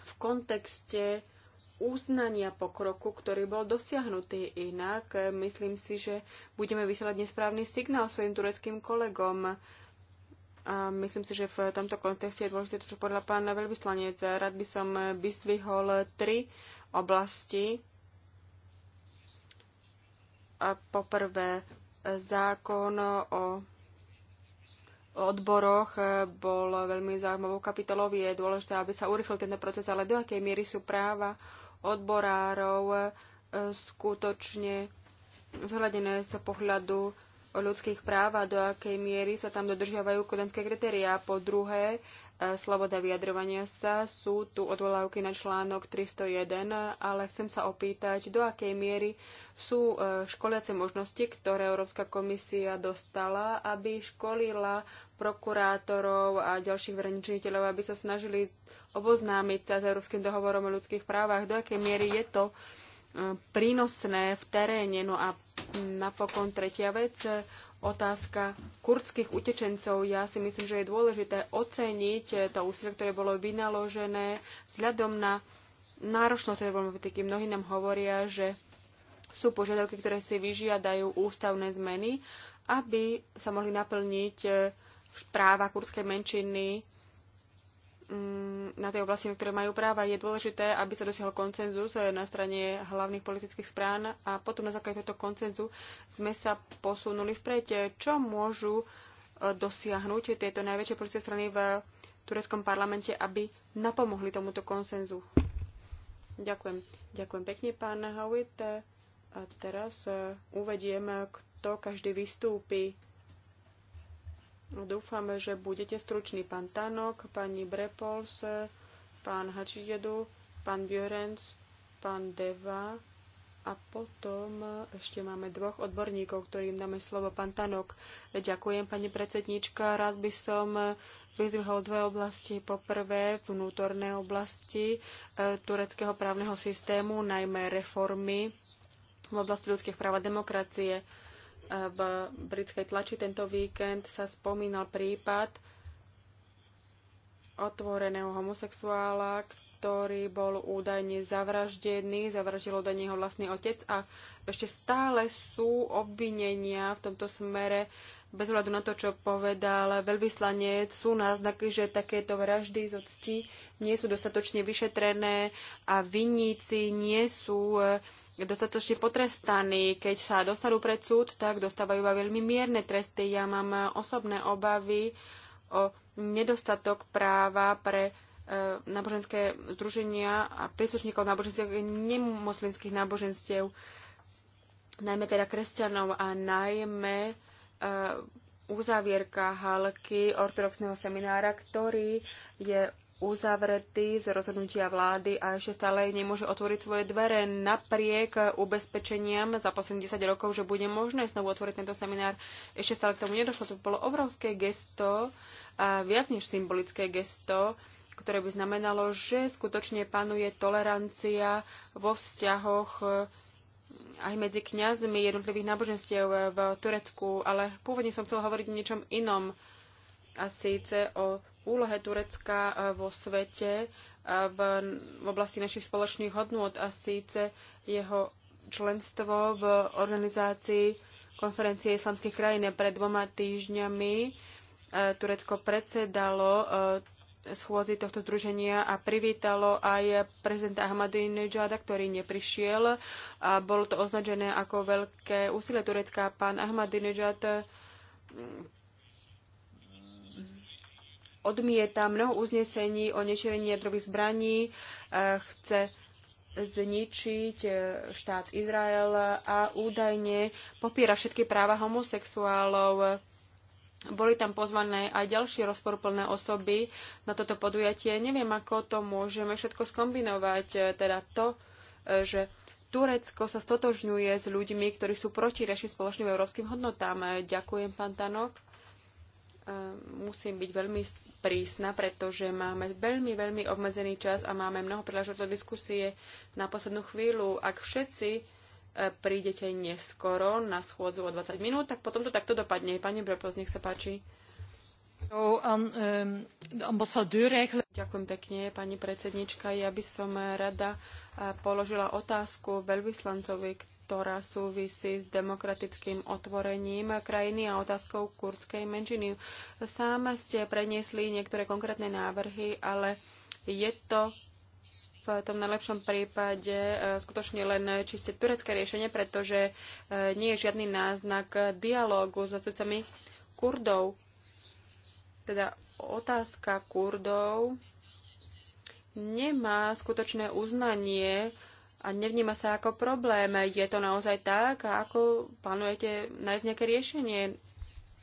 v kontexte uznania pokroku, ktorý bol dosiahnutý. Inak eh, myslím si, že budeme vysielať nesprávny signál svojim tureckým kolegom. A myslím si, že v tomto kontexte je dôležité to, čo podľa pána veľvyslanec. Rád by som eh, vyzdvihol tri oblasti. A poprvé, eh, zákon o odboroch bol veľmi zaujímavou kapitolou. Je dôležité, aby sa urychlil tento proces, ale do akej miery sú práva odborárov e, skutočne zhľadené z pohľadu ľudských práv a do akej miery sa tam dodržiavajú kodenské kritériá. Po druhé, e, sloboda vyjadrovania sa. Sú tu odvolávky na článok 301, ale chcem sa opýtať, do akej miery sú e, školiace možnosti, ktoré Európska komisia dostala, aby školila prokurátorov a ďalších verejných činiteľov, aby sa snažili oboznámiť sa s Európskym dohovorom o ľudských právach, do akej miery je to e, prínosné v teréne. No a napokon tretia vec, e, otázka kurdských utečencov. Ja si myslím, že je dôležité oceniť e, to úsilie, ktoré bolo vynaložené vzhľadom na náročnosť tej problematiky. Mnohí nám hovoria, že sú požiadavky, ktoré si vyžiadajú ústavné zmeny, aby sa mohli naplniť práva kurdskej menšiny mm, na tej oblasti, na ktoré majú práva. Je dôležité, aby sa dosiahol koncenzus eh, na strane hlavných politických strán a potom na základe tohto koncenzu sme sa posunuli vpred. Čo môžu eh, dosiahnuť tieto najväčšie politické strany v tureckom parlamente, aby napomohli tomuto konsenzu? Ďakujem. Ďakujem pekne, pán Howitt. A teraz eh, uvediem, kto každý vystúpi Dúfame, že budete stručný pán Tanok, pani Brepols, pán Hačijedu, pán Björens, pán Deva a potom ešte máme dvoch odborníkov, ktorým dáme slovo. Pán Tanok, ďakujem pani predsednička. Rád by som vyzvihol dve oblasti. Poprvé vnútorné oblasti e, tureckého právneho systému, najmä reformy v oblasti ľudských práv a demokracie v britskej tlači tento víkend sa spomínal prípad otvoreného homosexuála, ktorý bol údajne zavraždený, zavraždil do neho vlastný otec a ešte stále sú obvinenia v tomto smere. Bez ohľadu na to, čo povedal veľvyslanec, sú náznaky, že takéto vraždy z octi nie sú dostatočne vyšetrené a vinníci nie sú eh, dostatočne potrestaní. Keď sa dostanú pred súd, tak dostávajú iba veľmi mierne tresty. Ja mám osobné obavy o nedostatok práva pre e, náboženské združenia a príslušníkov náboženských nemoslimských náboženstiev, najmä teda kresťanov a najmä e, uzávierka uzavierka halky ortodoxného seminára, ktorý je uzavretý z rozhodnutia vlády a ešte stále nemôže otvoriť svoje dvere napriek ubezpečeniam za posledných 10 rokov, že bude možné znovu otvoriť tento seminár. Ešte stále k tomu nedošlo. To bolo obrovské gesto, a viac než symbolické gesto, ktoré by znamenalo, že skutočne panuje tolerancia vo vzťahoch eh, aj medzi kňazmi jednotlivých náboženstiev eh, v Turecku, ale pôvodne som chcel hovoriť o niečom inom a síce o úlohe Turecka e, vo svete e, v, v oblasti našich spoločných hodnôt a síce jeho členstvo v organizácii konferencie islamských krajín. Pred dvoma týždňami e, Turecko predsedalo schôdzi tohto združenia a privítalo aj prezidenta Ahmadinejada, ktorý neprišiel. A bolo to označené ako veľké úsilie Turecka. Pán Ahmadinejad odmieta mnoho uznesení o nešírení jadrových zbraní, e, chce zničiť e, štát Izrael a údajne popiera všetky práva homosexuálov. Boli tam pozvané aj ďalšie rozporuplné osoby na toto podujatie. Neviem, ako to môžeme všetko skombinovať. E, teda to, že Turecko sa stotožňuje s ľuďmi, ktorí sú proti reši spoločným európskym hodnotám. Ďakujem, pán Tanok musím byť veľmi prísna, pretože máme veľmi, veľmi obmedzený čas a máme mnoho príležitostí do diskusie na poslednú chvíľu. Ak všetci e, prídete neskoro na schôdzu o 20 minút, tak potom to takto dopadne. Pani Brepos, nech sa páči. So, um, um, Ďakujem pekne, pani predsednička. Ja by som rada e, položila otázku veľvyslancovi, ktorá súvisí s demokratickým otvorením krajiny a otázkou kurdskej menšiny. Sám ste preniesli niektoré konkrétne návrhy, ale je to v tom najlepšom prípade e, skutočne len čiste turecké riešenie, pretože e, nie je žiadny náznak dialógu s sudcami Kurdov. Teda otázka Kurdov nemá skutočné uznanie a nevníma sa ako problém. Je to naozaj tak? A ako plánujete nájsť nejaké riešenie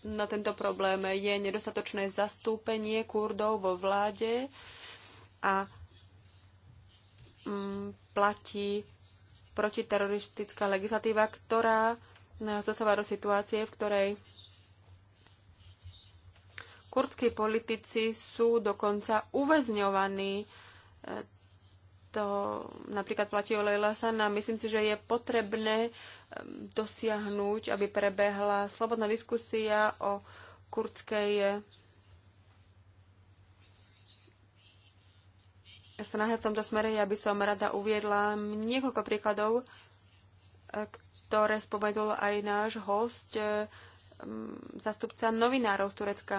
na tento problém? Je nedostatočné zastúpenie Kurdov vo vláde a mm, platí protiteroristická legislatíva, ktorá zasáva do situácie, v ktorej kurdskí politici sú dokonca uväzňovaní e, to napríklad platí o Leila Sana. Myslím si, že je potrebné dosiahnuť, aby prebehla slobodná diskusia o kurdskej eh, snahe v tomto smere. Ja by som rada uviedla niekoľko príkladov, eh, ktoré spomenul aj náš host, eh, zastupca novinárov z Turecka.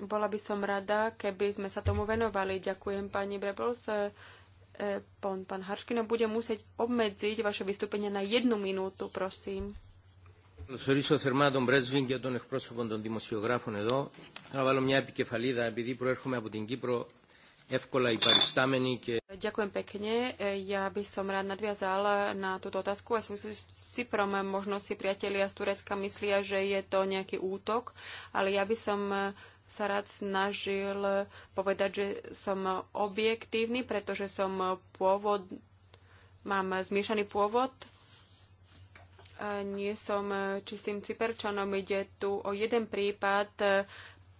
Bola by som rada, keby sme sa tomu venovali. Ďakujem pani Brebels pán, pán Harškino bude musieť obmedziť vaše vystúpenie na jednu minútu, prosím. Θεωρήσω θερμά τον πρέσβη και τον εκπρόσωπο των δημοσιογράφων εδώ. Θα βάλω μια επικεφαλίδα, επειδή προέρχομαι από την Κύπρο, εύκολα υπαριστάμενη και... Ďakujem pekne. E, ja by som rád nadviazal na túto otázku a súvisí s Cyprom. Možno si priatelia z Turecka myslia, že je to nejaký útok, ale ja by som sa rád snažil povedať, že som objektívny, pretože som pôvod, mám zmiešaný pôvod. Nie som čistým cyperčanom, ide tu o jeden prípad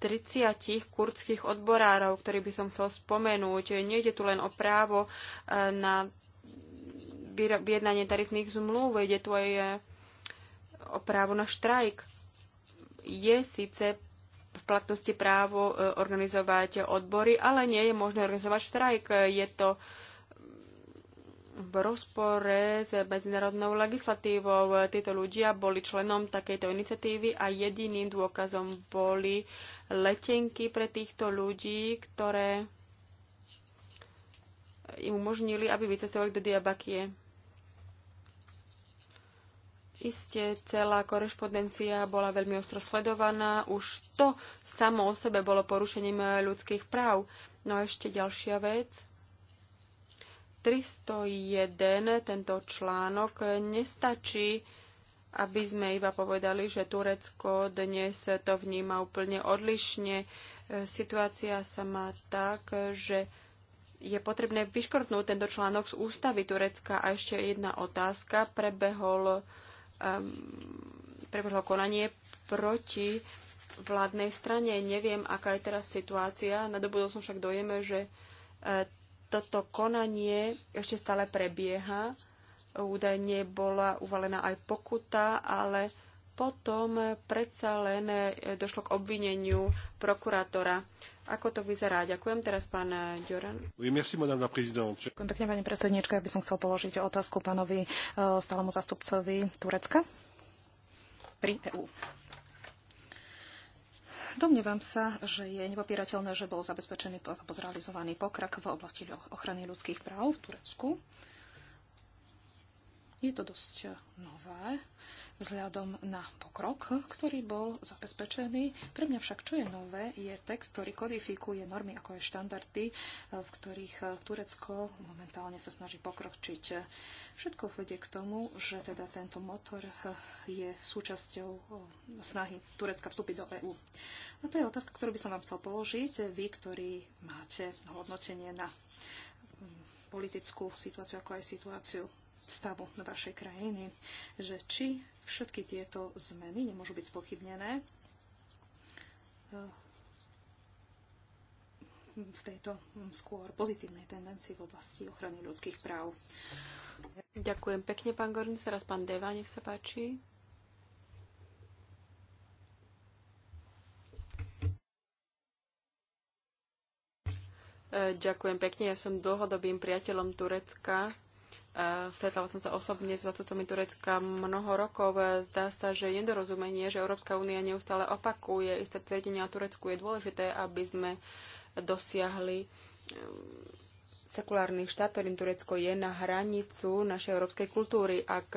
30 kurdských odborárov, ktorý by som chcel spomenúť. Nie ide tu len o právo e, na vyjednanie tarifných zmluv, ide tu aj e, o právo na štrajk. Je síce v platnosti právo e, organizovať odbory, ale nie je možné organizovať štrajk. Je to v rozpore s medzinárodnou legislatívou. Títo ľudia boli členom takejto iniciatívy a jediným dôkazom boli letenky pre týchto ľudí, ktoré im umožnili, aby vycestovali do Diabakie. Isté, celá korešpondencia bola veľmi ostro sledovaná. Už to samo o sebe bolo porušením eh, ľudských práv. No a ešte ďalšia vec. 301, tento článok, eh, nestačí, aby sme iba povedali, že Turecko dnes to vníma úplne odlišne. Eh, situácia sa má tak, že je potrebné vyškrtnúť tento článok z ústavy Turecka. A ešte jedna otázka. Prebehol Ehm, prebehlo konanie proti vládnej strane. Neviem, aká je teraz situácia. Na dobu som však dojeme, že e, toto konanie ešte stále prebieha. Údajne bola uvalená aj pokuta, ale potom predsa len e, došlo k obvineniu prokurátora ako to vyzerá? Ďakujem. Teraz pán Ďoran. Ďakujem pekne, pani Ja by som chcel položiť otázku pánovi e, stálemu zastupcovi Turecka pri e Domnievam sa, že je nepopierateľné, že bol zabezpečený alebo zrealizovaný pokrok v oblasti ochrany ľudských práv v Turecku. Je to dosť e, nové vzhľadom na pokrok, ktorý bol zabezpečený. Pre mňa však, čo je nové, je text, ktorý kodifikuje normy, ako je štandardy, e, v ktorých e, Turecko momentálne sa snaží pokročiť. Všetko vedie k tomu, že teda tento motor e, je súčasťou snahy Turecka vstúpiť do EÚ. A to je otázka, ktorú by som vám chcel položiť, vy, ktorí máte hodnotenie na politickú situáciu, ako aj situáciu stavu vašej krajiny, že či všetky tieto zmeny nemôžu byť spochybnené eh, v tejto skôr pozitívnej tendencii v oblasti ochrany ľudských práv. Ďakujem pekne, pán Gornic. Teraz pán Deva, nech sa páči. Eh, ďakujem pekne. Ja som dlhodobým priateľom Turecka E, Stretala som sa osobne s zastupcami Turecka mnoho rokov. E, zdá sa, že je nedorozumenie, že Európska únia neustále opakuje isté tvrdenia o Turecku. Je dôležité, aby sme dosiahli e, sekulárny štát, ktorým Turecko je na hranicu našej európskej kultúry. Ak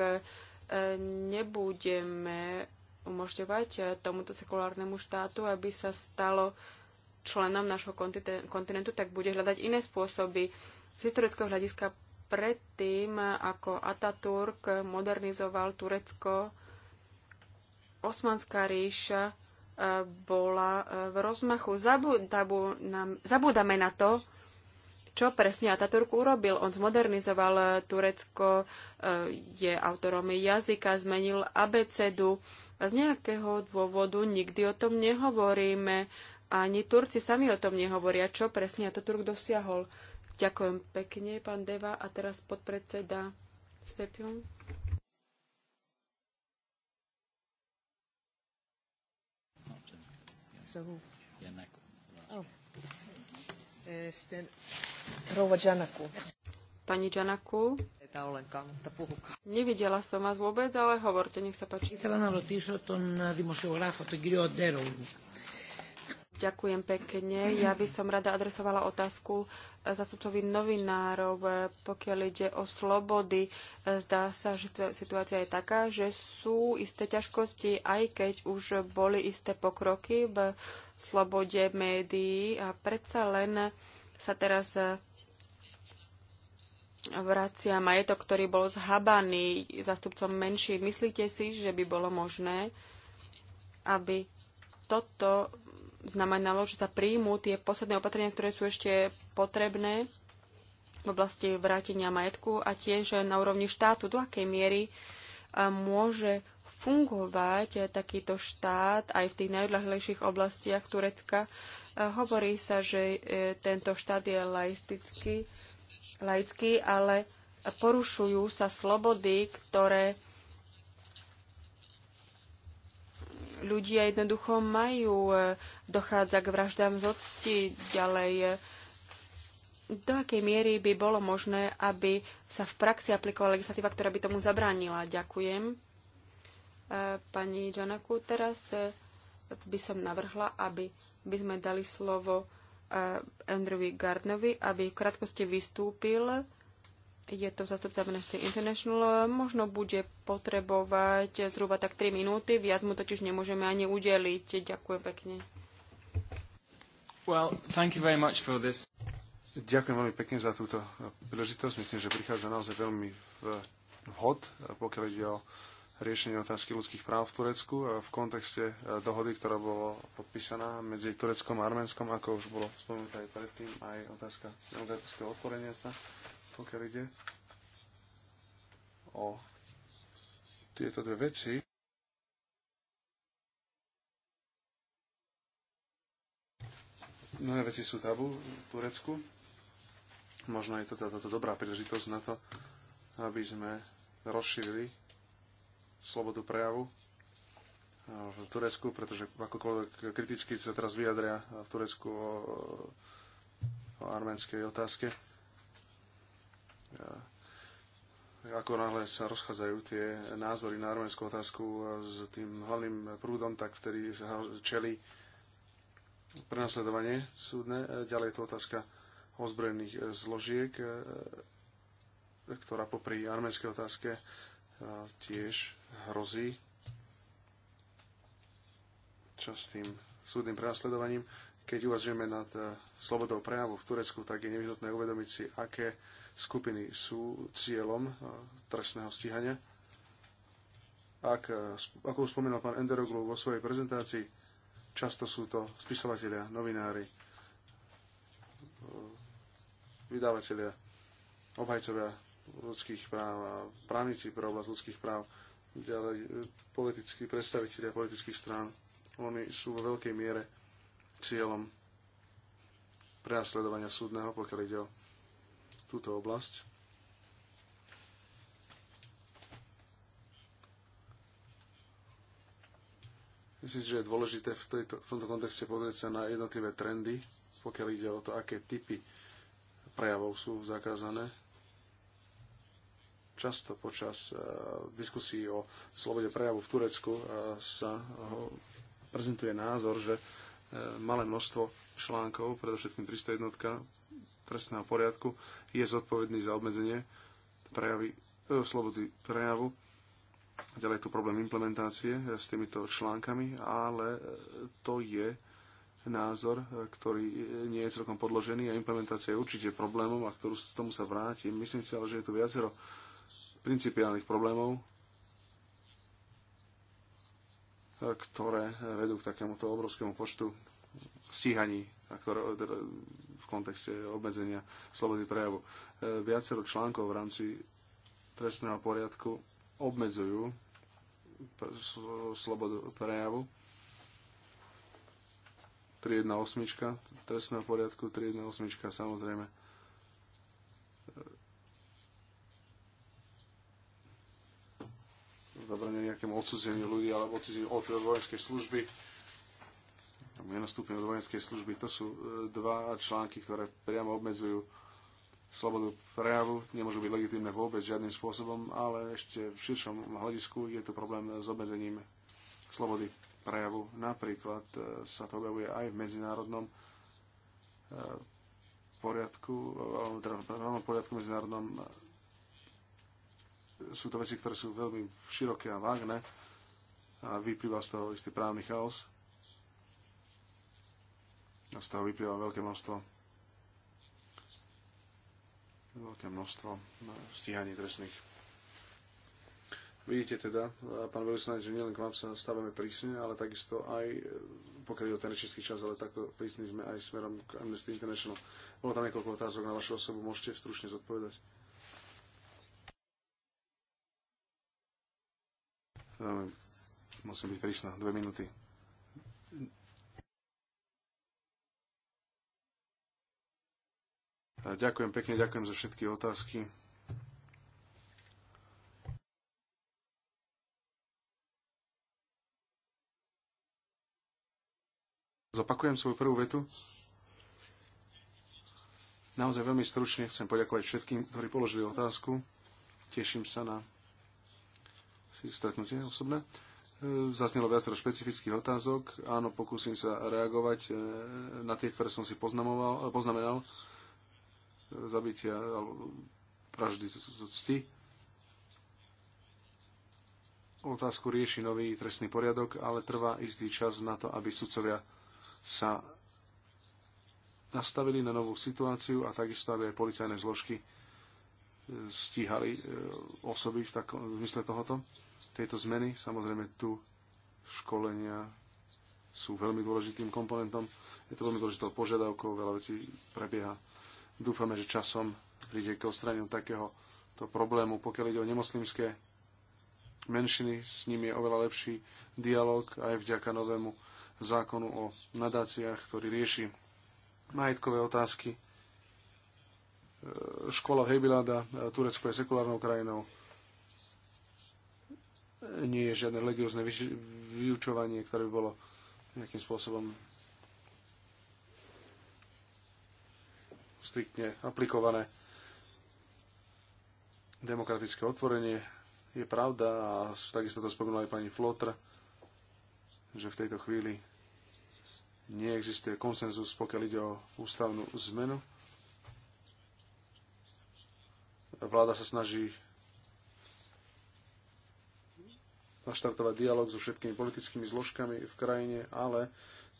nebudeme umožňovať tomuto sekulárnemu štátu, aby sa stalo členom nášho kontinentu, tak bude hľadať iné spôsoby. Z historického hľadiska predtým, ako Ataturk modernizoval Turecko, Osmanská ríša e, bola e, v rozmachu. Zabúdame na to, čo presne Ataturk urobil. On zmodernizoval e, Turecko, je autorom jazyka, zmenil abecedu. Z nejakého dôvodu nikdy o tom nehovoríme. Ani Turci sami o tom nehovoria, čo presne Ataturk dosiahol. Ďakujem pekne, pán Deva. A teraz podpredseda oh. Stepion. Rouva Janaku. Pani Janaku. Nevidela som vás vôbec, ale hovorte, nech sa páči. Ήθελα να ρωτήσω τον δημοσιογράφο, τον κύριο Ντέρογλου. Ďakujem pekne. Ja by som rada adresovala otázku eh, zastupcovi novinárov, eh, pokiaľ ide o slobody. Eh, zdá sa, že situácia je taká, že sú isté ťažkosti, aj keď už boli isté pokroky v slobode médií a predsa len sa teraz vracia majetok, ktorý bol zhabaný zastupcom menší. Myslíte si, že by bolo možné, aby toto znamenalo, že sa príjmú tie posledné opatrenia, ktoré sú ešte potrebné v oblasti vrátenia majetku a tiež na úrovni štátu, do akej miery môže fungovať e, takýto štát aj v tých najodľahlejších oblastiach Turecka. Hovorí sa, že e, tento štát je laistický, laický, ale porušujú sa slobody, ktoré ľudia jednoducho majú. E, dochádza k vraždám z octi, ďalej e, do akej miery by bolo možné, aby sa v praxi aplikovala legislatíva, ktorá by tomu zabránila. Ďakujem. E, pani Janaku, teraz by som navrhla, aby by sme dali slovo Andrewovi Gardnovi, aby v krátkosti vystúpil je to zastupca Amnesty International, možno bude potrebovať zhruba tak 3 minúty, viac mu totiž nemôžeme ani udeliť. Ďakujem pekne. Well, thank you very much for this. Ďakujem veľmi pekne za túto príležitosť. Myslím, že prichádza naozaj veľmi vhod, pokiaľ ide o riešenie otázky ľudských práv v Turecku v kontexte e, dohody, ktorá bola podpísaná medzi Tureckom a Arménskom, ako už bolo spomenuté aj predtým, aj otázka demokratického otvorenia sa pokiaľ ide o tieto dve veci. Mnohé veci sú tabu v Turecku. Možno je to táto dobrá príležitosť na to, aby sme rozšírili slobodu prejavu v Turecku, pretože akokoľvek kriticky sa teraz vyjadria v Turecku o, o arménskej otázke ako náhle sa rozchádzajú tie názory na arménskú otázku s tým hlavným prúdom, tak vtedy čeli prenasledovanie súdne. E, ďalej je to otázka ozbrojených e, zložiek, e, ktorá popri arménskej otázke tiež hrozí častým súdnym prenasledovaním. Keď uvažujeme nad slobodou prejavu v Turecku, tak je nevyhnutné uvedomiť si, aké skupiny sú cieľom e, trestného stíhania. Ak, e, ako už spomenul pán Enderoglu vo svojej prezentácii, často sú to spisovatelia, novinári, e, vydavatelia, obhajcovia ľudských práv a právnici pre oblasť ľudských práv, ďalej politickí predstavitelia politických strán. Oni sú vo veľkej miere cieľom prenasledovania súdneho, pokiaľ ide o túto oblasť. Myslím si, že je dôležité v, tejto, v tomto kontexte pozrieť sa na jednotlivé trendy, pokiaľ ide o to, aké typy prejavov sú zakázané. Často počas uh, diskusí o slobode prejavu v Turecku uh, sa uh, prezentuje názor, že uh, malé množstvo článkov, predovšetkým 301, trestného poriadku je zodpovedný za obmedzenie prejavy, e, slobody prejavu. Ďalej je tu problém implementácie e, s týmito článkami, ale e, to je názor, e, ktorý nie je celkom podložený a implementácia je určite problémom a ktorú, tomu sa vrátim. Myslím si ale, že je tu viacero principiálnych problémov, ktoré vedú k takémuto obrovskému počtu stíhaní ktoré, e, teda v kontexte obmedzenia slobody prejavu. E, viacero článkov v rámci trestného poriadku obmedzujú slobodu prejavu. 3.1.8. trestného poriadku, 3.1.8. samozrejme e, zabranie nejakému odsúzeniu ľudí alebo odsúzeniu od vojenskej služby tam stupňov do vojenskej služby. To sú e, dva články, ktoré priamo obmedzujú slobodu prejavu, nemôžu byť legitímne vôbec žiadnym spôsobom, ale ešte v širšom hľadisku je to problém s obmedzením slobody prejavu. Napríklad e, sa to objavuje aj v medzinárodnom e, poriadku, teda v právnom poriadku medzinárodnom sú to veci, ktoré sú veľmi široké a vágne a vyplýva z toho istý právny chaos. A z toho vyplýva veľké množstvo veľké množstvo stíhaní trestných. Vidíte teda, pán veľvyslanec, že nielen k vám sa stávame prísne, ale takisto aj pokiaľ ten rečnický čas, ale takto prísni sme aj smerom k Amnesty International. Bolo tam niekoľko otázok na vašu osobu, môžete stručne zodpovedať. Musím byť prísna, dve minúty. Ďakujem pekne, ďakujem za všetky otázky. Zopakujem svoju prvú vetu. Naozaj veľmi stručne chcem poďakovať všetkým, ktorí položili otázku. Teším sa na stretnutie osobné. E, zaznelo viacero špecifických otázok. Áno, pokúsim sa reagovať e, na tie, ktoré som si poznamenal zabitia alebo vraždy z cti. Otázku rieši nový trestný poriadok, ale trvá istý čas na to, aby sudcovia sa nastavili na novú situáciu a takisto, aby aj policajné zložky e, stíhali e, osoby v takom v mysle tohoto. Tejto zmeny, samozrejme tu školenia sú veľmi dôležitým komponentom. Je to veľmi dôležitou požiadavkou, veľa vecí prebieha Dúfame, že časom príde k odstraneniu takéhoto problému. Pokiaľ ide o nemoslimské menšiny, s nimi je oveľa lepší dialog aj vďaka novému zákonu o nadáciách, ktorý rieši majetkové otázky. E, škola Hebilada, e, Turecko je sekulárnou krajinou. E, nie je žiadne religiózne vyučovanie, ktoré by bolo nejakým spôsobom striktne aplikované. Demokratické otvorenie je pravda a takisto to spomínala aj pani Flotr, že v tejto chvíli neexistuje konsenzus, pokiaľ ide o ústavnú zmenu. Vláda sa snaží naštartovať dialog so všetkými politickými zložkami v krajine, ale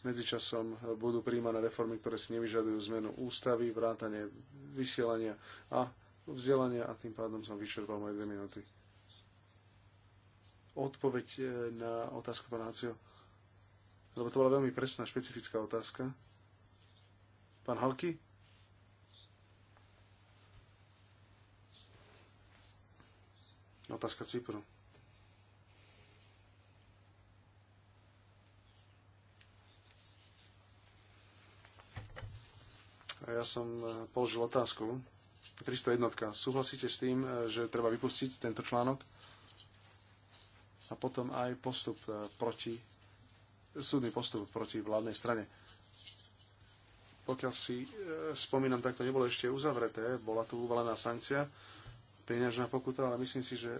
Medzičasom budú príjmané reformy, ktoré si nevyžadujú zmenu ústavy, vrátanie vysielania a vzdelania a tým pádom som vyčerpal moje dve minúty. Odpoveď e, na otázku pána Hacio, lebo to bola veľmi presná, špecifická otázka. Pán Halky? Otázka Cypru. Ja som e, položil otázku. 301. Súhlasíte s tým, e, že treba vypustiť tento článok? A potom aj postup e, proti, súdny postup proti vládnej strane. Pokiaľ si spomínam, tak to nebolo ešte uzavreté, bola tu uvalená sankcia, peňažná pokuta, ale myslím si, že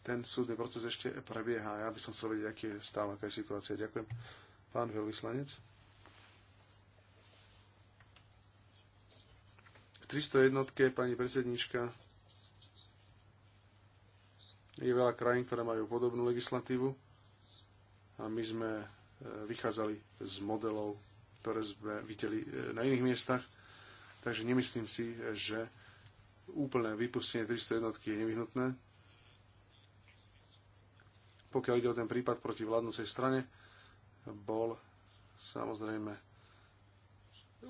ten súdny proces ešte prebieha. Ja by som chcel vedieť, aký je stav, aká je situácia. Ďakujem. Pán veľvyslanec. V 301, pani predsednička, je veľa krajín, ktoré majú podobnú legislatívu a my sme e, vychádzali z modelov, ktoré sme videli e, na iných miestach, takže nemyslím si, že úplné vypustenie 301 je nevyhnutné. Pokiaľ ide o ten prípad proti vládnúcej strane, bol samozrejme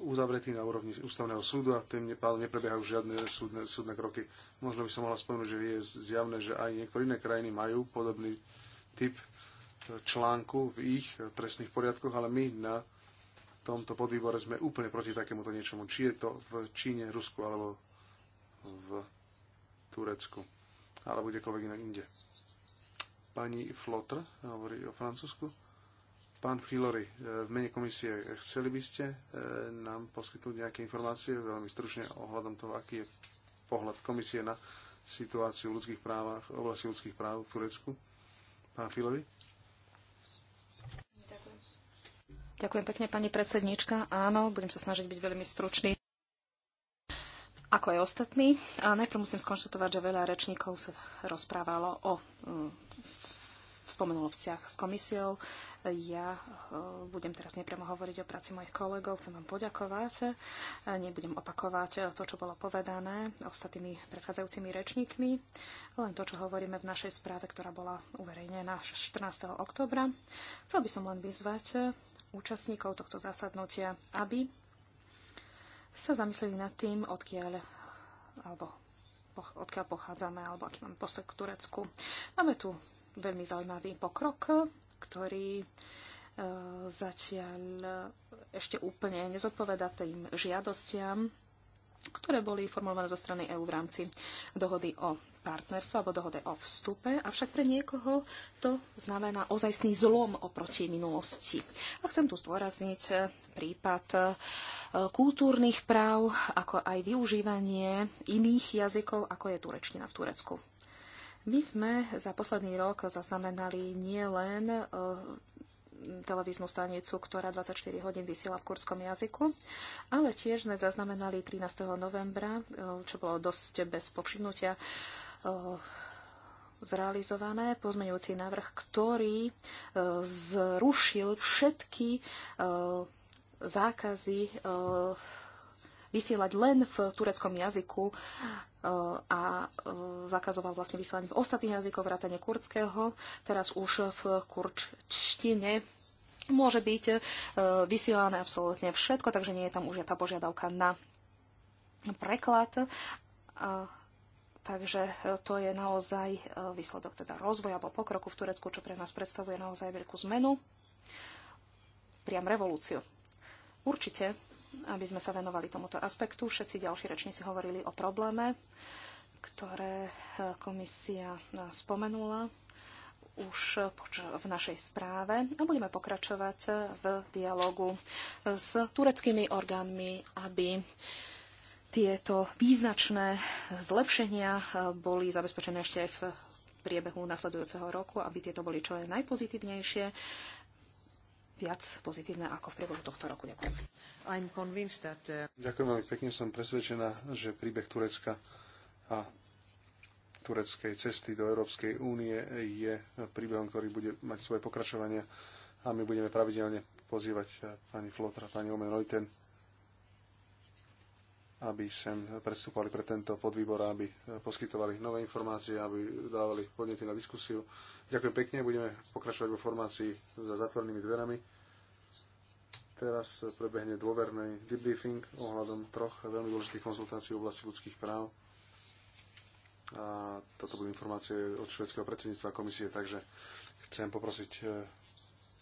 uzavretý na úrovni ústavného súdu a tým pádom neprebiehajú žiadne súdne, súdne kroky. Možno by som mohla spomenúť, že je zjavné, že aj niektoré iné krajiny majú podobný typ článku v ich trestných poriadkoch, ale my na tomto podvýbore sme úplne proti takémuto niečomu. Či je to v Číne, Rusku alebo v Turecku. Ale bude kolegy inde. Pani Flotr hovorí o Francúzsku. Pán Filory, e, v mene komisie, chceli by ste e, nám poskytnúť nejaké informácie veľmi stručne ohľadom toho, aký je pohľad komisie na situáciu v ľudských právach, oblasti ľudských práv v Turecku? Pán Filory? Ďakujem. pekne, pani predsednička. Áno, budem sa snažiť byť veľmi stručný ako aj ostatní. A najprv musím skonštatovať, že veľa rečníkov sa rozprávalo o mm, spomenulo vzťah s komisiou. Ja e, budem teraz nepremo hovoriť o práci mojich kolegov, chcem vám poďakovať. E, nebudem opakovať e, to, čo bolo povedané ostatnými predchádzajúcimi rečníkmi, len to, čo hovoríme v našej správe, ktorá bola uverejnená 14. oktobra. Chcel by som len vyzvať účastníkov tohto zasadnutia, aby sa zamysleli nad tým, odkiaľ alebo odkiaľ pochádzame alebo aký máme postoj k Turecku. Máme tu veľmi zaujímavý pokrok, ktorý e, zatiaľ e, ešte úplne nezodpoveda tým žiadostiam, ktoré boli formulované zo strany EÚ v rámci dohody o partnerstvo alebo dohode o vstupe, avšak pre niekoho to znamená ozajstný zlom oproti minulosti. A chcem tu zdôrazniť e, prípad e, kultúrnych práv, ako aj využívanie iných jazykov, ako je turečtina v Turecku. My sme za posledný rok zaznamenali nielen e, televíznu stanicu, ktorá 24 hodín vysiela v kurdskom jazyku. Ale tiež sme zaznamenali 13. novembra, e, čo bolo dosť bez povšimnutia, e, zrealizované pozmeňujúci návrh, ktorý e, zrušil všetky zákazy vysielať len v tureckom jazyku e, a e, zakazoval vlastne vysielanie v ostatných jazykoch, vrátane kurdského, teraz už v kurčtine môže byť e, vysielané absolútne všetko, takže nie je tam už tá požiadavka na preklad. A Takže to je naozaj výsledok teda rozvoja alebo pokroku v Turecku, čo pre nás predstavuje naozaj veľkú zmenu, priam revolúciu. Určite aby sme sa venovali tomuto aspektu. Všetci ďalší rečníci hovorili o probléme, ktoré e, komisia e, spomenula už v našej správe a budeme pokračovať e, v dialogu s tureckými orgánmi, aby tieto význačné zlepšenia boli zabezpečené ešte aj v priebehu nasledujúceho roku, aby tieto boli čo je najpozitívnejšie viac pozitívne ako v priebehu tohto roku. Ďakujem. That... Uh, Ďakujem veľmi pekne. Som presvedčená, že príbeh Turecka a tureckej cesty do Európskej únie je príbehom, ktorý bude mať svoje pokračovanie a my budeme pravidelne pozývať uh, pani Flotra, pani Omen Reuten aby sem predstupovali pre tento podvýbor, aby e, poskytovali nové informácie, aby dávali podnety na diskusiu. Ďakujem pekne, budeme pokračovať vo formácii za zatvorenými dverami. Teraz prebehne dôverný debriefing ohľadom troch veľmi dôležitých konzultácií v oblasti ľudských práv. A toto budú informácie od švedského predsedníctva komisie, takže chcem poprosiť e,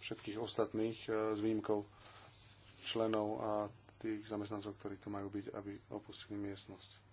všetkých ostatných e, s výnimkou členov a tých zamestnancov, ktorí tu majú byť, aby opustili miestnosť.